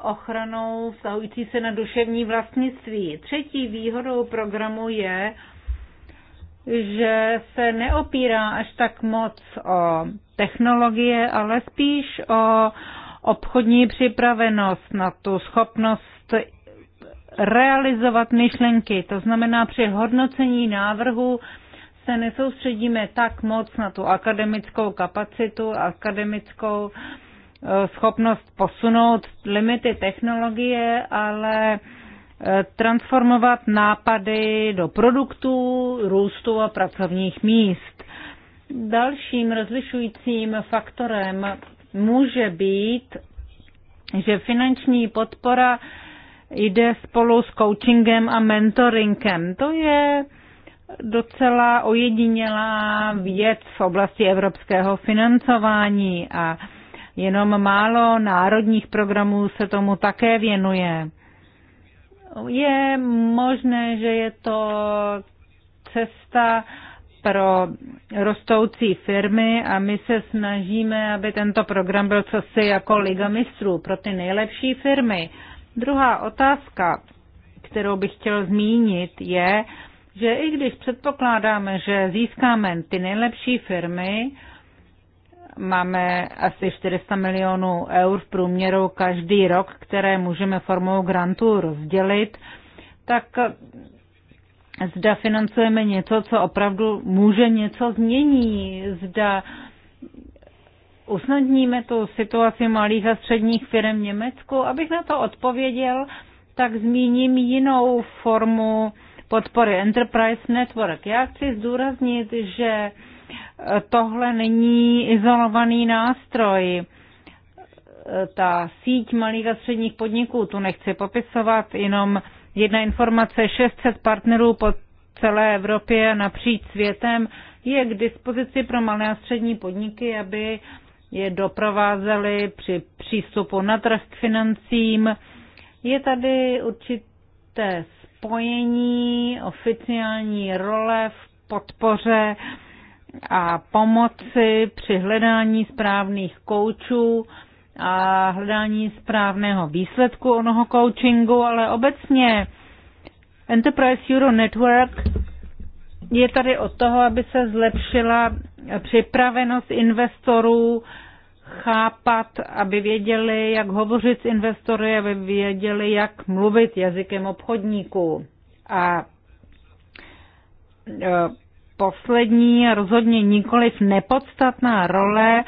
ochranou vztahující se na duševní vlastnictví. Třetí výhodou programu je, že se neopírá až tak moc o technologie, ale spíš o obchodní připravenost na tu schopnost realizovat myšlenky. To znamená, při hodnocení návrhu se nesoustředíme tak moc na tu akademickou kapacitu, akademickou eh, schopnost posunout limity technologie, ale eh, transformovat nápady do produktů, růstu a pracovních míst. Dalším rozlišujícím faktorem může být, že finanční podpora jde spolu s coachingem a mentoringem. To je docela ojedinělá věc v oblasti evropského financování a jenom málo národních programů se tomu také věnuje. Je možné, že je to cesta pro rostoucí firmy a my se snažíme, aby tento program byl cosi jako Liga mistrů pro ty nejlepší firmy. Druhá otázka, kterou bych chtěl zmínit, je, že i když předpokládáme, že získáme ty nejlepší firmy, máme asi 400 milionů eur v průměru každý rok, které můžeme formou grantů rozdělit, tak zda financujeme něco, co opravdu může něco změnit, zda usnadníme tu situaci malých a středních firm v Německu? Abych na to odpověděl, tak zmíním jinou formu podpory Enterprise Network. Já chci zdůraznit, že tohle není izolovaný nástroj. Ta síť malých a středních podniků, tu nechci popisovat, jenom jedna informace, 600 partnerů po celé Evropě napříč světem je k dispozici pro malé a střední podniky, aby je doprovázeli při přístupu na trh k financím. Je tady určité spojení oficiální role v podpoře a pomoci při hledání správných koučů a hledání správného výsledku onoho coachingu, ale obecně Enterprise Euro Network je tady od toho, aby se zlepšila připravenost investorů, chápat, aby věděli, jak hovořit s investory, aby věděli, jak mluvit jazykem obchodníků. A e, poslední, rozhodně nikoliv nepodstatná role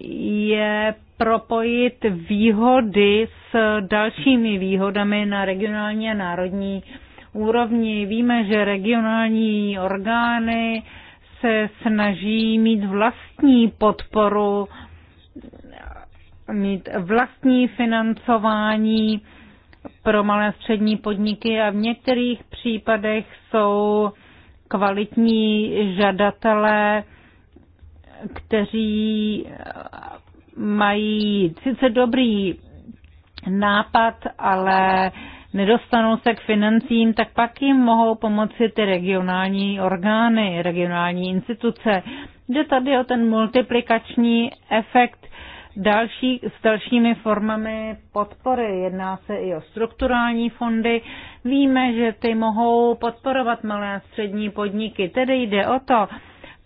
je propojit výhody s dalšími výhodami na regionální a národní úrovni. Víme, že regionální orgány se snaží mít vlastní podporu, mít vlastní financování pro malé a střední podniky a v některých případech jsou kvalitní žadatelé, kteří mají sice dobrý nápad, ale uh, nedostanou se k financím, tak pak jim mohou pomoci ty regionální orgány, regionální instituce. Jde tady o ten multiplikační efekt další, s dalšími formami podpory. Jedná se i o strukturální fondy. Víme, že ty mohou podporovat malé a střední podniky. Tedy jde o to,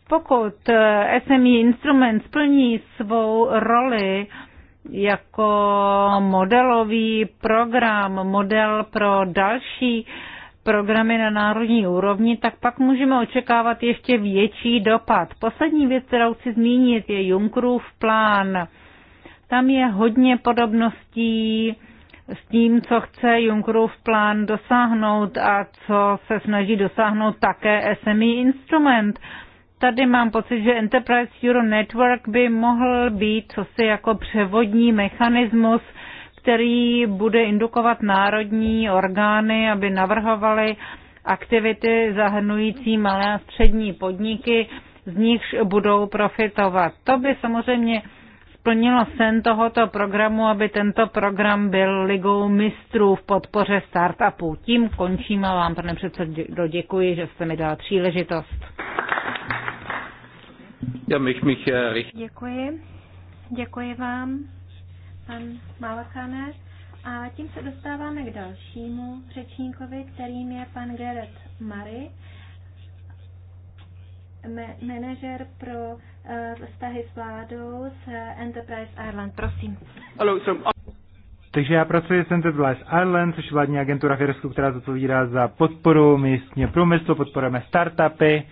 pokud eh, SMI instrument splní svou roli, jako modelový program, model pro další programy na národní úrovni, tak pak můžeme očekávat ještě větší dopad. Poslední věc, kterou chci zmínit, je Junckerův plán. Tam je hodně podobností s tím, co chce Junckerův plán dosáhnout a co se snaží dosáhnout také SMI instrument tady mám pocit, že Enterprise Euro Network by mohl být cosi jako převodní mechanismus, který bude indukovat národní orgány, aby navrhovaly aktivity zahrnující malé a střední podniky, z nichž budou profitovat. To by samozřejmě splnilo sen tohoto programu, aby tento program byl ligou mistrů v podpoře startupů. Tím končím a vám, pane předsedo, děkuji, že jste mi dal příležitost.
Já bych mich
Děkuji. Děkuji vám, pan Malakane. A tím se dostáváme k dalšímu řečníkovi, kterým je pan Gerrit Mary, manažer pro eh, vztahy s vládou z Enterprise Ireland. Prosím. Hello, so, uh-
takže já pracuji s Enterprise Ireland, což je vládní agentura v Irsku, která zodpovídá za podporu místního průmyslu, podporujeme startupy,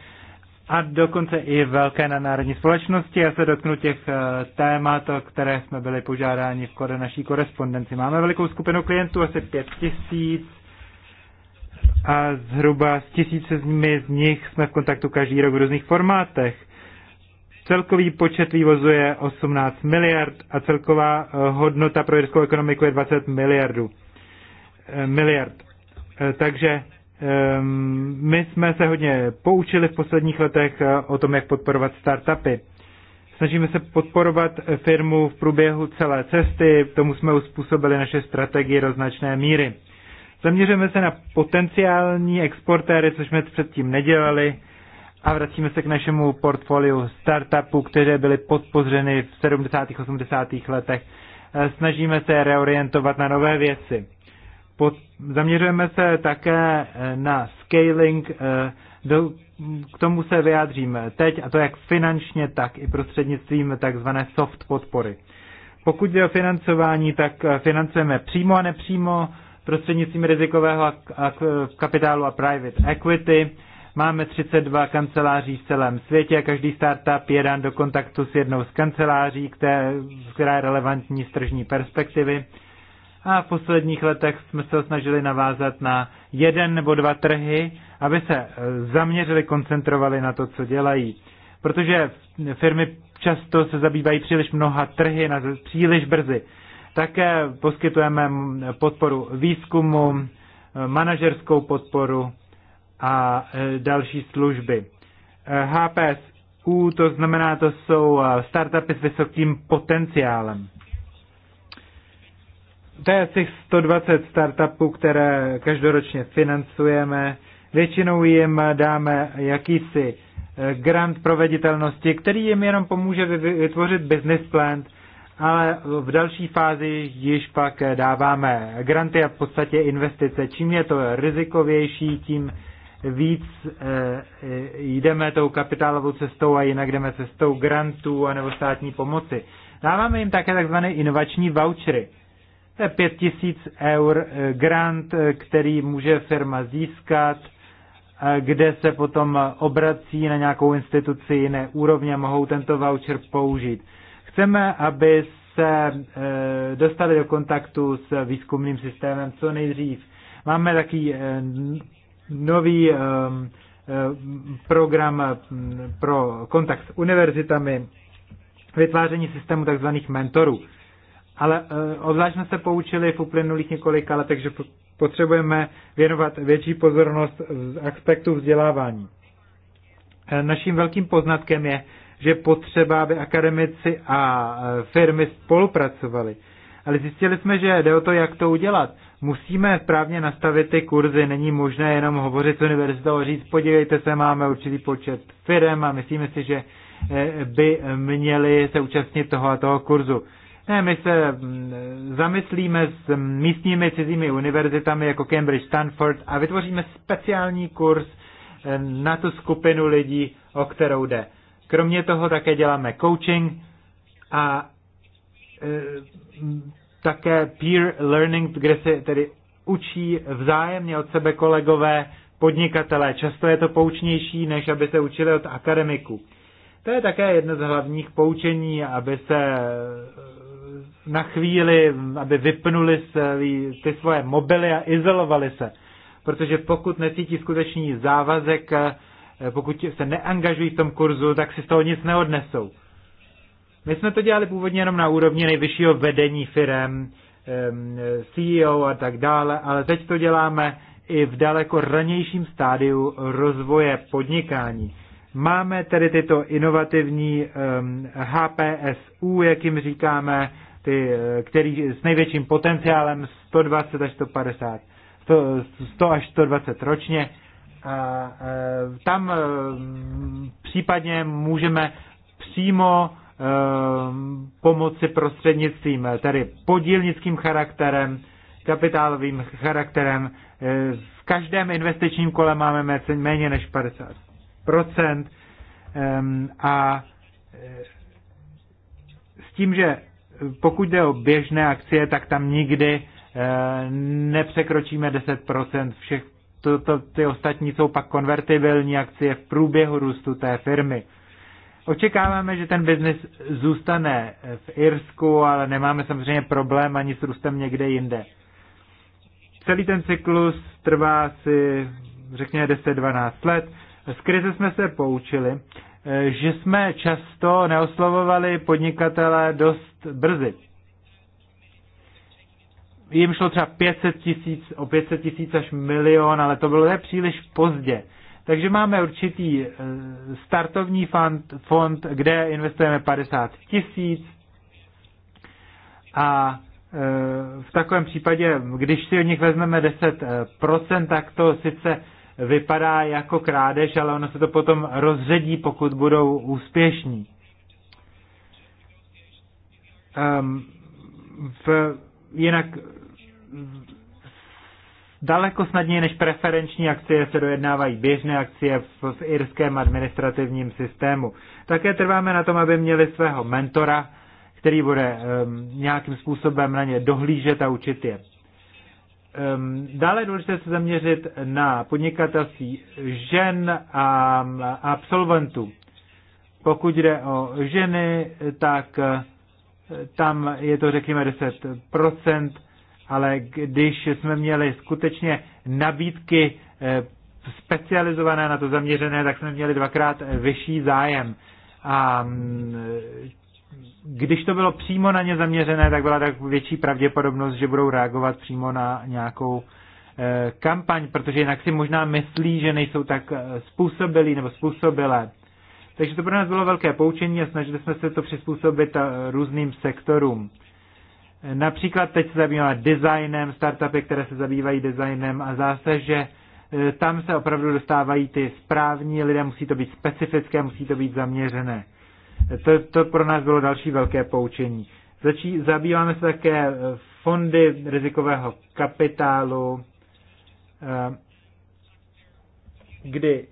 a dokonce i velké národní společnosti. Já se dotknu těch eh, témat, o které jsme byli požádáni v naší korespondenci. Máme velikou skupinu klientů, asi pět tisíc a zhruba s tisíce z nich jsme v kontaktu každý rok v různých formátech. Celkový počet vývozu je 18 miliard a celková eh, hodnota pro jirskou ekonomiku je 20 miliardů. Eh, miliard. Takže Ehm, my jsme se hodně poučili v posledních letech eh, o tom, jak podporovat startupy. Snažíme se podporovat firmu v průběhu celé cesty, tomu jsme uspůsobili naše strategie do značné míry. Zaměřujeme se na potenciální exportéry, což jsme předtím nedělali, a vracíme se k našemu portfoliu startupů, které byly podpořeny v 70. a 80. letech. Eh, snažíme se reorientovat na nové věci. Pod, zaměřujeme se také eh, na scaling, eh, do, k tomu se vyjádříme teď, a to jak finančně, tak i prostřednictvím tzv. soft podpory. Pokud jde o financování, tak eh, financujeme přímo a nepřímo prostřednictvím rizikového kapitálu a private equity. Máme 32 kanceláří v celém světě a každý startup je dán do kontaktu s jednou z kanceláří, která je relevantní z tržní perspektivy a v posledních letech jsme se snažili navázat na jeden nebo dva trhy, aby se eh, zaměřili, koncentrovali na to, co dělají. Protože firmy často se zabývají příliš mnoha trhy na příliš brzy. Také poskytujeme podporu výzkumu, eh, manažerskou podporu a eh, další služby. HPSU, to znamená, to jsou startupy s vysokým potenciálem. To je těch 120 startupů, které každoročně financujeme. Většinou jim dáme jakýsi eh, grant proveditelnosti, který jim jenom pomůže vytvořit business plan, ale v další fázi již pak eh, dáváme granty a v podstatě investice. Čím je to rizikovější, tím víc eh, jdeme tou kapitálovou cestou a jinak jdeme cestou grantů anebo státní pomoci. Dáváme jim také takzvané inovační vouchery. To je 5 tisíc eur eh, grant, eh, který může firma získat, eh, kde se potom obrací na nějakou instituci jiné úrovně, mohou tento voucher použít. Chceme, aby se dostali do kontaktu s výzkumným systémem co nejdřív. Máme taky nový program pro kontakt s univerzitami, vytváření systému tzv. mentorů. Ale eh, odvlášť jsme se poučili v uplynulých několika letech, že potřebujeme věnovat větší pozornost z aspektu vzdělávání. Eh, naším velkým poznatkem je, že potřeba, aby akademici a eh, firmy spolupracovali. Ale zjistili jsme, že jde o to, jak to udělat. Musíme správně nastavit ty kurzy, není možné jenom hovořit s univerzitou a říct, podívejte se, máme určitý počet firm a myslíme si, že by měli se účastnit toho a toho kurzu. Ne, my se mm, zamyslíme s místními cizími univerzitami jako Cambridge, Stanford a vytvoříme speciální kurz eh, na tu skupinu lidí, o kterou jde. Kromě toho také děláme coaching a eh, také peer learning, kde se tedy učí vzájemně od sebe kolegové podnikatelé. Často je to poučnější, než aby se učili od akademiků. To je také jedno z hlavních poučení, aby se na chvíli, aby vypnuli svý, ty svoje mobily a izolovali se. Protože pokud necítí skutečný závazek, eh, pokud se neangažují v tom kurzu, tak si z toho nic neodnesou. My jsme to dělali původně jenom na úrovni nejvyššího vedení firem, CEO a tak dále, ale teď to děláme i v daleko ranějším stádiu rozvoje podnikání. Máme tedy tyto inovativní um, HPSU, jak jim říkáme, ty, eh, který s největším potenciálem 120 až 150, 100, 100 až 120 ročně. A eh, tam eh, případně můžeme přímo pomoci prostřednictvím, tedy podílnickým charakterem, kapitálovým charakterem. V každém investičním kole máme méně než 50%. Ehm, a s tím, že pokud jde o běžné akcie, tak tam nikdy eh, nepřekročíme 10% všech. To, to, ty ostatní jsou pak konvertibilní akcie v průběhu růstu té firmy. Očekáváme, že ten biznis zůstane v Irsku, ale nemáme samozřejmě problém ani s růstem někde jinde. Celý ten cyklus trvá asi, řekněme, 10-12 let. Z krize jsme se poučili že jsme často neoslovovali podnikatele dost brzy. Jím šlo třeba 500 tisíc, o 500 tisíc až milion, ale to bylo příliš pozdě. Takže máme určitý eh, startovní fond, fond kde investujeme 50 tisíc a eh, v takovém případě, když si od nich vezmeme 10%, eh, tak to sice vypadá jako krádež, ale ono se to potom rozředí, pokud budou úspěšní. Um, v, jinak daleko snadněji než preferenční akcie se dojednávají běžné akcie v, v irském administrativním systému. Také trváme na tom, aby měli svého mentora, který bude um, nějakým způsobem na ně dohlížet a učit je. Ehm, dále je důležité se zaměřit na podnikatelství žen a absolventů. Pokud jde o ženy, tak eh, tam je to řekněme 10%, ale když jsme měli skutečně nabídky eh, specializované na to zaměřené, tak jsme měli dvakrát vyšší zájem. A mm, když to bylo přímo na ně zaměřené, tak byla tak větší pravděpodobnost, že budou reagovat přímo na nějakou eh, kampaň, protože jinak si možná myslí, že nejsou tak eh, způsobilí nebo způsobilé. Takže to pro nás bylo velké poučení a snažili jsme se to přizpůsobit eh, různým sektorům. Například teď se zabýváme designem, startupy, které se zabývají designem a zase, že tam se opravdu dostávají ty správní lidé, musí to být specifické, musí to být zaměřené. To, to pro nás bylo další velké poučení. Začí, zabýváme se také fondy rizikového kapitálu, eh, kdy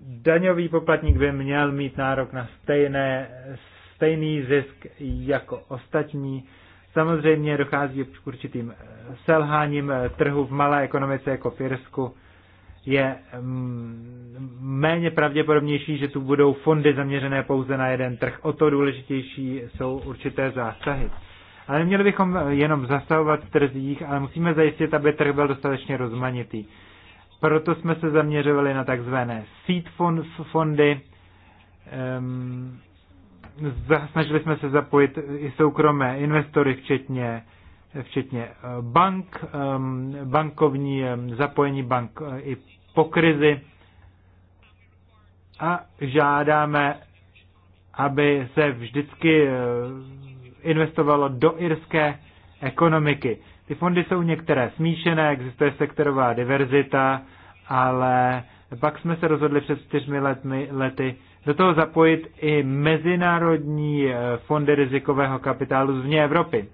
daňový poplatník by měl mít nárok na stejné, stejný zisk jako ostatní. Samozřejmě dochází k určitým selháním eh, trhu v malé ekonomice jako v Irsku, je mm, méně pravděpodobnější, že tu budou fondy zaměřené pouze na jeden trh. O to důležitější jsou určité zásahy. Ale neměli bychom jenom zasahovat v trzích, ale musíme zajistit, aby trh byl dostatečně rozmanitý. Proto jsme se zaměřovali na takzvané seed fondy. Ehm, snažili jsme se zapojit i soukromé investory, včetně včetně eh, bank, ehm, bankovní ehm, zapojení bank eh, i po krizi a žádáme, aby se vždycky eh, investovalo do irské ekonomiky. Ty fondy jsou některé smíšené, existuje sektorová diverzita, ale pak jsme se rozhodli před čtyřmi lety, lety do toho zapojit i mezinárodní fondy rizikového kapitálu z Evropy.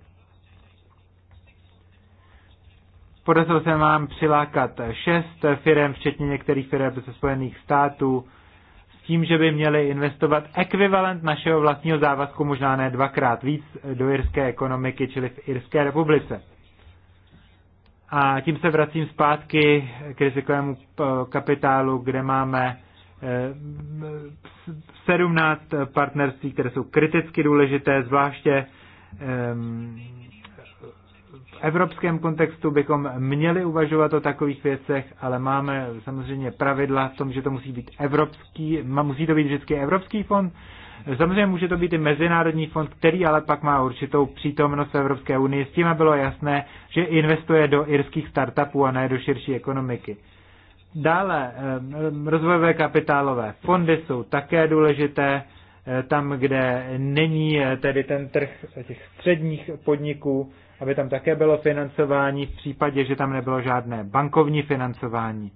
Podařilo se nám přilákat šest firm, včetně některých firm ze Spojených států, s tím, že by měli investovat ekvivalent našeho vlastního závazku, možná ne dvakrát víc, do irské ekonomiky, čili v Irské republice. A tím se vracím zpátky k rizikovému eh, kapitálu, kde máme 17 eh, partnerství, které jsou kriticky důležité, zvláště ehm, evropském kontextu bychom měli uvažovat o takových věcech, ale máme samozřejmě pravidla v tom, že to musí být evropský, musí to být vždycky evropský fond. Samozřejmě může to být i mezinárodní fond, který ale pak má určitou přítomnost v Evropské unii. S tím bylo jasné, že investuje do irských startupů a ne do širší ekonomiky. Dále eh, rozvojové kapitálové fondy jsou také důležité eh, tam, kde není eh, tedy ten trh těch středních podniků, aby tam také bylo financování v případě, že tam nebylo žádné bankovní financování.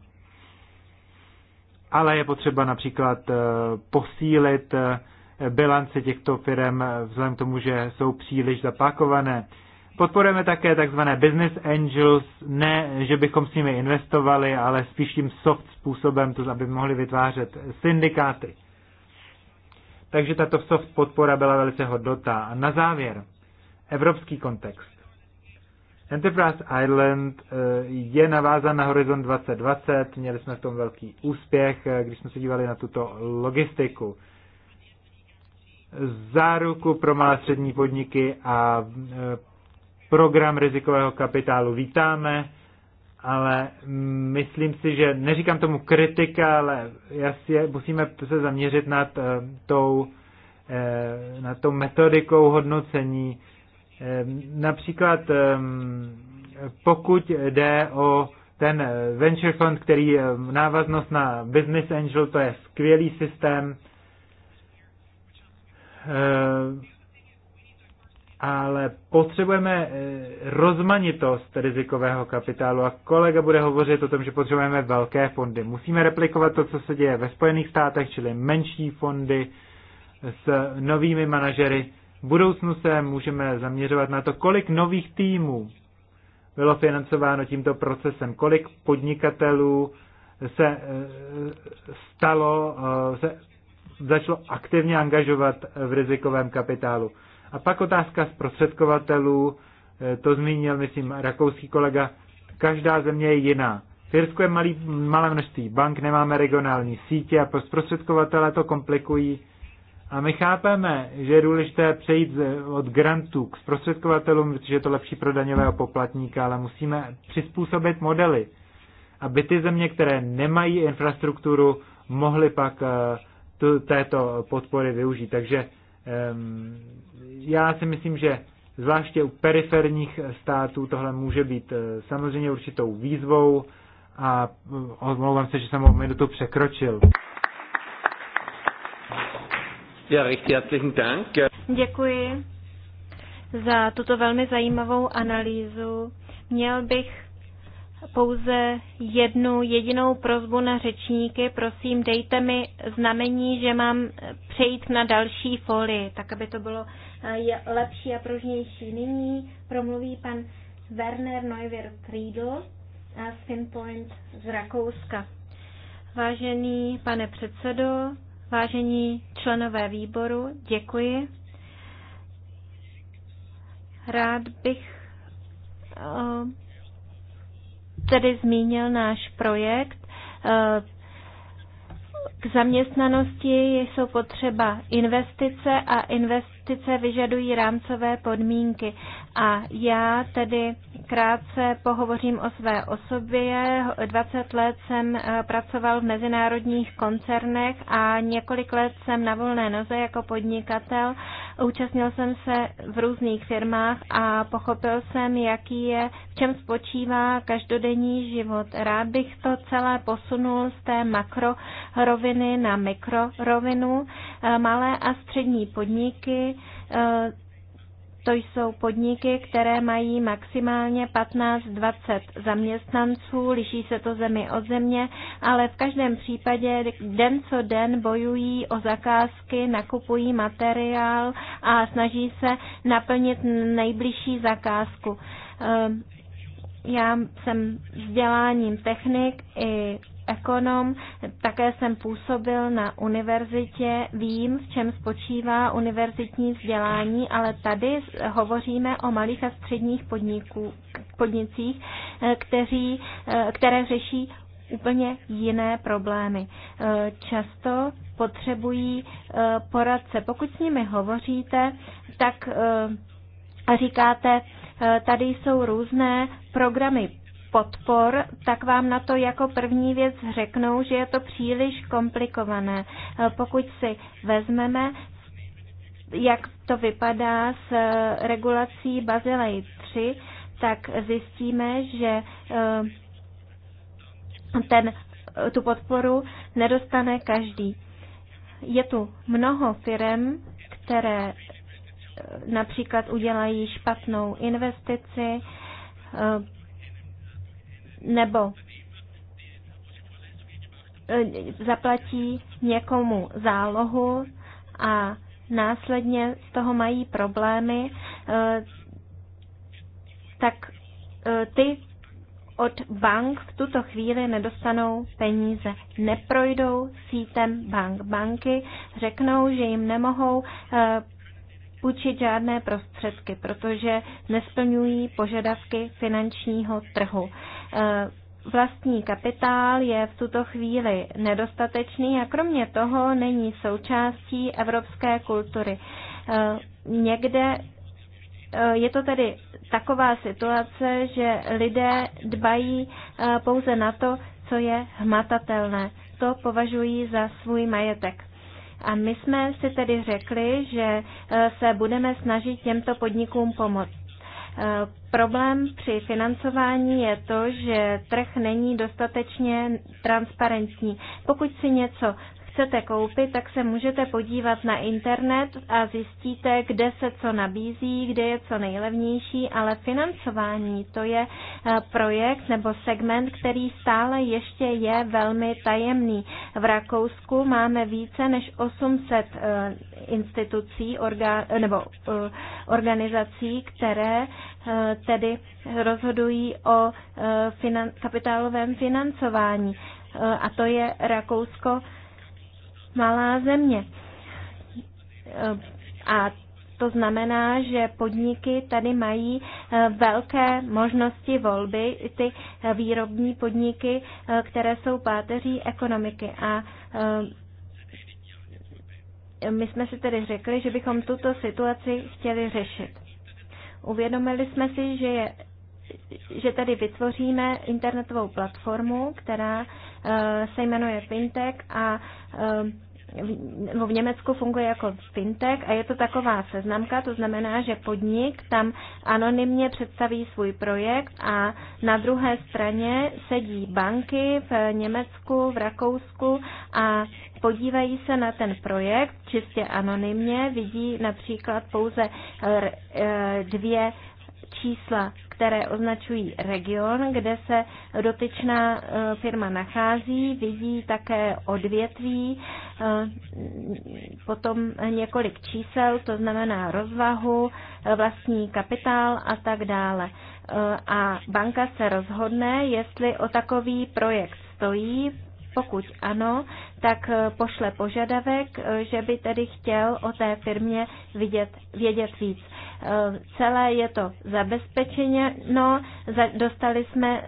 Ale je potřeba například eh, posílit eh, bilance těchto firm eh, vzhledem k tomu, že jsou příliš zapakované. Podporujeme také tzv. business angels, ne, že bychom s nimi investovali, ale spíš tím soft způsobem, to, aby mohli vytvářet syndikáty. Takže tato soft podpora byla velice hodnotá. A na závěr, evropský kontext. Enterprise Island eh, je navázan na Horizon 2020, měli jsme v tom velký úspěch, eh, když jsme se dívali na tuto logistiku. Záruku pro malé střední podniky a eh, program rizikového kapitálu vítáme, ale myslím si, že neříkám tomu kritika, ale jasně, musíme se zaměřit nad tou, nad tou metodikou hodnocení Ehm, například ehm, pokud jde o ten venture fund, který návaznost na Business Angel, to je skvělý systém, ehm, ale potřebujeme eh, rozmanitost rizikového kapitálu a kolega bude hovořit o tom, že potřebujeme velké fondy. Musíme replikovat to, co se děje ve Spojených státech, čili menší fondy s novými manažery, v budoucnu se můžeme zaměřovat na to, kolik nových týmů bylo financováno tímto procesem, kolik podnikatelů se eh, stalo, eh, se začalo aktivně angažovat v rizikovém kapitálu. A pak otázka zprostředkovatelů, eh, to zmínil, myslím, rakouský kolega, každá země je jiná. V Jirsku je malý, malé množství bank, nemáme regionální sítě a pro zprostředkovatele to komplikují a my chápeme, že je důležité přejít od grantů k zprostředkovatelům, protože je to lepší pro daňového poplatníka, ale musíme přizpůsobit modely, aby ty země, které nemají infrastrukturu, mohly pak eh, tu, této podpory využít. Takže ehm, já si myslím, že zvláště u periferních států tohle může být eh, samozřejmě určitou výzvou a eh, omlouvám se, že jsem o minutu překročil. Ja, recht herzlichen Dank.
Děkuji za tuto velmi zajímavou analýzu. Měl bych pouze jednu jedinou prozbu na řečníky. Prosím, dejte mi znamení, že mám přejít na další folii, tak aby to bylo eh, lepší a pružnější. Nyní promluví pan Werner Neuwir Friedl eh, z Finpoint z Rakouska. Vážený pane předsedo, Vážení členové výboru, děkuji. Rád bych eh, tedy zmínil náš projekt. Eh, k zaměstnanosti jsou potřeba investice a investice vyžadují rámcové podmínky. A já tedy krátce pohovořím o své osobě. 20 let jsem eh, pracoval v mezinárodních koncernech a několik let jsem na volné noze jako podnikatel. Účastnil jsem se v různých firmách a pochopil jsem, jaký je, v čem spočívá každodenní život. Rád bych to celé posunul z té makroroviny na mikrorovinu. Eh, malé a střední podniky eh, to jsou podniky, které mají maximálně 15-20 zaměstnanců, liší se to zemi od země, ale v každém případě den co den bojují o zakázky, nakupují materiál a snaží se naplnit nejbližší zakázku. Ehm, já jsem vzděláním technik i ekonom, také jsem působil na univerzitě, vím, v čem spočívá univerzitní vzdělání, ale tady hovoříme o malých a středních podniků, podnicích, eh, kteří, eh, které řeší úplně jiné problémy. Eh, často potřebují poradce. Pokud s nimi hovoříte, tak říkáte, tady jsou různé programy podpor, tak vám na to jako první věc řeknou, že je to příliš komplikované. Eh, pokud si vezmeme, jak to vypadá s eh, regulací Bazilej 3, tak zjistíme, že eh, ten, tu podporu nedostane každý. Je tu mnoho firm, které například udělají špatnou investici, nebo e, zaplatí někomu zálohu a následně z toho mají problémy, e, tak e, ty od bank v tuto chvíli nedostanou peníze. Neprojdou sítem bank. Banky řeknou, že jim nemohou půjčit žádné prostředky, protože nesplňují požadavky finančního trhu. E, vlastní kapitál je v tuto chvíli nedostatečný a kromě toho není součástí evropské kultury. E, někde e, je to tedy taková situace, že lidé dbají pouze na to, co je hmatatelné. To považují za svůj majetek. A my jsme si tedy řekli, že eh, se budeme snažit těmto podnikům pomoct. Eh, problém při financování je to, že trh není dostatečně transparentní. Pokud si něco chcete koupit, tak se můžete podívat na internet a zjistíte, kde se co nabízí, kde je co nejlevnější, ale financování to je eh, projekt nebo segment, který stále ještě je velmi tajemný. V Rakousku máme více než 800 eh, institucí nebo eh, organizací, které tedy rozhodují o finan, kapitálovém financování. A to je Rakousko malá země. A to znamená, že podniky tady mají e, velké možnosti volby, ty e, výrobní podniky, e, které jsou páteří ekonomiky. A my jsme si tedy řekli, že bychom tuto situaci chtěli řešit. Uvědomili jsme si, že je že tady vytvoříme internetovou platformu, která eh, se jmenuje Fintech a eh, v Německu funguje jako fintech a je to taková seznamka, to znamená, že podnik tam anonymně představí svůj projekt a na druhé straně sedí banky v Německu, v Rakousku a podívají se na ten projekt čistě anonymně, vidí například pouze eh, dvě čísla, které označují region, kde se dotyčná eh, firma nachází, vidí také odvětví, eh, potom několik čísel, to znamená rozvahu, eh, vlastní kapitál a tak dále. A banka se rozhodne, jestli o takový projekt stojí, pokud ano, tak eh, pošle požadavek, eh, že by tedy chtěl o té firmě vidět, vědět víc. Eh, celé je to zabezpečeno, no, dostali jsme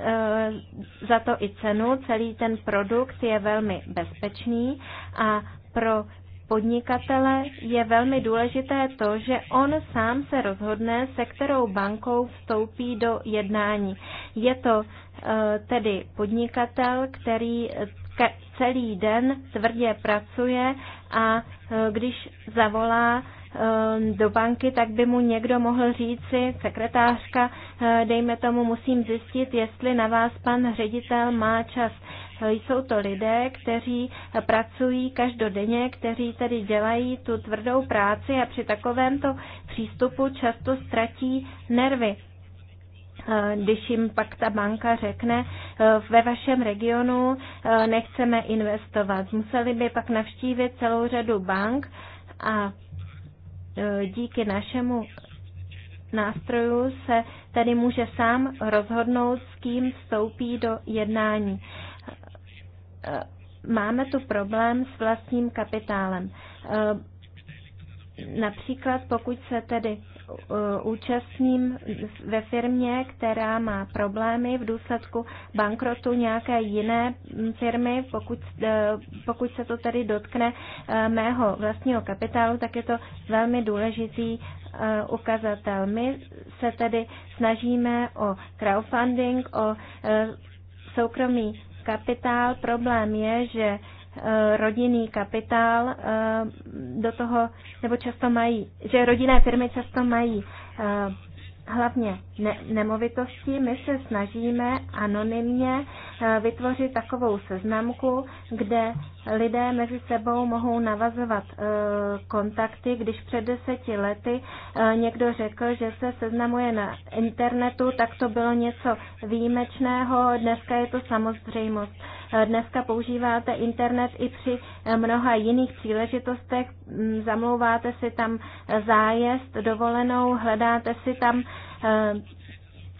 za to i cenu, celý ten produkt je velmi bezpečný a pro podnikatele je velmi důležité to, že on sám se rozhodne, se kterou bankou vstoupí do jednání. Je to tedy podnikatel, který celý den tvrdě pracuje a e, když zavolá e, do banky, tak by mu někdo mohl říci, sekretářka, e, dejme tomu, musím zjistit, jestli na vás pan ředitel má čas. Jsou to lidé, kteří pracují každodenně, kteří tedy dělají tu tvrdou práci a při takovémto přístupu často ztratí nervy. Eh, když jim pak ta banka řekne, eh, ve vašem regionu eh, nechceme investovat. Museli by pak navštívit celou řadu bank a díky našemu nástroju se tady může sám rozhodnout, s kým vstoupí do jednání. Máme tu problém s vlastním kapitálem. Například pokud se tedy Eh, účastním ve firmě, která má problémy v důsledku bankrotu nějaké jiné firmy, pokud, eh, pokud se to tedy dotkne eh, mého vlastního kapitálu, tak je to velmi důležitý ukazatel. My se tedy snažíme o crowdfunding, o soukromý kapitál. Problém je, že Eh, rodinný kapitál eh, do toho, nebo často mají, že rodinné firmy často mají eh, hlavně ne- nemovitosti. My se snažíme anonymně vytvořit takovou seznamku, kde lidé mezi sebou mohou navazovat eh, kontakty. Když před deseti lety eh, někdo řekl, že se seznamuje na internetu, tak to bylo něco výjimečného, dneska je to samozřejmost. Eh, dneska používáte internet i při mnoha jiných příležitostech, mm, zamlouváte si tam zájezd, dovolenou, hledáte si tam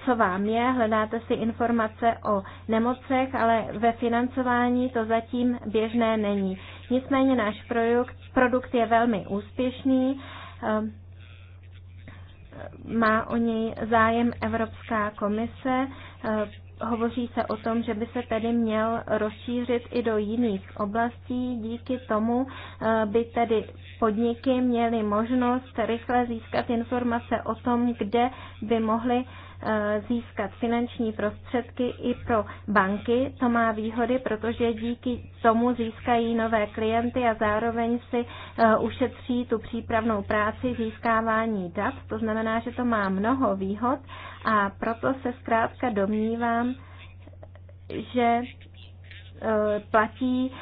co vám je, hledáte si informace o nemocech, ale ve financování to zatím běžné není. Nicméně náš produkt, produkt je velmi úspěšný, ehm, má o něj zájem Evropská komise, ehm, hovoří se o tom, že by se tedy měl rozšířit i do jiných oblastí. Díky tomu ehm, by tedy podniky měly možnost rychle získat informace o tom, kde by mohly Eh, získat finanční prostředky i pro banky. To má výhody, protože díky tomu získají nové klienty a zároveň si eh, ušetří tu přípravnou práci získávání dat. To znamená, že to má mnoho výhod a proto se zkrátka domnívám, že eh, platí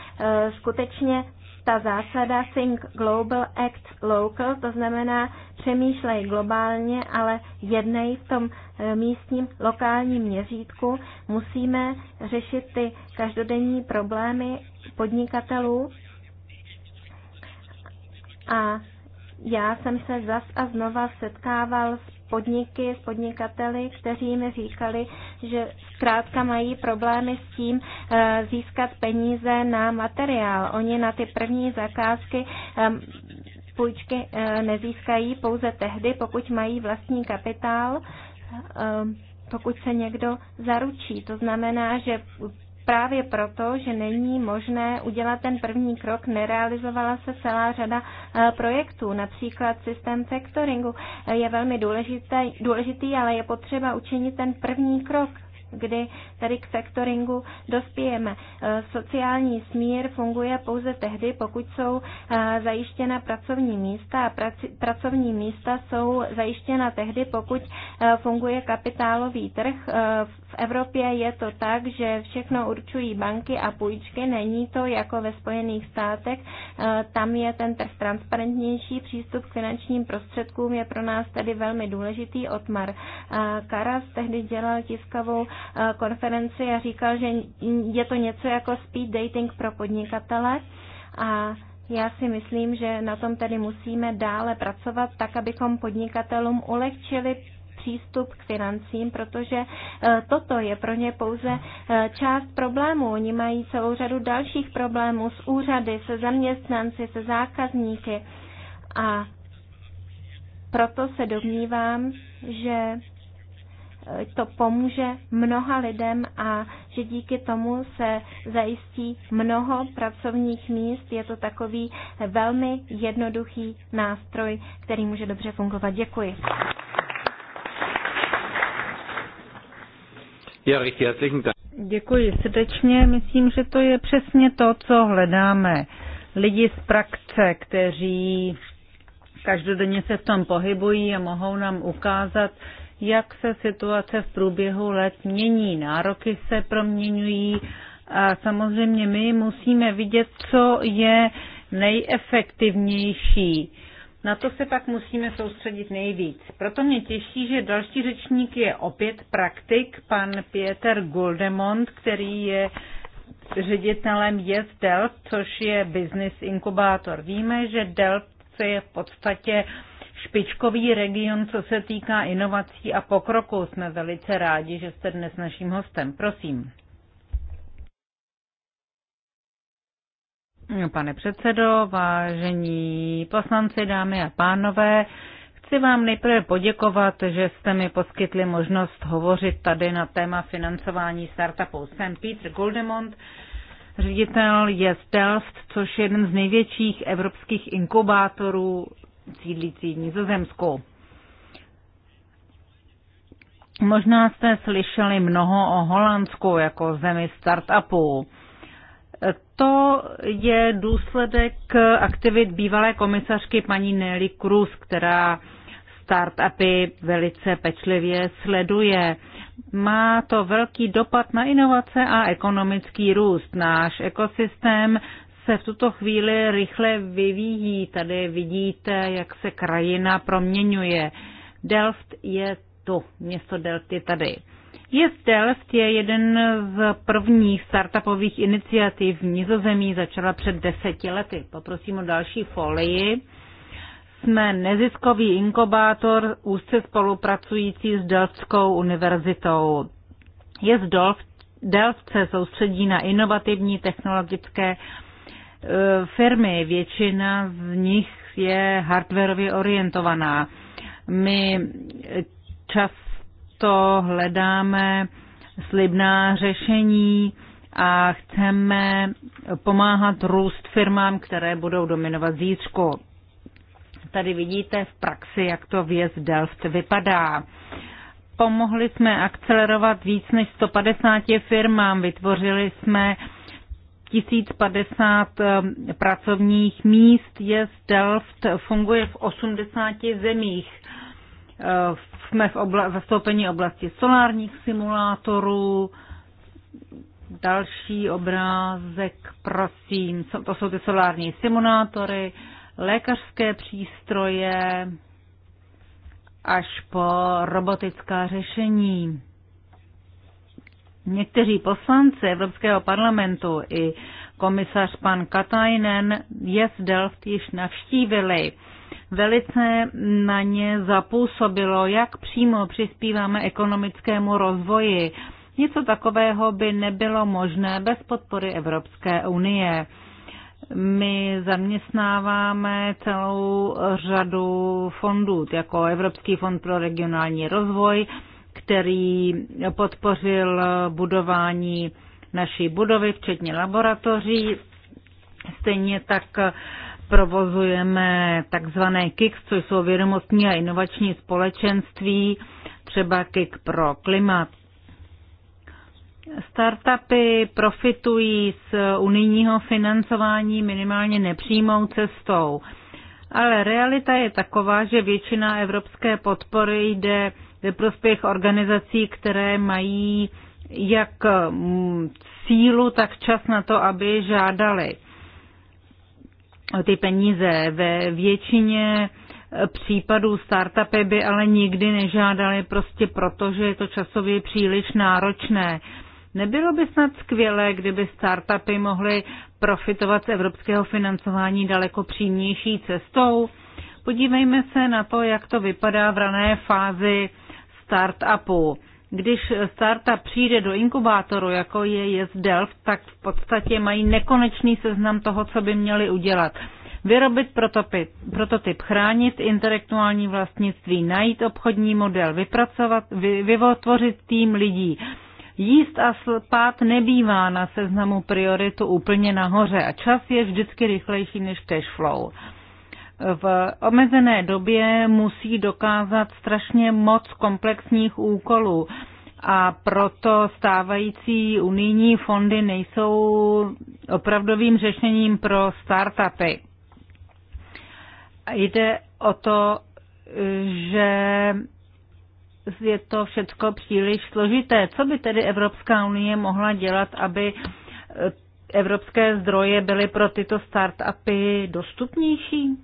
skutečně ta zásada Think Global, Act Local, to znamená přemýšlej globálně, ale jednej v tom eh, místním lokálním měřítku. Musíme řešit ty každodenní problémy podnikatelů a já jsem se zas a znova setkával s podniky, s podnikateli, kteří mi říkali, že zkrátka mají problémy s tím eh, získat peníze na materiál. Oni na ty první zakázky ehm, půjčky eh, nezískají pouze tehdy, pokud mají vlastní kapitál, ehm, pokud se někdo zaručí. To znamená, že právě proto, že není možné udělat ten první krok, nerealizovala se celá řada eh, projektů. Například systém factoringu eh, je velmi důležitý, důležitý ale je potřeba učinit ten první krok kdy tady k factoringu dospějeme. Eh, sociální smír funguje pouze tehdy, pokud jsou eh, zajištěna pracovní místa a pracovní místa jsou zajištěna tehdy, pokud eh, funguje kapitálový trh. V Evropě je to tak, že všechno určují banky a půjčky, není to jako ve Spojených státech. Tam je ten trh transparentnější, přístup k finančním prostředkům je pro nás tady velmi důležitý. Otmar Karas tehdy dělal tiskovou Eh, konferenci a říkal, že je to něco jako speed dating pro podnikatele a já si myslím, že na tom tedy musíme dále pracovat tak, abychom podnikatelům ulehčili přístup k financím, protože eh, toto je pro ně pouze eh, část problémů. Oni mají celou řadu dalších problémů s úřady, se zaměstnanci, se zákazníky. A proto se domnívám, že to pomůže mnoha lidem a že díky tomu se zajistí mnoho pracovních míst. Je to takový velmi jednoduchý nástroj, který může dobře fungovat. Děkuji. Děkuji
srdečně. Myslím, že to je přesně to, co hledáme. Lidi z praxe, kteří každodenně se v tom pohybují a mohou nám ukázat, jak se situace v průběhu let mění. Nároky se proměňují a samozřejmě my musíme vidět, co je nejefektivnější. Na to se pak musíme soustředit nejvíc. Proto mě těší, že další řečník je opět praktik, pan Pieter Guldemont, který je ředitelem Yes Delft, což je business inkubátor. Víme, že Delft je v podstatě špičkový region, co se týká inovací a pokroku. Jsme velice rádi, že jste dnes naším hostem. Prosím. Pane předsedo, vážení poslanci, dámy a pánové, chci vám nejprve poděkovat, že jste mi poskytli možnost hovořit tady na téma financování startupů. Jsem Peter Goldemont, ředitel je z Delft, což je jeden z největších evropských inkubátorů sídlící v Nizozemsku. Možná jste slyšeli mnoho o Holandsku jako zemi startupů. To je důsledek aktivit bývalé komisařky paní Nelly Cruz, která startupy velice pečlivě sleduje. Má to velký dopad na inovace a ekonomický růst. Náš ekosystém se v tuto chvíli rychle vyvíjí. Tady vidíte, jak se krajina proměňuje. Delft je tu, město Delft je tady. Yes Delft je jeden z prvních startupových iniciativ v Nizozemí, začala před deseti lety. Poprosím o další folii. Jsme neziskový inkubátor úzce spolupracující s Delftskou univerzitou. Yes Delft, Delft se soustředí na inovativní technologické Eh, firmy, většina z nich je hardwareově orientovaná. My často hledáme slibná řešení a chceme pomáhat růst firmám, které budou dominovat zítřku. Tady vidíte v praxi, jak to věc Delft vypadá. Pomohli jsme akcelerovat víc než 150 firmám, vytvořili jsme 1050 eh, pracovních míst je z Delft, funguje v 80 zemích. Eh, jsme v obla- zastoupení oblasti solárních simulátorů. Další obrázek, prosím, to jsou ty solární simulátory, lékařské přístroje až po robotická řešení. Někteří poslanci Evropského parlamentu i komisař pan Katajnen je z Delft již navštívili. Velice na ně zapůsobilo, jak přímo přispíváme ekonomickému rozvoji. Něco takového by nebylo možné bez podpory Evropské unie. My zaměstnáváme celou řadu fondů, jako Evropský fond pro regionální rozvoj, který podpořil budování naší budovy, včetně laboratoří. Stejně tak provozujeme takzvané KICS, což jsou vědomostní a inovační společenství, třeba KIK pro klimat. Startupy profitují z unijního financování minimálně nepřímou cestou. Ale realita je taková, že většina evropské podpory jde ve prospěch organizací, které mají jak mm, sílu, tak čas na to, aby žádali ty peníze. Ve většině eh, případů startupy by ale nikdy nežádali prostě proto, že je to časově příliš náročné. Nebylo by snad skvělé, kdyby startupy mohly profitovat z evropského financování daleko přímější cestou? Podívejme se na to, jak to vypadá v rané fázi startupu. Když startup přijde do inkubátoru, jako je Yes Delft, tak v podstatě mají nekonečný seznam toho, co by měli udělat. Vyrobit prototyp, prototyp chránit intelektuální vlastnictví, najít obchodní model, vypracovat, vy, vyvotvořit tým lidí. Jíst a spát nebývá na seznamu prioritu úplně nahoře a čas je vždycky rychlejší než cash flow v omezené době musí dokázat strašně moc komplexních úkolů a proto stávající unijní fondy nejsou opravdovým řešením pro startupy. Jde o to, že je to všechno příliš složité. Co by tedy Evropská unie mohla dělat, aby evropské zdroje byly pro tyto startupy dostupnější?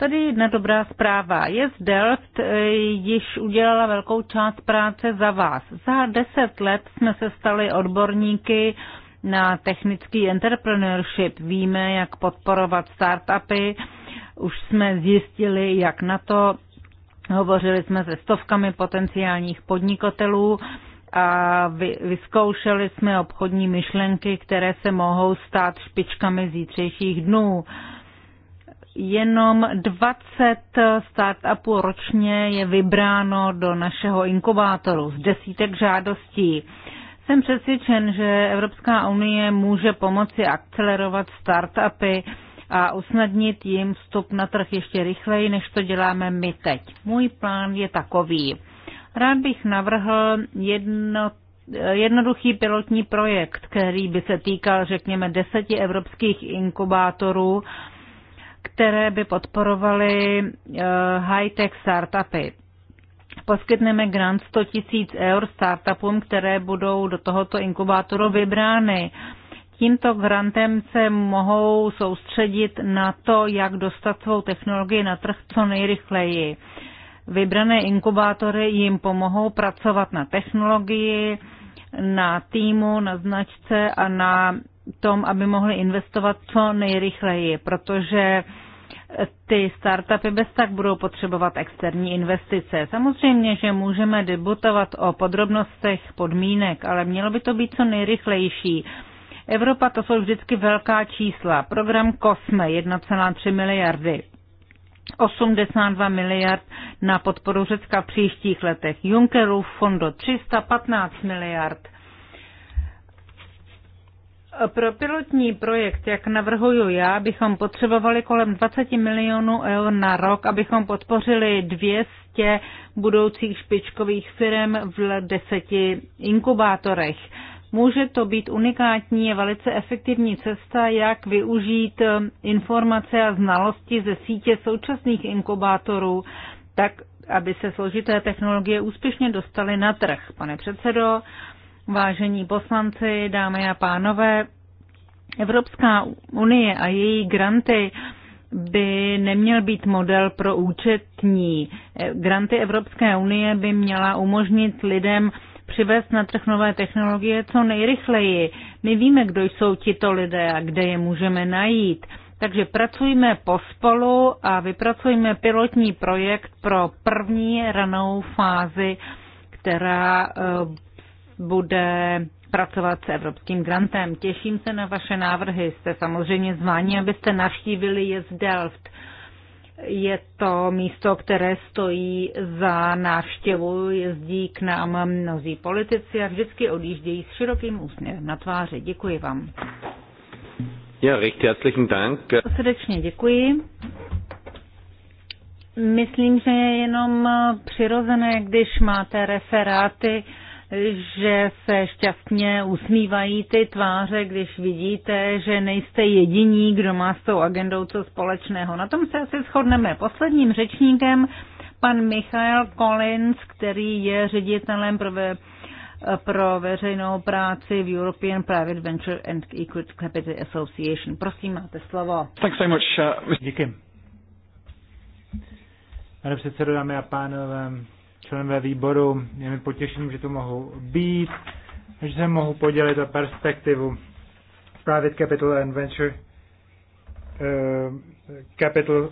Tady jedna dobrá zpráva. z Delft eh, již udělala velkou část práce za vás. Za deset let jsme se stali odborníky na technický entrepreneurship. Víme, jak podporovat startupy. Už jsme zjistili, jak na to. Hovořili jsme se stovkami potenciálních podnikatelů a vyzkoušeli jsme obchodní myšlenky, které se mohou stát špičkami zítřejších dnů jenom 20 startupů ročně je vybráno do našeho inkubátoru z desítek žádostí. Jsem přesvědčen, že Evropská unie může pomoci akcelerovat startupy a usnadnit jim vstup na trh ještě rychleji, než to děláme my teď. Můj plán je takový. Rád bych navrhl jedno, jednoduchý pilotní projekt, který by se týkal, řekněme, deseti evropských inkubátorů, které by podporovaly eh, high-tech startupy. Poskytneme grant 100 000 eur startupům, které budou do tohoto inkubátoru vybrány. Tímto grantem se mohou soustředit na to, jak dostat svou technologii na trh co nejrychleji. Vybrané inkubátory jim pomohou pracovat na technologii, na týmu, na značce a na tom, aby mohli investovat co nejrychleji, protože ty startupy bez tak budou potřebovat externí investice. Samozřejmě, že můžeme debutovat o podrobnostech podmínek, ale mělo by to být co nejrychlejší. Evropa to jsou vždycky velká čísla. Program COSME 1,3 miliardy. 82 miliard na podporu Řecka v příštích letech. Junckerův fondo 315 miliard. Pro pilotní projekt, jak navrhuju já, bychom potřebovali kolem 20 milionů eur na rok, abychom podpořili 200 budoucích špičkových firm v deseti inkubátorech. Může to být unikátní, a velice efektivní cesta, jak využít um, informace a znalosti ze sítě současných inkubátorů, tak aby se složité technologie úspěšně dostaly na trh. Pane předsedo, Vážení poslanci, dámy a pánové, Evropská unie a její granty by neměl být model pro účetní. Granty Evropské unie by měla umožnit lidem přivést na trh nové technologie co nejrychleji. My víme, kdo jsou tito lidé a kde je můžeme najít. Takže pracujme pospolu a vypracujme pilotní projekt pro první ranou fázi, která eh, bude pracovat s Evropským grantem. Těším se na vaše návrhy. Jste samozřejmě zváni, abyste navštívili je z Delft. Je to místo, které stojí za návštěvu, jezdí k nám mnozí politici a vždycky odjíždějí s širokým úsměvem na tváři. Děkuji vám.
Ja, recht herzlichen Dank.
Srdečně děkuji. Myslím, že je jenom přirozené, když máte referáty že se šťastně usmívají ty tváře, když vidíte, že nejste jediní, kdo má s tou agendou co společného. Na tom se asi shodneme. Posledním řečníkem pan Michal Collins, který je ředitelem pro, ve, pro veřejnou práci v European Private Venture and Equity Capital Association. Prosím, máte slovo. Thanks
so much, uh, Díky. Pane předsedo, dámy a pánové, členové výboru. Je mi potěšením, že tu mohu být, že se mohu podělit o perspektivu Private Capital and Venture uh, Capital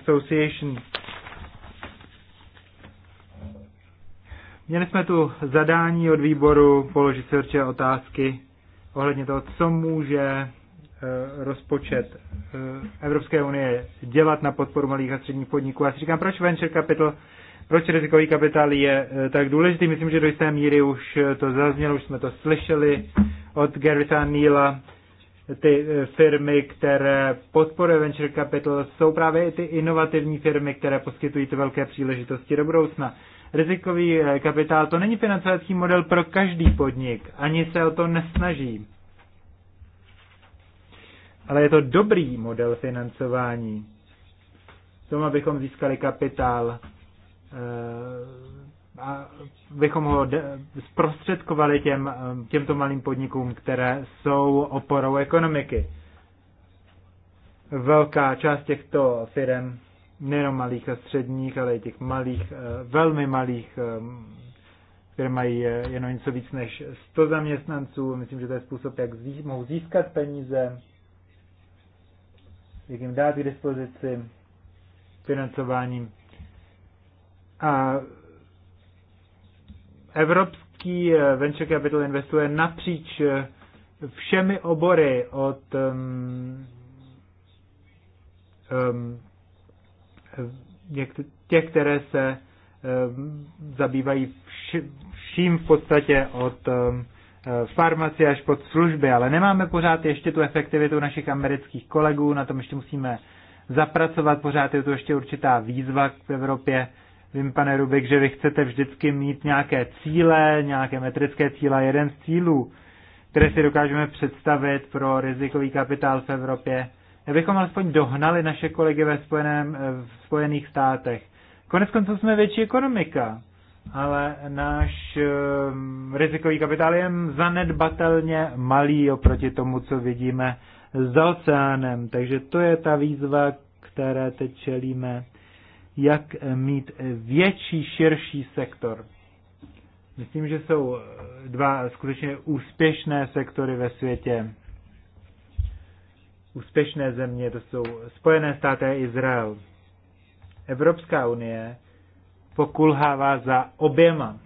Association. Měli jsme tu zadání od výboru položit si určitě otázky ohledně toho, co může eh, rozpočet eh, Evropské unie dělat na podporu malých a středních podniků. Já si říkám, proč venture capital proč rizikový kapitál je eh, tak důležitý? Myslím, že do jisté míry už eh, to zaznělo, už jsme to slyšeli od Garyta Neela. Ty eh, firmy, které podporuje venture capital, jsou právě i ty inovativní firmy, které poskytují ty velké příležitosti do budoucna. Rizikový kapitál to není financovací model pro každý podnik, ani se o to nesnaží. Ale je to dobrý model financování. Tomu, abychom získali kapitál Eh, a bychom ho zprostředkovali těm, eh, těmto malým podnikům, které jsou oporou ekonomiky. Velká část těchto firm, nejenom malých a středních, ale i těch malých, eh, velmi malých, které mají jenom něco víc než 100 zaměstnanců. Myslím, že to je způsob, jak zí, mohou získat peníze, jak jim dát k dispozici financováním a evropský eh, venture capital investuje napříč eh, všemi obory od um, um, těch, které se um, zabývají vším v podstatě od um, farmacie až pod služby, ale nemáme pořád ještě tu efektivitu našich amerických kolegů, na tom ještě musíme zapracovat, pořád je to ještě určitá výzva v Evropě, Vím, pane Rubik, že vy chcete vždycky mít nějaké cíle, nějaké metrické cíle. Jeden z cílů, které si dokážeme představit pro rizikový kapitál v Evropě, abychom alespoň dohnali naše kolegy ve Spojeném, v Spojených státech. Konec konců jsme větší ekonomika, ale náš um, rizikový kapitál je zanedbatelně malý oproti tomu, co vidíme za oceánem. Takže to je ta výzva, které teď čelíme jak eh, mít eh, větší, širší sektor. Myslím, že jsou eh, dva skutečně úspěšné sektory ve světě. Úspěšné země, to jsou Spojené státy a Izrael. Evropská unie pokulhává za oběma.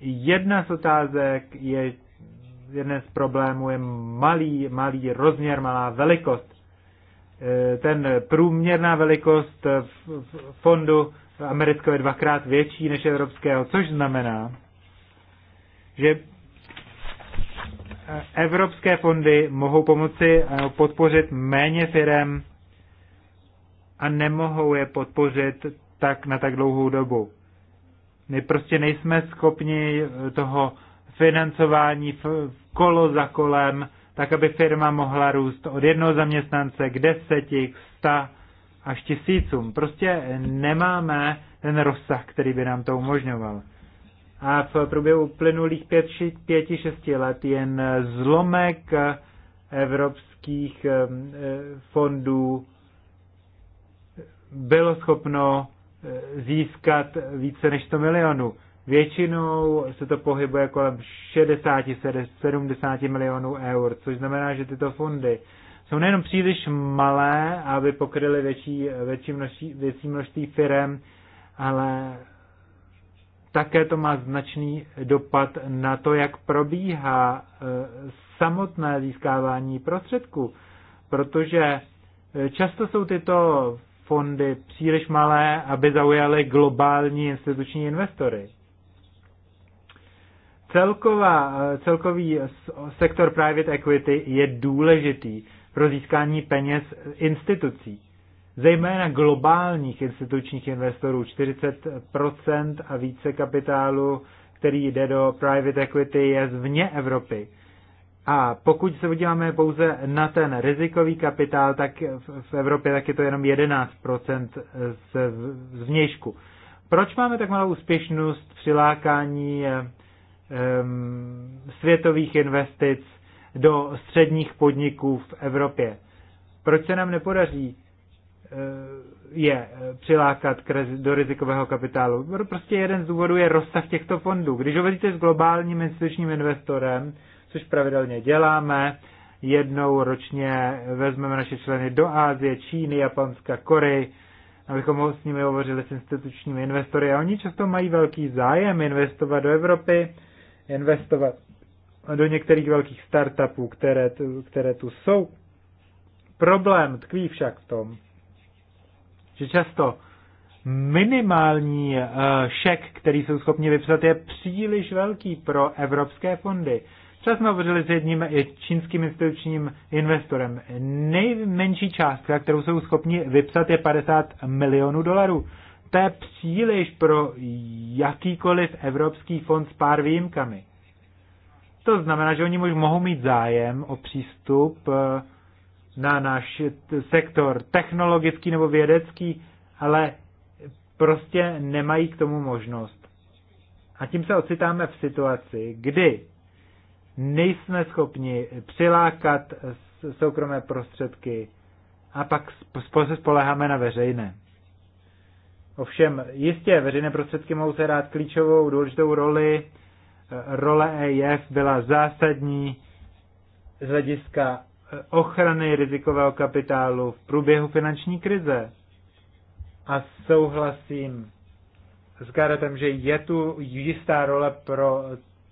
Jedna z otázek je, jeden z problémů je malý, malý rozměr, malá velikost Eh, ten průměrná velikost eh, fondu amerického je dvakrát větší než evropského, což znamená, že eh, evropské fondy mohou pomoci podpořit méně firem a nemohou je podpořit tak na tak dlouhou dobu. My prostě nejsme schopni toho financování kolo za kolem tak aby firma mohla růst od jednoho zaměstnance k deseti, k sta až tisícům. Prostě nemáme ten rozsah, který by nám to umožňoval. A v průběhu uplynulých pěti, pěti, šesti let jen zlomek evropských eh, fondů bylo schopno eh, získat více než 100 milionů. Většinou se to pohybuje kolem 60-70 milionů eur, což znamená, že tyto fondy jsou nejenom příliš malé, aby pokryly větší, větší, množství, větší množství firm, ale také to má značný dopad na to, jak probíhá eh, samotné získávání prostředků, protože eh, často jsou tyto fondy příliš malé, aby zaujaly globální instituční investory. Celková, celkový sektor private equity je důležitý pro získání peněz institucí, zejména globálních institučních investorů. 40 a více kapitálu, který jde do private equity, je z vně Evropy. A pokud se podíváme pouze na ten rizikový kapitál, tak v Evropě tak je to jenom 11% z vnějšku. Proč máme tak malou úspěšnost přilákání? lákání eh, světových investic do středních podniků v Evropě. Proč se nám nepodaří eh, je eh, přilákat k do rizikového kapitálu? Prostě jeden z důvodů je rozsah těchto fondů. Když hovoříte s globálním institučním investorem, což pravidelně děláme, jednou ročně vezmeme naše členy do Ázie, Číny, Japonska, Koreji, abychom s nimi hovořili s institučními investory a oni často mají velký zájem investovat do Evropy, investovat do některých velkých startupů, které tu, které tu jsou. Problém tkví však v tom, že často minimální eh, šek, který jsou schopni vypsat, je příliš velký pro evropské fondy. Třeba jsme hovořili s jedním čínským institučním investorem. Nejmenší částka, kterou jsou schopni vypsat, je 50 milionů dolarů to je příliš pro jakýkoliv evropský fond s pár výjimkami. To znamená, že oni mohou mít zájem o přístup eh, na náš sektor technologický nebo vědecký, ale prostě nemají k tomu možnost. A tím se ocitáme v situaci, kdy nejsme schopni přilákat soukromé prostředky a pak se spoleháme na veřejné. Ovšem, jistě veřejné prostředky mohou se rád klíčovou důležitou roli. Role EIF byla zásadní z hlediska eh, ochrany rizikového kapitálu v průběhu finanční krize. A souhlasím s Garetem, že je tu jistá role pro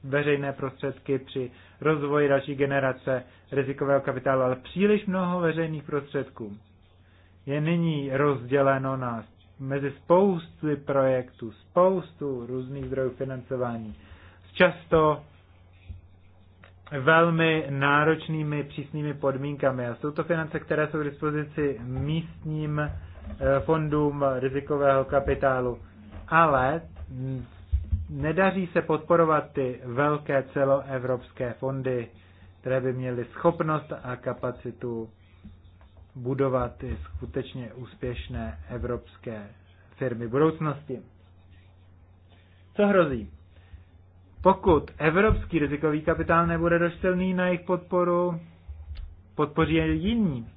veřejné prostředky při rozvoji další generace rizikového kapitálu, ale příliš mnoho veřejných prostředků je nyní rozděleno na mezi spousty projektů, spoustu různých zdrojů financování s často velmi náročnými přísnými podmínkami. A jsou to finance, které jsou k dispozici místním eh, fondům rizikového kapitálu. Ale nedaří se podporovat ty velké celoevropské fondy, které by měly schopnost a kapacitu budovat ty skutečně úspěšné evropské firmy budoucnosti. Co hrozí? Pokud evropský rizikový kapitál nebude dost na jejich podporu, podpoří je jiní.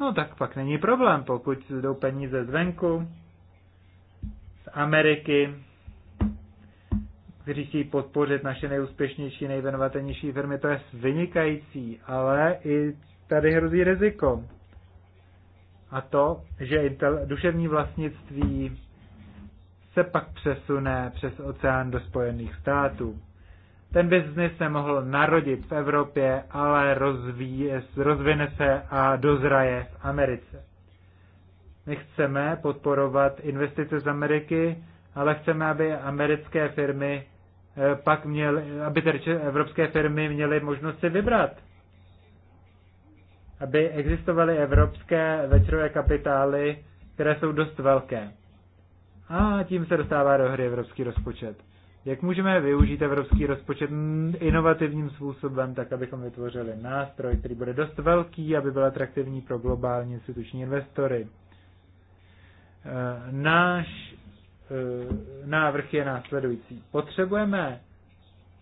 No tak pak není problém, pokud jdou peníze zvenku, z Ameriky, kteří chtějí podpořit naše nejúspěšnější, nejvenovatelnější firmy, to je vynikající, ale i tady hrozí riziko. A to, že duševní vlastnictví se pak přesune přes oceán do Spojených států. Ten biznis se mohl narodit v Evropě, ale rozvíje, rozvine se a dozraje v Americe. My chceme podporovat investice z Ameriky, ale chceme, aby americké firmy eh, pak měly, aby tedy evropské firmy měly možnost si vybrat aby existovaly evropské večerové kapitály, které jsou dost velké. A tím se dostává do hry evropský rozpočet. Jak můžeme využít evropský rozpočet inovativním způsobem, tak abychom vytvořili nástroj, který bude dost velký, aby byl atraktivní pro globální instituční investory. Eh, náš eh, návrh je následující. Potřebujeme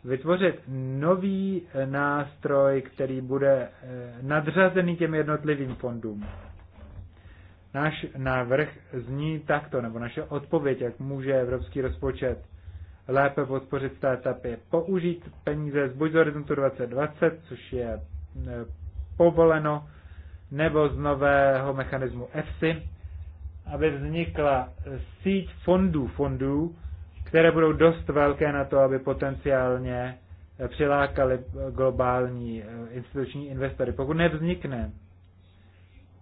vytvořit nový eh, nástroj, který bude eh, nadřazený těm jednotlivým fondům. Náš návrh zní takto, nebo naše odpověď, jak může evropský rozpočet lépe podpořit startupy, použít peníze z buď z horizontu 2020, což je eh, povoleno, nebo z nového mechanismu EFSI, aby vznikla síť fondů fondů, které budou dost velké na to, aby potenciálně eh, přilákali eh, globální eh, instituční investory. Pokud nevznikne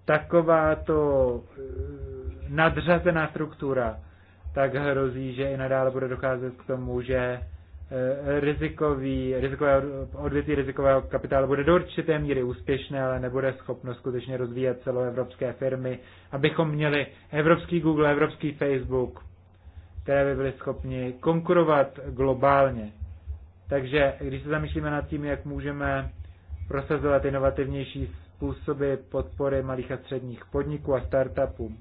takováto nadřazená struktura, tak hrozí, že i nadále bude docházet k tomu, že rizikový, rizikové odvětví rizikového kapitálu bude do určité míry úspěšné, ale nebude schopno skutečně rozvíjet celoevropské firmy, abychom měli evropský Google, evropský Facebook, které by byly schopni konkurovat globálně. Takže když se zamýšlíme nad tím, jak můžeme prosazovat inovativnější způsoby podpory malých a středních podniků a startupů,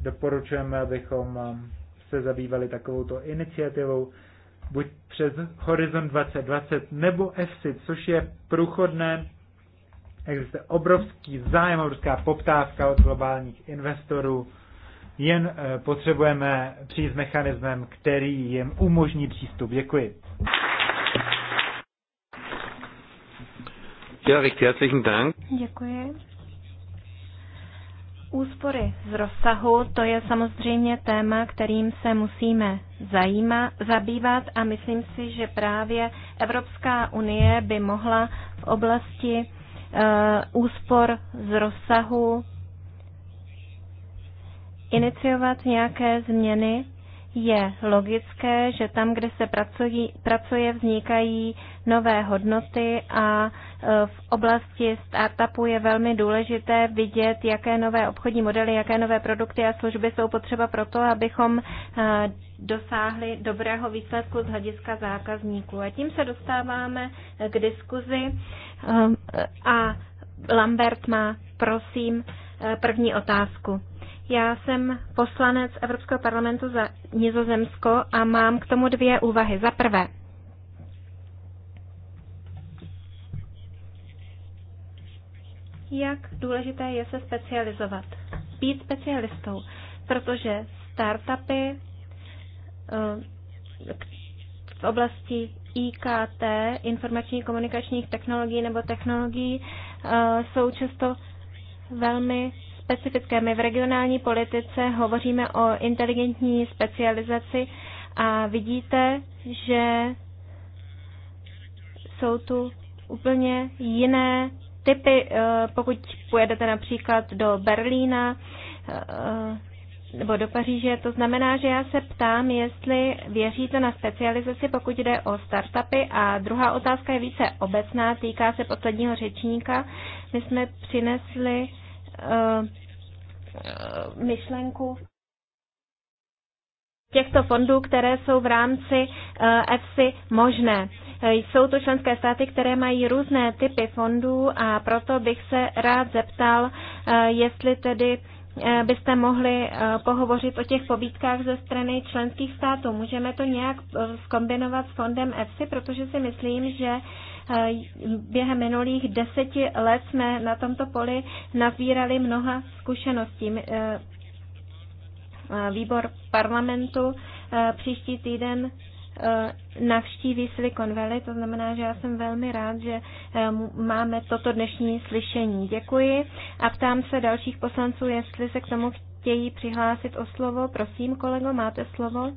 doporučujeme, abychom um, se zabývali takovouto iniciativou, buď přes Horizon 2020 nebo EFSI, což je průchodné. Existuje obrovský zájem, obrovská poptávka od globálních investorů jen eh, potřebujeme přijít s mechanismem, který jim umožní přístup. Děkuji. Ja, recht herzlichen Dank.
Děkuji. Úspory z rozsahu, to je samozřejmě téma, kterým se musíme zajíma, zabývat a myslím si, že právě Evropská unie by mohla v oblasti e, úspor z rozsahu Iniciovat nějaké změny je logické, že tam, kde se pracují, pracuje, vznikají nové hodnoty a e, v oblasti startupu je velmi důležité vidět, jaké nové obchodní modely, jaké nové produkty a služby jsou potřeba pro to, abychom e, dosáhli dobrého výsledku z hlediska zákazníků. A tím se dostáváme e, k diskuzi a Lambert má, prosím, první otázku. Já jsem poslanec Evropského parlamentu za Nizozemsko a mám k tomu dvě úvahy. Za prvé, jak důležité je se specializovat, být specialistou, protože startupy eh, v oblasti IKT, informační komunikačních technologií nebo technologií, eh, jsou často velmi specifické. My v regionální politice hovoříme o inteligentní specializaci a vidíte, že jsou tu úplně jiné typy, eh, pokud pojedete například do Berlína eh, nebo do Paříže. To znamená, že já se ptám, jestli věříte na specializaci, pokud jde o startupy. A druhá otázka je více obecná, týká se posledního řečníka. My jsme přinesli Eh, myšlenku těchto fondů, které jsou v rámci eh, EFSI možné. Eh, jsou to členské státy, které mají různé typy fondů a proto bych se rád zeptal, jestli tedy byste mohli pohovořit o těch pobídkách ze strany členských států. Můžeme to nějak skombinovat s fondem EFSI, protože si myslím, že Eh, během minulých deseti let jsme na tomto poli nazbírali mnoha zkušeností. Eh, eh, výbor parlamentu příští týden navštíví Silicon Valley, to znamená, že já jsem velmi rád, že máme toto dnešní slyšení. Děkuji a ptám se dalších poslanců, jestli se k tomu chtějí přihlásit o slovo. Prosím, kolego, máte slovo.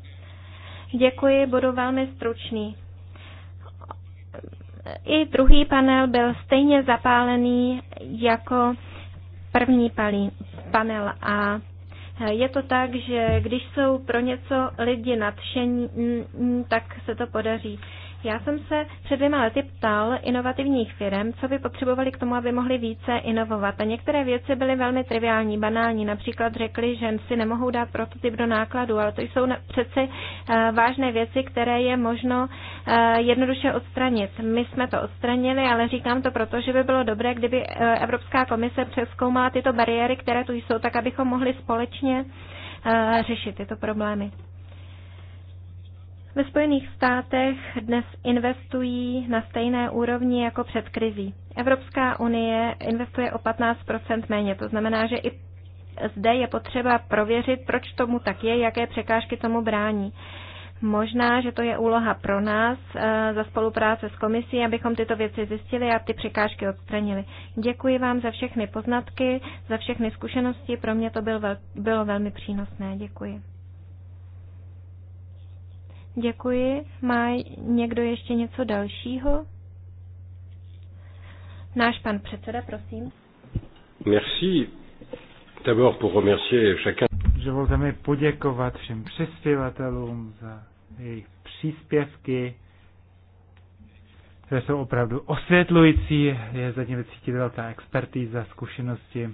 Děkuji, budu velmi stručný i druhý panel byl stejně zapálený jako první palí, panel a je to tak, že když jsou pro něco lidi nadšení, mm, mm, tak se to podaří. Já jsem se před dvěma lety ptal inovativních firm, co by potřebovali k tomu, aby mohli více inovovat. A některé věci byly velmi triviální, banální. Například řekli, že si nemohou dát prototyp do nákladu, ale to jsou přece eh, vážné věci, které je možno eh, jednoduše odstranit. My jsme to odstranili, ale říkám to proto, že by bylo dobré, kdyby eh, Evropská komise přeskoumala tyto bariéry, které tu jsou, tak abychom mohli společně řešit tyto problémy. Ve Spojených státech dnes investují na stejné úrovni jako před krizí. Evropská unie investuje o 15 méně, to znamená, že i zde je potřeba prověřit, proč tomu tak je, jaké překážky tomu brání. Možná, že to je úloha pro nás eh, za spolupráce s komisí, abychom tyto věci zjistili a ty překážky odstranili. Děkuji vám za všechny poznatky, za všechny zkušenosti. Pro mě to bylo velmi přínosné. Děkuji. Děkuji. Má někdo ještě něco dalšího? Náš pan předseda, prosím.
Merci. D'abord pour remercier chacun. Dovolte mi poděkovat všem přispěvatelům za jejich příspěvky, které jsou opravdu osvětlující. Je zatím cítit velká expertíza, zkušenosti.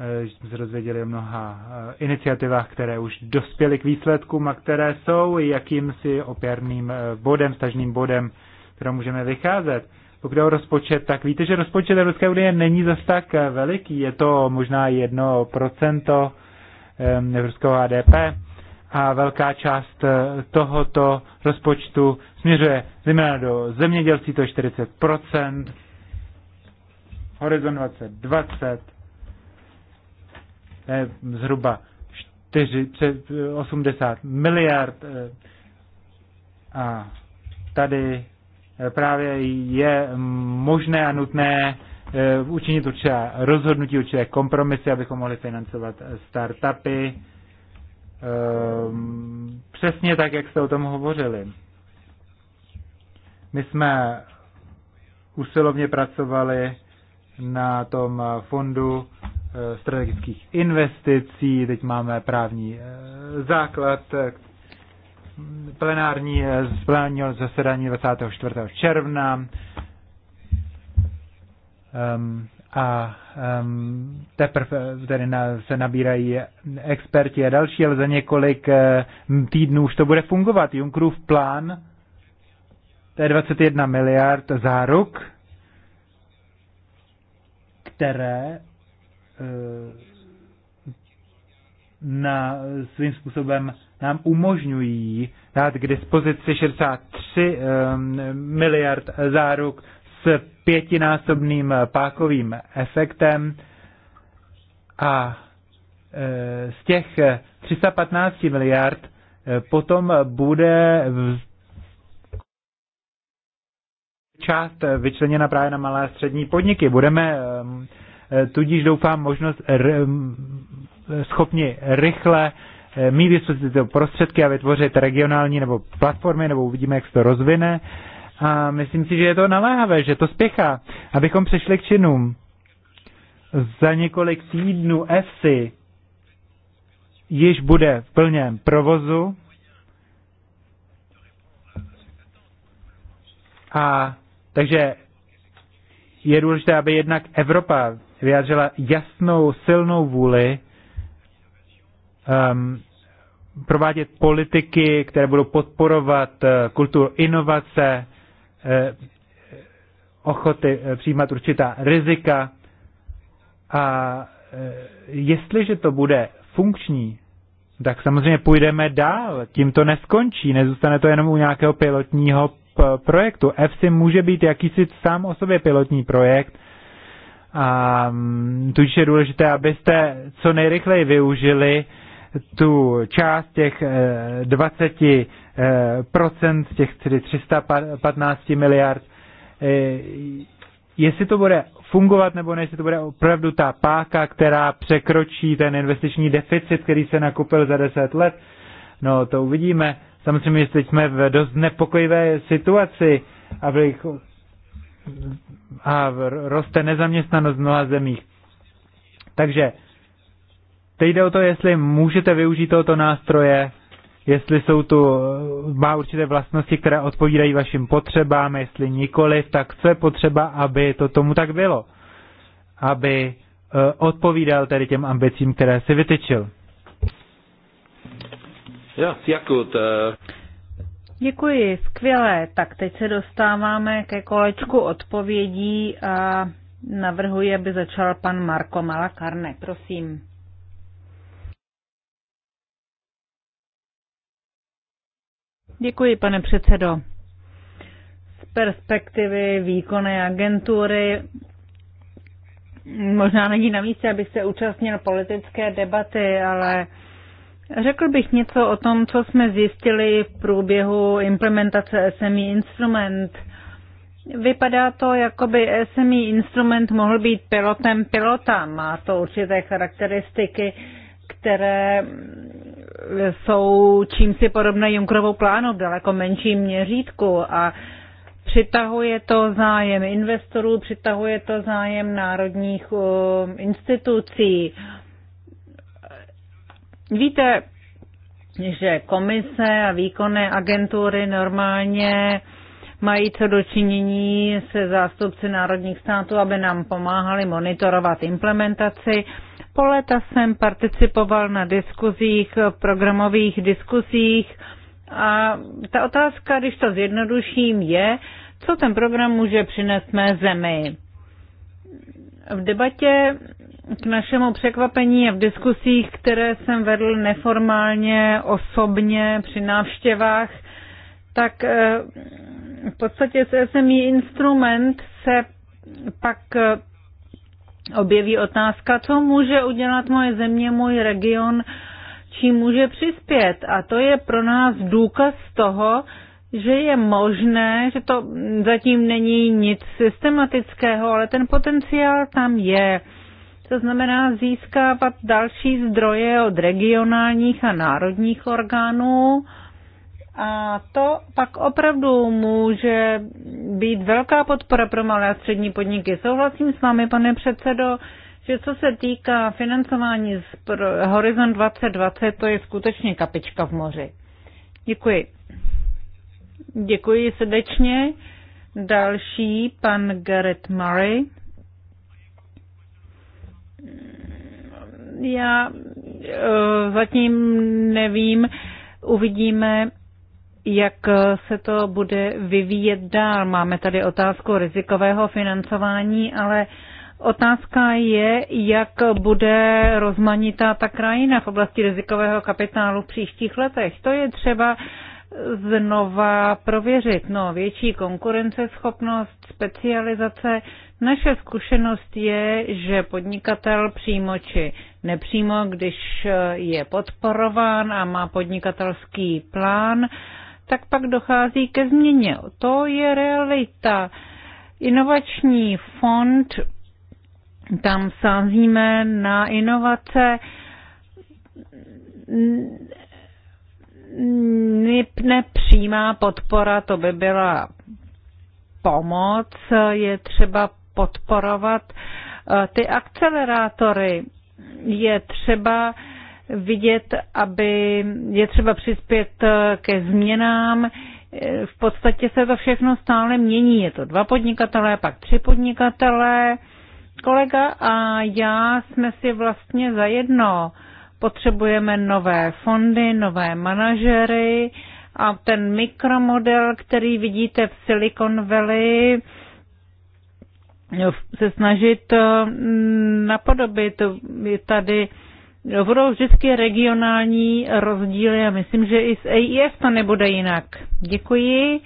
Eh, jsme se dozvěděli o mnoha eh, iniciativách, které už dospěly k výsledkům a které jsou jakýmsi opěrným eh, bodem, stažným bodem, kterou můžeme vycházet. Pokud je o rozpočet, tak víte, že rozpočet Evropské unie není zas tak veliký, je to možná 1% evropského HDP a velká část tohoto rozpočtu směřuje zejména do zemědělství, to je 40%, Horizon 2020, Eh, zhruba 4, 80 miliard eh, a tady eh, právě je možné a nutné učinit určitá rozhodnutí, určité kompromisy, abychom mohli financovat startupy. Ehm, přesně tak, jak jste o tom hovořili. My jsme usilovně pracovali na tom fondu Eh, strategických investicí, teď máme právní eh, základ eh, plenární, z plenárního zasedání 24. června. Um, a um, teprve tedy na, se nabírají experti a další, ale za několik uh, týdnů už to bude fungovat. Junkrův plán, to je 21 miliard záruk, které Eh, na svým způsobem nám umožňují dát k dispozici 63 eh, miliard záruk s pětinásobným pákovým efektem a eh, z těch 315 miliard potom bude část vyčleněna právě na malé a střední podniky. Budeme Eh, tudíž doufám možnost r, schopni rychle eh, mít dispozici tyto prostředky a vytvořit regionální nebo platformy, nebo uvidíme, jak se to rozvine. A myslím si, že je to naléhavé, že to spěchá, abychom přešli k činům. Za několik týdnů EFSI již bude v plném provozu a takže je důležité, aby jednak Evropa vyjádřila jasnou, silnou vůli um, provádět politiky, které budou podporovat eh, kulturu inovace, eh, ochoty eh, přijímat určitá rizika. A jestliže to bude funkční, tak samozřejmě půjdeme dál. Tím to neskončí, nezůstane to jenom u nějakého pilotního projektu. EFSI může být jakýsi sám o sobě pilotní projekt, a mm, tudíž je důležité, abyste co nejrychleji využili tu část těch 20% eh, eh, procent těch 315 miliard, eh, jestli to bude fungovat nebo ne, jestli to bude opravdu ta páka, která překročí ten investiční deficit, který se nakupil za 10 let, no to uvidíme. Samozřejmě, jestli jsme v dost nepokojivé situaci, abych a roste nezaměstnanost v mnoha zemích. Takže teď jde o to, jestli můžete využít tohoto nástroje, jestli jsou tu, má určité vlastnosti, které odpovídají vašim potřebám, jestli nikoliv, tak co je potřeba, aby to tomu tak bylo. Aby eh, odpovídal tedy těm ambicím, které si vytyčil. Ja, děkuji. gut. Eh.
Děkuji, skvělé. Tak teď se dostáváme ke kolečku odpovědí a navrhuji, aby začal pan Marko Malakarne. Prosím. Děkuji, pane předsedo. Z perspektivy výkonné agentury možná není na místě, aby se účastnil politické debaty, ale Řekl bych něco o tom, co jsme zjistili v průběhu implementace SME instrument. Vypadá to, jako by SME instrument mohl být pilotem pilota. Má to určité charakteristiky, které jsou čím si podobné Junkrovou plánu v daleko menším měřítku a přitahuje to zájem investorů, přitahuje to zájem národních uh, institucí. Uh, Víte, že komise a výkonné agentury normálně mají co dočinění se zástupci národních států, aby nám pomáhali monitorovat implementaci. Po léta jsem participoval na diskuzích, programových diskuzích a ta otázka, když to zjednoduším, je, co ten program může přinést mé zemi. V debatě k našemu překvapení je v diskusích, které jsem vedl neformálně, osobně, při návštěvách, tak eh, v podstatě SMI instrument se pak eh, objeví otázka, co může udělat moje země, můj region, čím může přispět. A to je pro nás důkaz toho, že je možné, že to zatím není nic systematického, ale ten potenciál tam je. To znamená získávat další zdroje od regionálních a národních orgánů. A to pak opravdu může být velká podpora pro malé a střední podniky. Souhlasím s vámi, pane předsedo, že co se týká financování z Horizon 2020, to je skutečně kapička v moři. Děkuji. Děkuji srdečně. Další, pan Garrett Murray. já eh, zatím nevím, uvidíme, jak se to bude vyvíjet dál. Máme tady otázku rizikového financování, ale otázka je, jak bude rozmanitá ta krajina v oblasti rizikového kapitálu v příštích letech. To je třeba znova prověřit. No, větší konkurenceschopnost, specializace. Naše zkušenost je, že podnikatel přímo či nepřímo, když eh, je podporován a má podnikatelský plán, tak pak dochází ke změně. To je realita. Inovační fond, tam sázíme na inovace. Nepřímá podpora, to by byla pomoc. Je třeba podporovat eh, ty akcelerátory je třeba vidět, aby je třeba přispět ke změnám. V podstatě se to všechno stále mění. Je to dva podnikatelé, pak tři podnikatelé. Kolega a já jsme si vlastně zajedno. Potřebujeme nové fondy, nové manažery a ten mikromodel, který vidíte v Silicon Valley, se snažit eh, napodobit. Je tady budou vždycky regionální rozdíly a myslím, že i z AIF e to nebude jinak. Děkuji.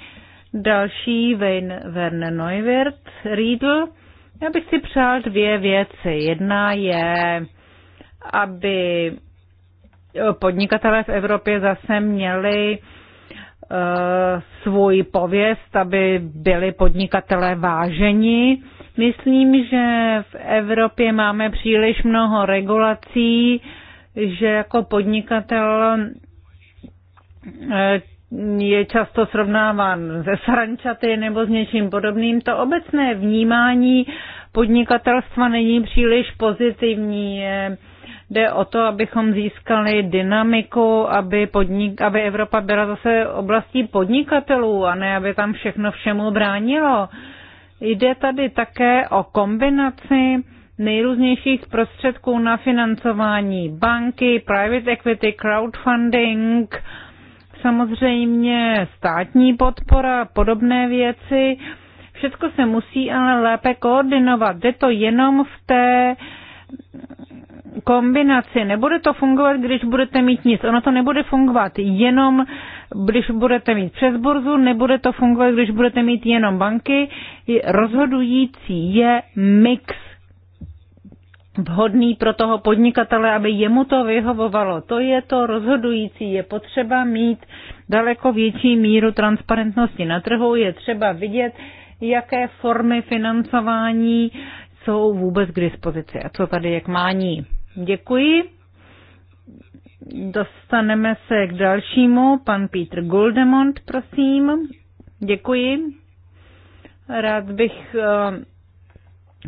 Další Verne Neuwirth, Riedl. Já bych si přál dvě věci. Jedna je, aby podnikatelé v Evropě zase měli uh, svůj pověst, aby byli podnikatelé váženi. Uh, Myslím, že v Evropě máme příliš mnoho regulací, že jako podnikatel eh, je často srovnáván se srančaty nebo s něčím podobným. To obecné vnímání podnikatelstva není příliš pozitivní. Jde o to, abychom získali dynamiku, aby, podnik, aby Evropa byla zase oblastí podnikatelů a ne, aby tam všechno všemu bránilo. Jde tady také o kombinaci nejrůznějších prostředků na financování banky, private equity, crowdfunding, samozřejmě státní podpora, podobné věci. Všechno se musí ale lépe koordinovat. Jde to jenom v té kombinaci. Nebude to fungovat, když budete mít nic. Ono to nebude fungovat jenom, když budete mít přes burzu, nebude to fungovat, když budete mít jenom banky. Rozhodující je mix vhodný pro toho podnikatele, aby jemu to vyhovovalo. To je to rozhodující. Je potřeba mít daleko větší míru transparentnosti na trhu. Je třeba vidět, jaké formy financování jsou vůbec k dispozici a co tady jak mání. Děkuji. Dostaneme se k dalšímu. Pan Petr Goldemont, prosím. Děkuji. Rád bych eh,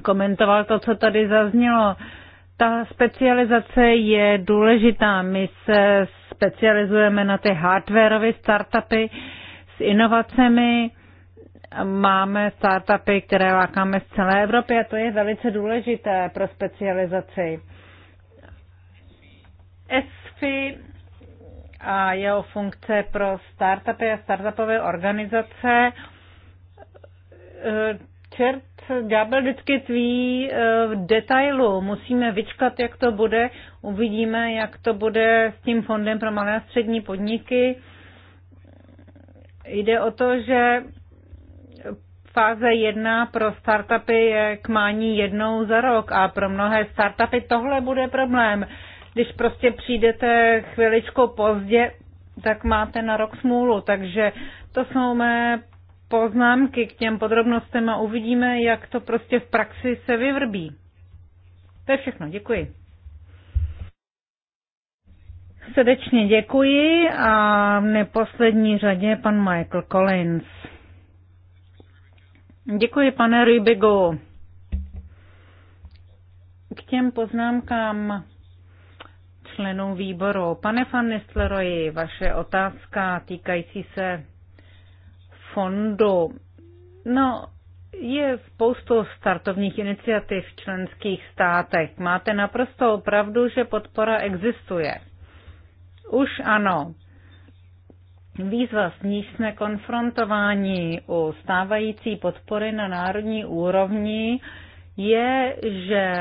komentoval to, co tady zaznělo. Ta specializace je důležitá. My se specializujeme na ty hardwareové startupy s inovacemi. Máme startupy, které lákáme z celé Evropy a to je velice důležité pro specializaci. ESFI a jeho funkce pro startupy a startupové organizace. Čert, ďábel vždycky tví eh, v detailu. Musíme vyčkat, jak to bude. Uvidíme, jak to bude s tím fondem pro malé a střední podniky. Jde o to, že fáze jedna pro startupy je k mání jednou za rok a pro mnohé startupy tohle bude problém když prostě přijdete chviličku pozdě, tak máte na rok smůlu. Takže to jsou mé poznámky k těm podrobnostem a uvidíme, jak to prostě v praxi se vyvrbí. To je všechno, děkuji. Srdečně děkuji a v neposlední řadě pan Michael Collins. Děkuji, pane Rybigu. K těm poznámkám členů výboru. Pane van Nistleroji, vaše otázka týkající se fondu. No, je spoustu startovních iniciativ v členských státech. Máte naprosto opravdu, že podpora existuje. Už ano. Výzva, s níž jsme konfrontováni u stávající podpory na národní úrovni, je, že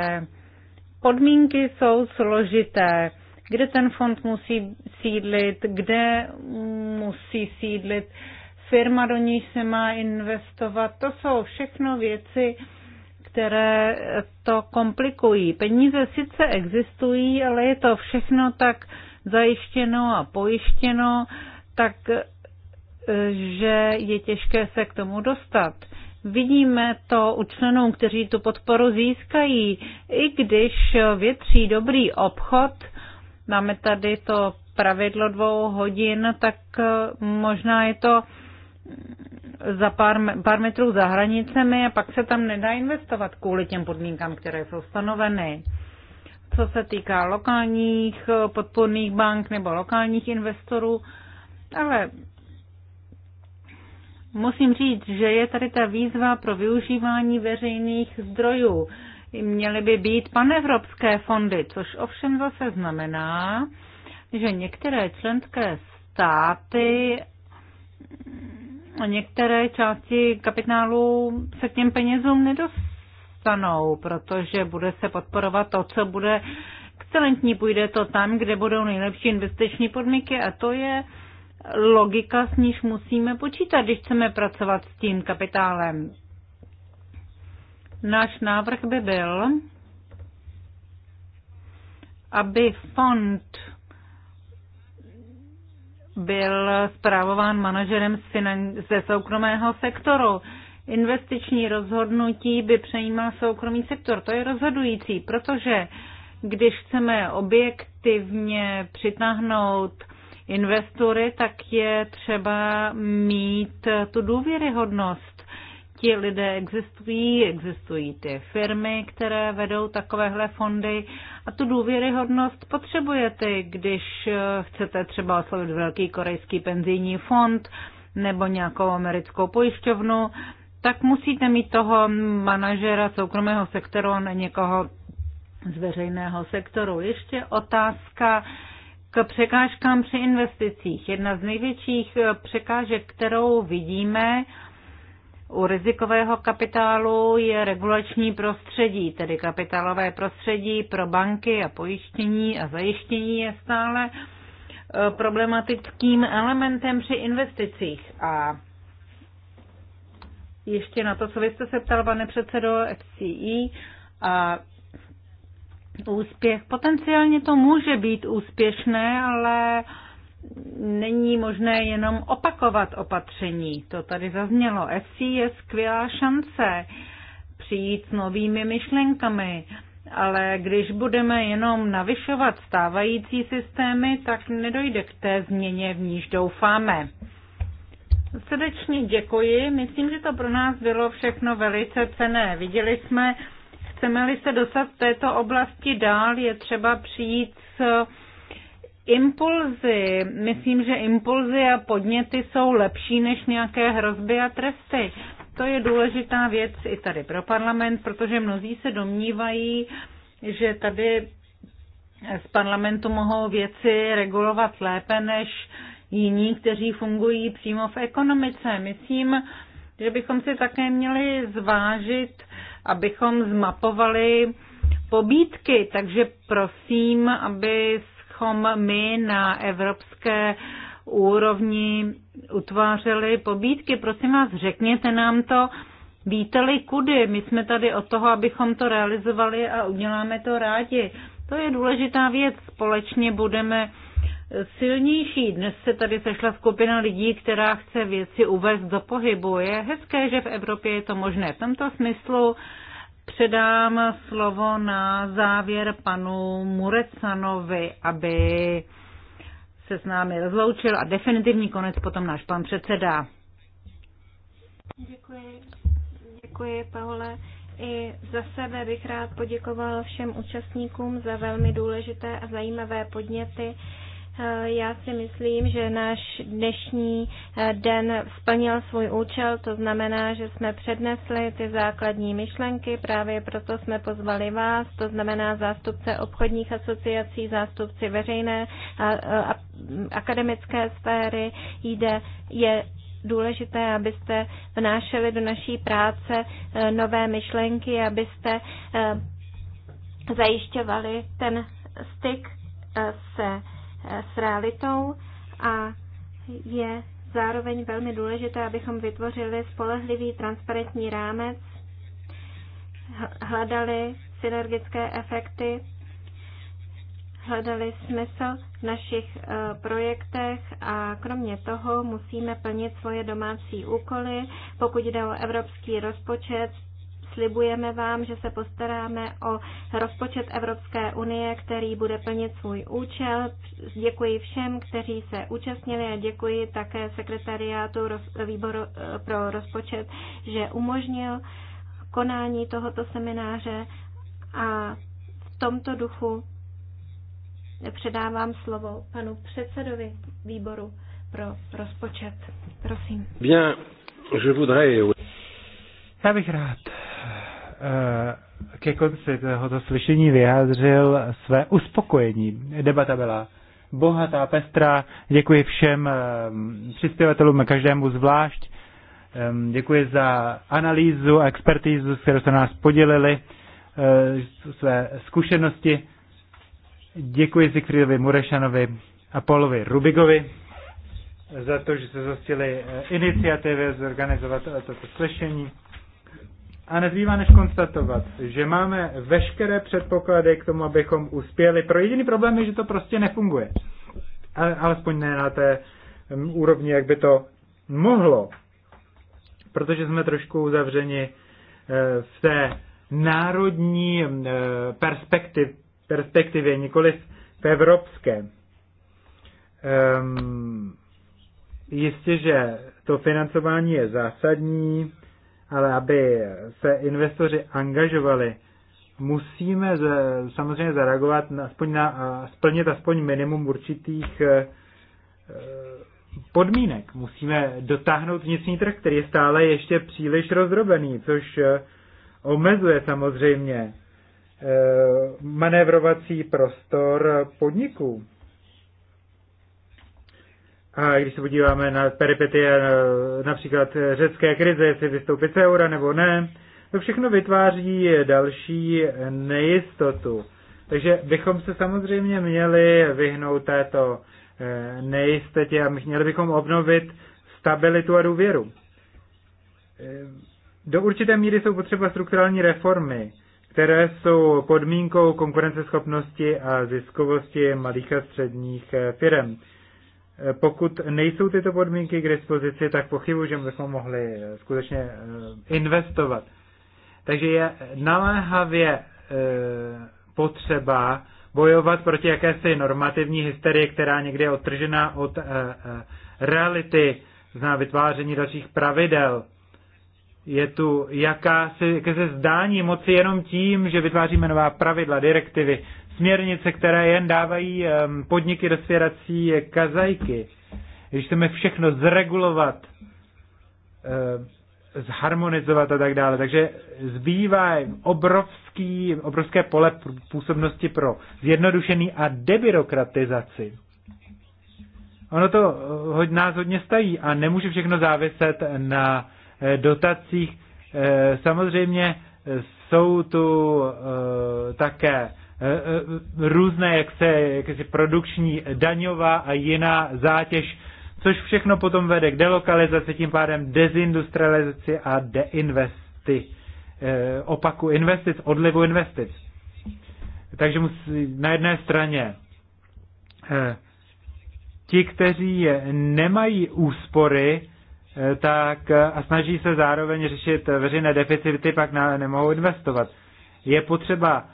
podmínky jsou složité kde ten fond musí sídlit, kde musí sídlit firma, do níž se má investovat. To jsou všechno věci, které to komplikují. Peníze sice existují, ale je to všechno tak zajištěno a pojištěno, tak že je těžké se k tomu dostat. Vidíme to u členů, kteří tu podporu získají, i když větří dobrý obchod – máme tady to pravidlo dvou hodin, tak eh, možná je to mm, za pár, pár metrů za hranicemi a pak se tam nedá investovat kvůli těm podmínkám, které jsou stanoveny. Co se týká lokálních eh, podporných bank nebo lokálních investorů, ale musím říct, že je tady ta výzva pro využívání veřejných zdrojů měly by být panevropské fondy, což ovšem zase znamená, že některé členské státy a některé části kapitálu se k těm penězům nedostanou, protože bude se podporovat to, co bude excelentní, půjde to tam, kde budou nejlepší investiční podmínky a to je logika, s níž musíme počítat, když chceme pracovat s tím kapitálem. Náš návrh by byl, aby fond byl zprávován manažerem z finan- ze soukromého sektoru. Investiční rozhodnutí by přejímal soukromý sektor. To je rozhodující, protože když chceme objektivně přitáhnout investory, tak je třeba mít tu důvěryhodnost ti lidé existují, existují ty firmy, které vedou takovéhle fondy a tu důvěryhodnost potřebujete, když eh, chcete třeba oslovit velký korejský penzijní fond nebo nějakou americkou pojišťovnu, tak musíte mít toho manažera soukromého sektoru a ne někoho z veřejného sektoru. Ještě otázka k překážkám při investicích. Jedna z největších eh, překážek, kterou vidíme, u rizikového kapitálu je regulační prostředí, tedy kapitálové prostředí pro banky a pojištění a zajištění je stále e, problematickým elementem při investicích. A ještě na to, co vy jste se ptal, pane předsedo FCI, e a úspěch. Potenciálně to může být úspěšné, ale uh, není možné jenom opakovat opatření. To tady zaznělo. FC je skvělá šance přijít s novými myšlenkami, ale když budeme jenom navyšovat stávající systémy, tak nedojde k té změně, v níž doufáme. Srdečně děkuji. Myslím, že to pro nás bylo všechno velice cené. Viděli jsme, chceme-li se dostat v této oblasti dál, je třeba přijít s impulzy. Myslím, že impulzy a podněty jsou lepší než nějaké hrozby a tresty. To je důležitá věc i tady pro parlament, protože mnozí se domnívají, že tady z parlamentu mohou věci regulovat lépe než jiní, kteří fungují přímo v ekonomice. Myslím, že bychom si také měli zvážit, abychom zmapovali pobídky, takže prosím, aby abychom my na evropské úrovni utvářeli pobídky. Prosím vás, řekněte nám to, víte-li kudy. My jsme tady od toho, abychom to realizovali a uděláme to rádi. To je důležitá věc. Společně budeme silnější. Dnes se tady sešla skupina lidí, která chce věci uvést do pohybu. Je hezké, že v Evropě je to možné. V tomto smyslu předám slovo na závěr panu Murecanovi, aby se s námi rozloučil a definitivní konec potom náš pan předseda.
Děkuji, děkuji Paule. I za sebe bych rád poděkoval všem účastníkům za velmi důležité a zajímavé podněty. Eh, já si myslím, že náš dnešní eh, den splnil svůj účel, to znamená, že jsme přednesli ty základní myšlenky, právě proto jsme pozvali vás, to znamená zástupce obchodních asociací, zástupci veřejné a, a, akademické sféry, jde, je důležité, abyste vnášeli do naší práce eh, nové myšlenky, abyste zajišťovali ten styk se Eh, s realitou a je zároveň velmi důležité, abychom vytvořili spolehlivý transparentní rámec, hledali synergické efekty, hledali smysl v našich eh, projektech a kromě toho musíme plnit svoje domácí úkoly. Pokud jde o evropský rozpočet, slibujeme vám, že se postaráme o rozpočet Evropské unie, který bude plnit svůj účel. Děkuji všem, kteří se účastnili a děkuji také sekretariátu výboru eh, pro rozpočet, že umožnil konání tohoto semináře a v tomto duchu předávám slovo panu předsedovi výboru pro rozpočet. Prosím.
Bien, je voudrais... Já bych rád Eh, ke konci tohoto slyšení vyjádřil své uspokojení. Debata byla bohatá, pestrá. Děkuji všem eh, přispěvatelům, každému zvlášť. Děkuji za analýzu a expertízu, s kterou se nás podělili, eh, své zkušenosti. Děkuji Zikfridovi Murešanovi a Polovi Rubigovi za to, že se zastili iniciativy zorganizovat toto slyšení. A nezbývá než konstatovat, že máme veškeré předpoklady k tomu, abychom uspěli. Pro jediný problém je, že to prostě nefunguje. Ale, alespoň ne na té mm, úrovni, jak by to mohlo. Protože jsme trošku uzavřeni eh, v té národní mm, eh, perspektiv, perspektivě, nikoli v evropské. Um, jistě, že to financování je zásadní, ale aby se investoři angažovali, musíme z, samozřejmě zareagovat na, aspoň na, a splnit aspoň minimum určitých e, podmínek. Musíme dotáhnout vnitřní trh, který je stále ještě příliš rozrobený, což e, omezuje samozřejmě e, manévrovací prostor podniků. A když se podíváme na peripetie eh, například eh, řecké krize, jestli vystoupit z eura nebo ne, to všechno vytváří eh, další nejistotu. Takže bychom se samozřejmě měli vyhnout této nejistotě a měli bychom obnovit stabilitu a důvěru. Do určité míry jsou potřeba strukturální reformy, které jsou podmínkou konkurenceschopnosti a ziskovosti malých a středních firm. Eh, pokud nejsou tyto podmínky k dispozici, tak pochybuji, že bychom mohli eh, skutečně eh, investovat. Takže je naléhavě potřeba bojovat proti jakési normativní hysterii, která někdy je odtržená od reality, zná vytváření dalších pravidel. Je tu jakási, jakési zdání moci jenom tím, že vytváříme nová pravidla, direktivy, směrnice, které jen dávají ehm, podniky do svěrací kazajky. Když chceme všechno zregulovat, ehm, zharmonizovat a tak dále. Takže zbývá obrovský, obrovské pole působnosti pro zjednodušený a debirokratizaci. Ono to eh, nás hodně stají a nemůže všechno záviset na eh, dotacích. Eh, samozřejmě jsou tu také Eh, eh, různé jak se, jakési produkční daňová a jiná zátěž, což všechno potom vede k delokalizaci, tím pádem dezindustrializaci a deinvesti, eh, opaku investic, odlivu investic. Takže musí, na jedné straně ti, kteří nemají úspory, tak a snaží se zároveň řešit veřejné deficity, pak nemohou investovat. Je potřeba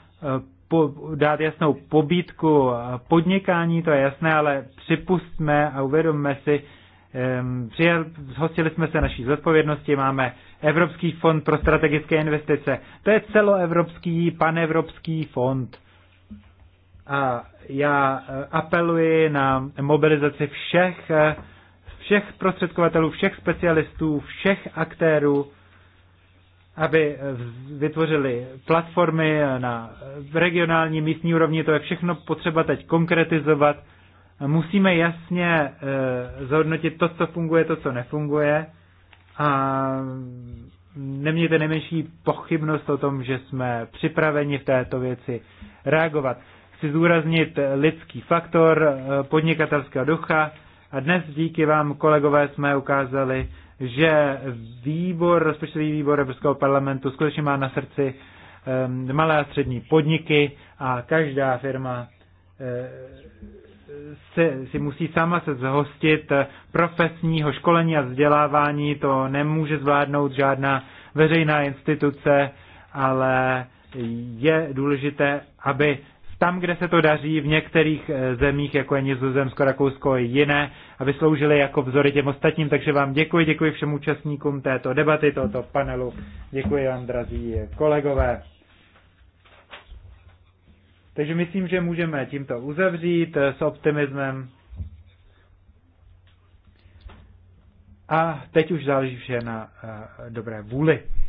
po, dát jasnou pobídku podnikání, to je jasné, ale připustme a uvědomme si, Přijel, zhostili jsme se naší zodpovědnosti, máme Evropský fond pro strategické investice. To je celoevropský, panevropský fond. A já eh, apeluji na mobilizaci všech, eh, všech prostředkovatelů, všech specialistů, všech aktérů, aby vytvořili platformy na regionální místní úrovni. To je všechno potřeba teď konkretizovat. Musíme jasně eh, zhodnotit to, co funguje, to, co nefunguje. A nemějte nejmenší pochybnost o tom, že jsme připraveni v této věci reagovat. Chci zúraznit lidský faktor eh, podnikatelského ducha a dnes díky vám, kolegové, jsme ukázali, že výbor, rozpočtový výbor Evropského parlamentu skutečně má na srdci malé a střední podniky a každá firma eh, si, si musí sama se zhostit profesního školení a vzdělávání. To nemůže zvládnout žádná veřejná instituce, ale je důležité, aby tam, kde se to daří v některých eh, zemích, jako je Nizozemsko, Rakousko a jiné, aby sloužily jako vzory těm ostatním. Takže vám děkuji, děkuji všem účastníkům této debaty, tohoto panelu. Děkuji vám, drazí kolegové. Takže myslím, že můžeme tímto uzavřít eh, s optimismem. A teď už záleží vše na eh, dobré vůli.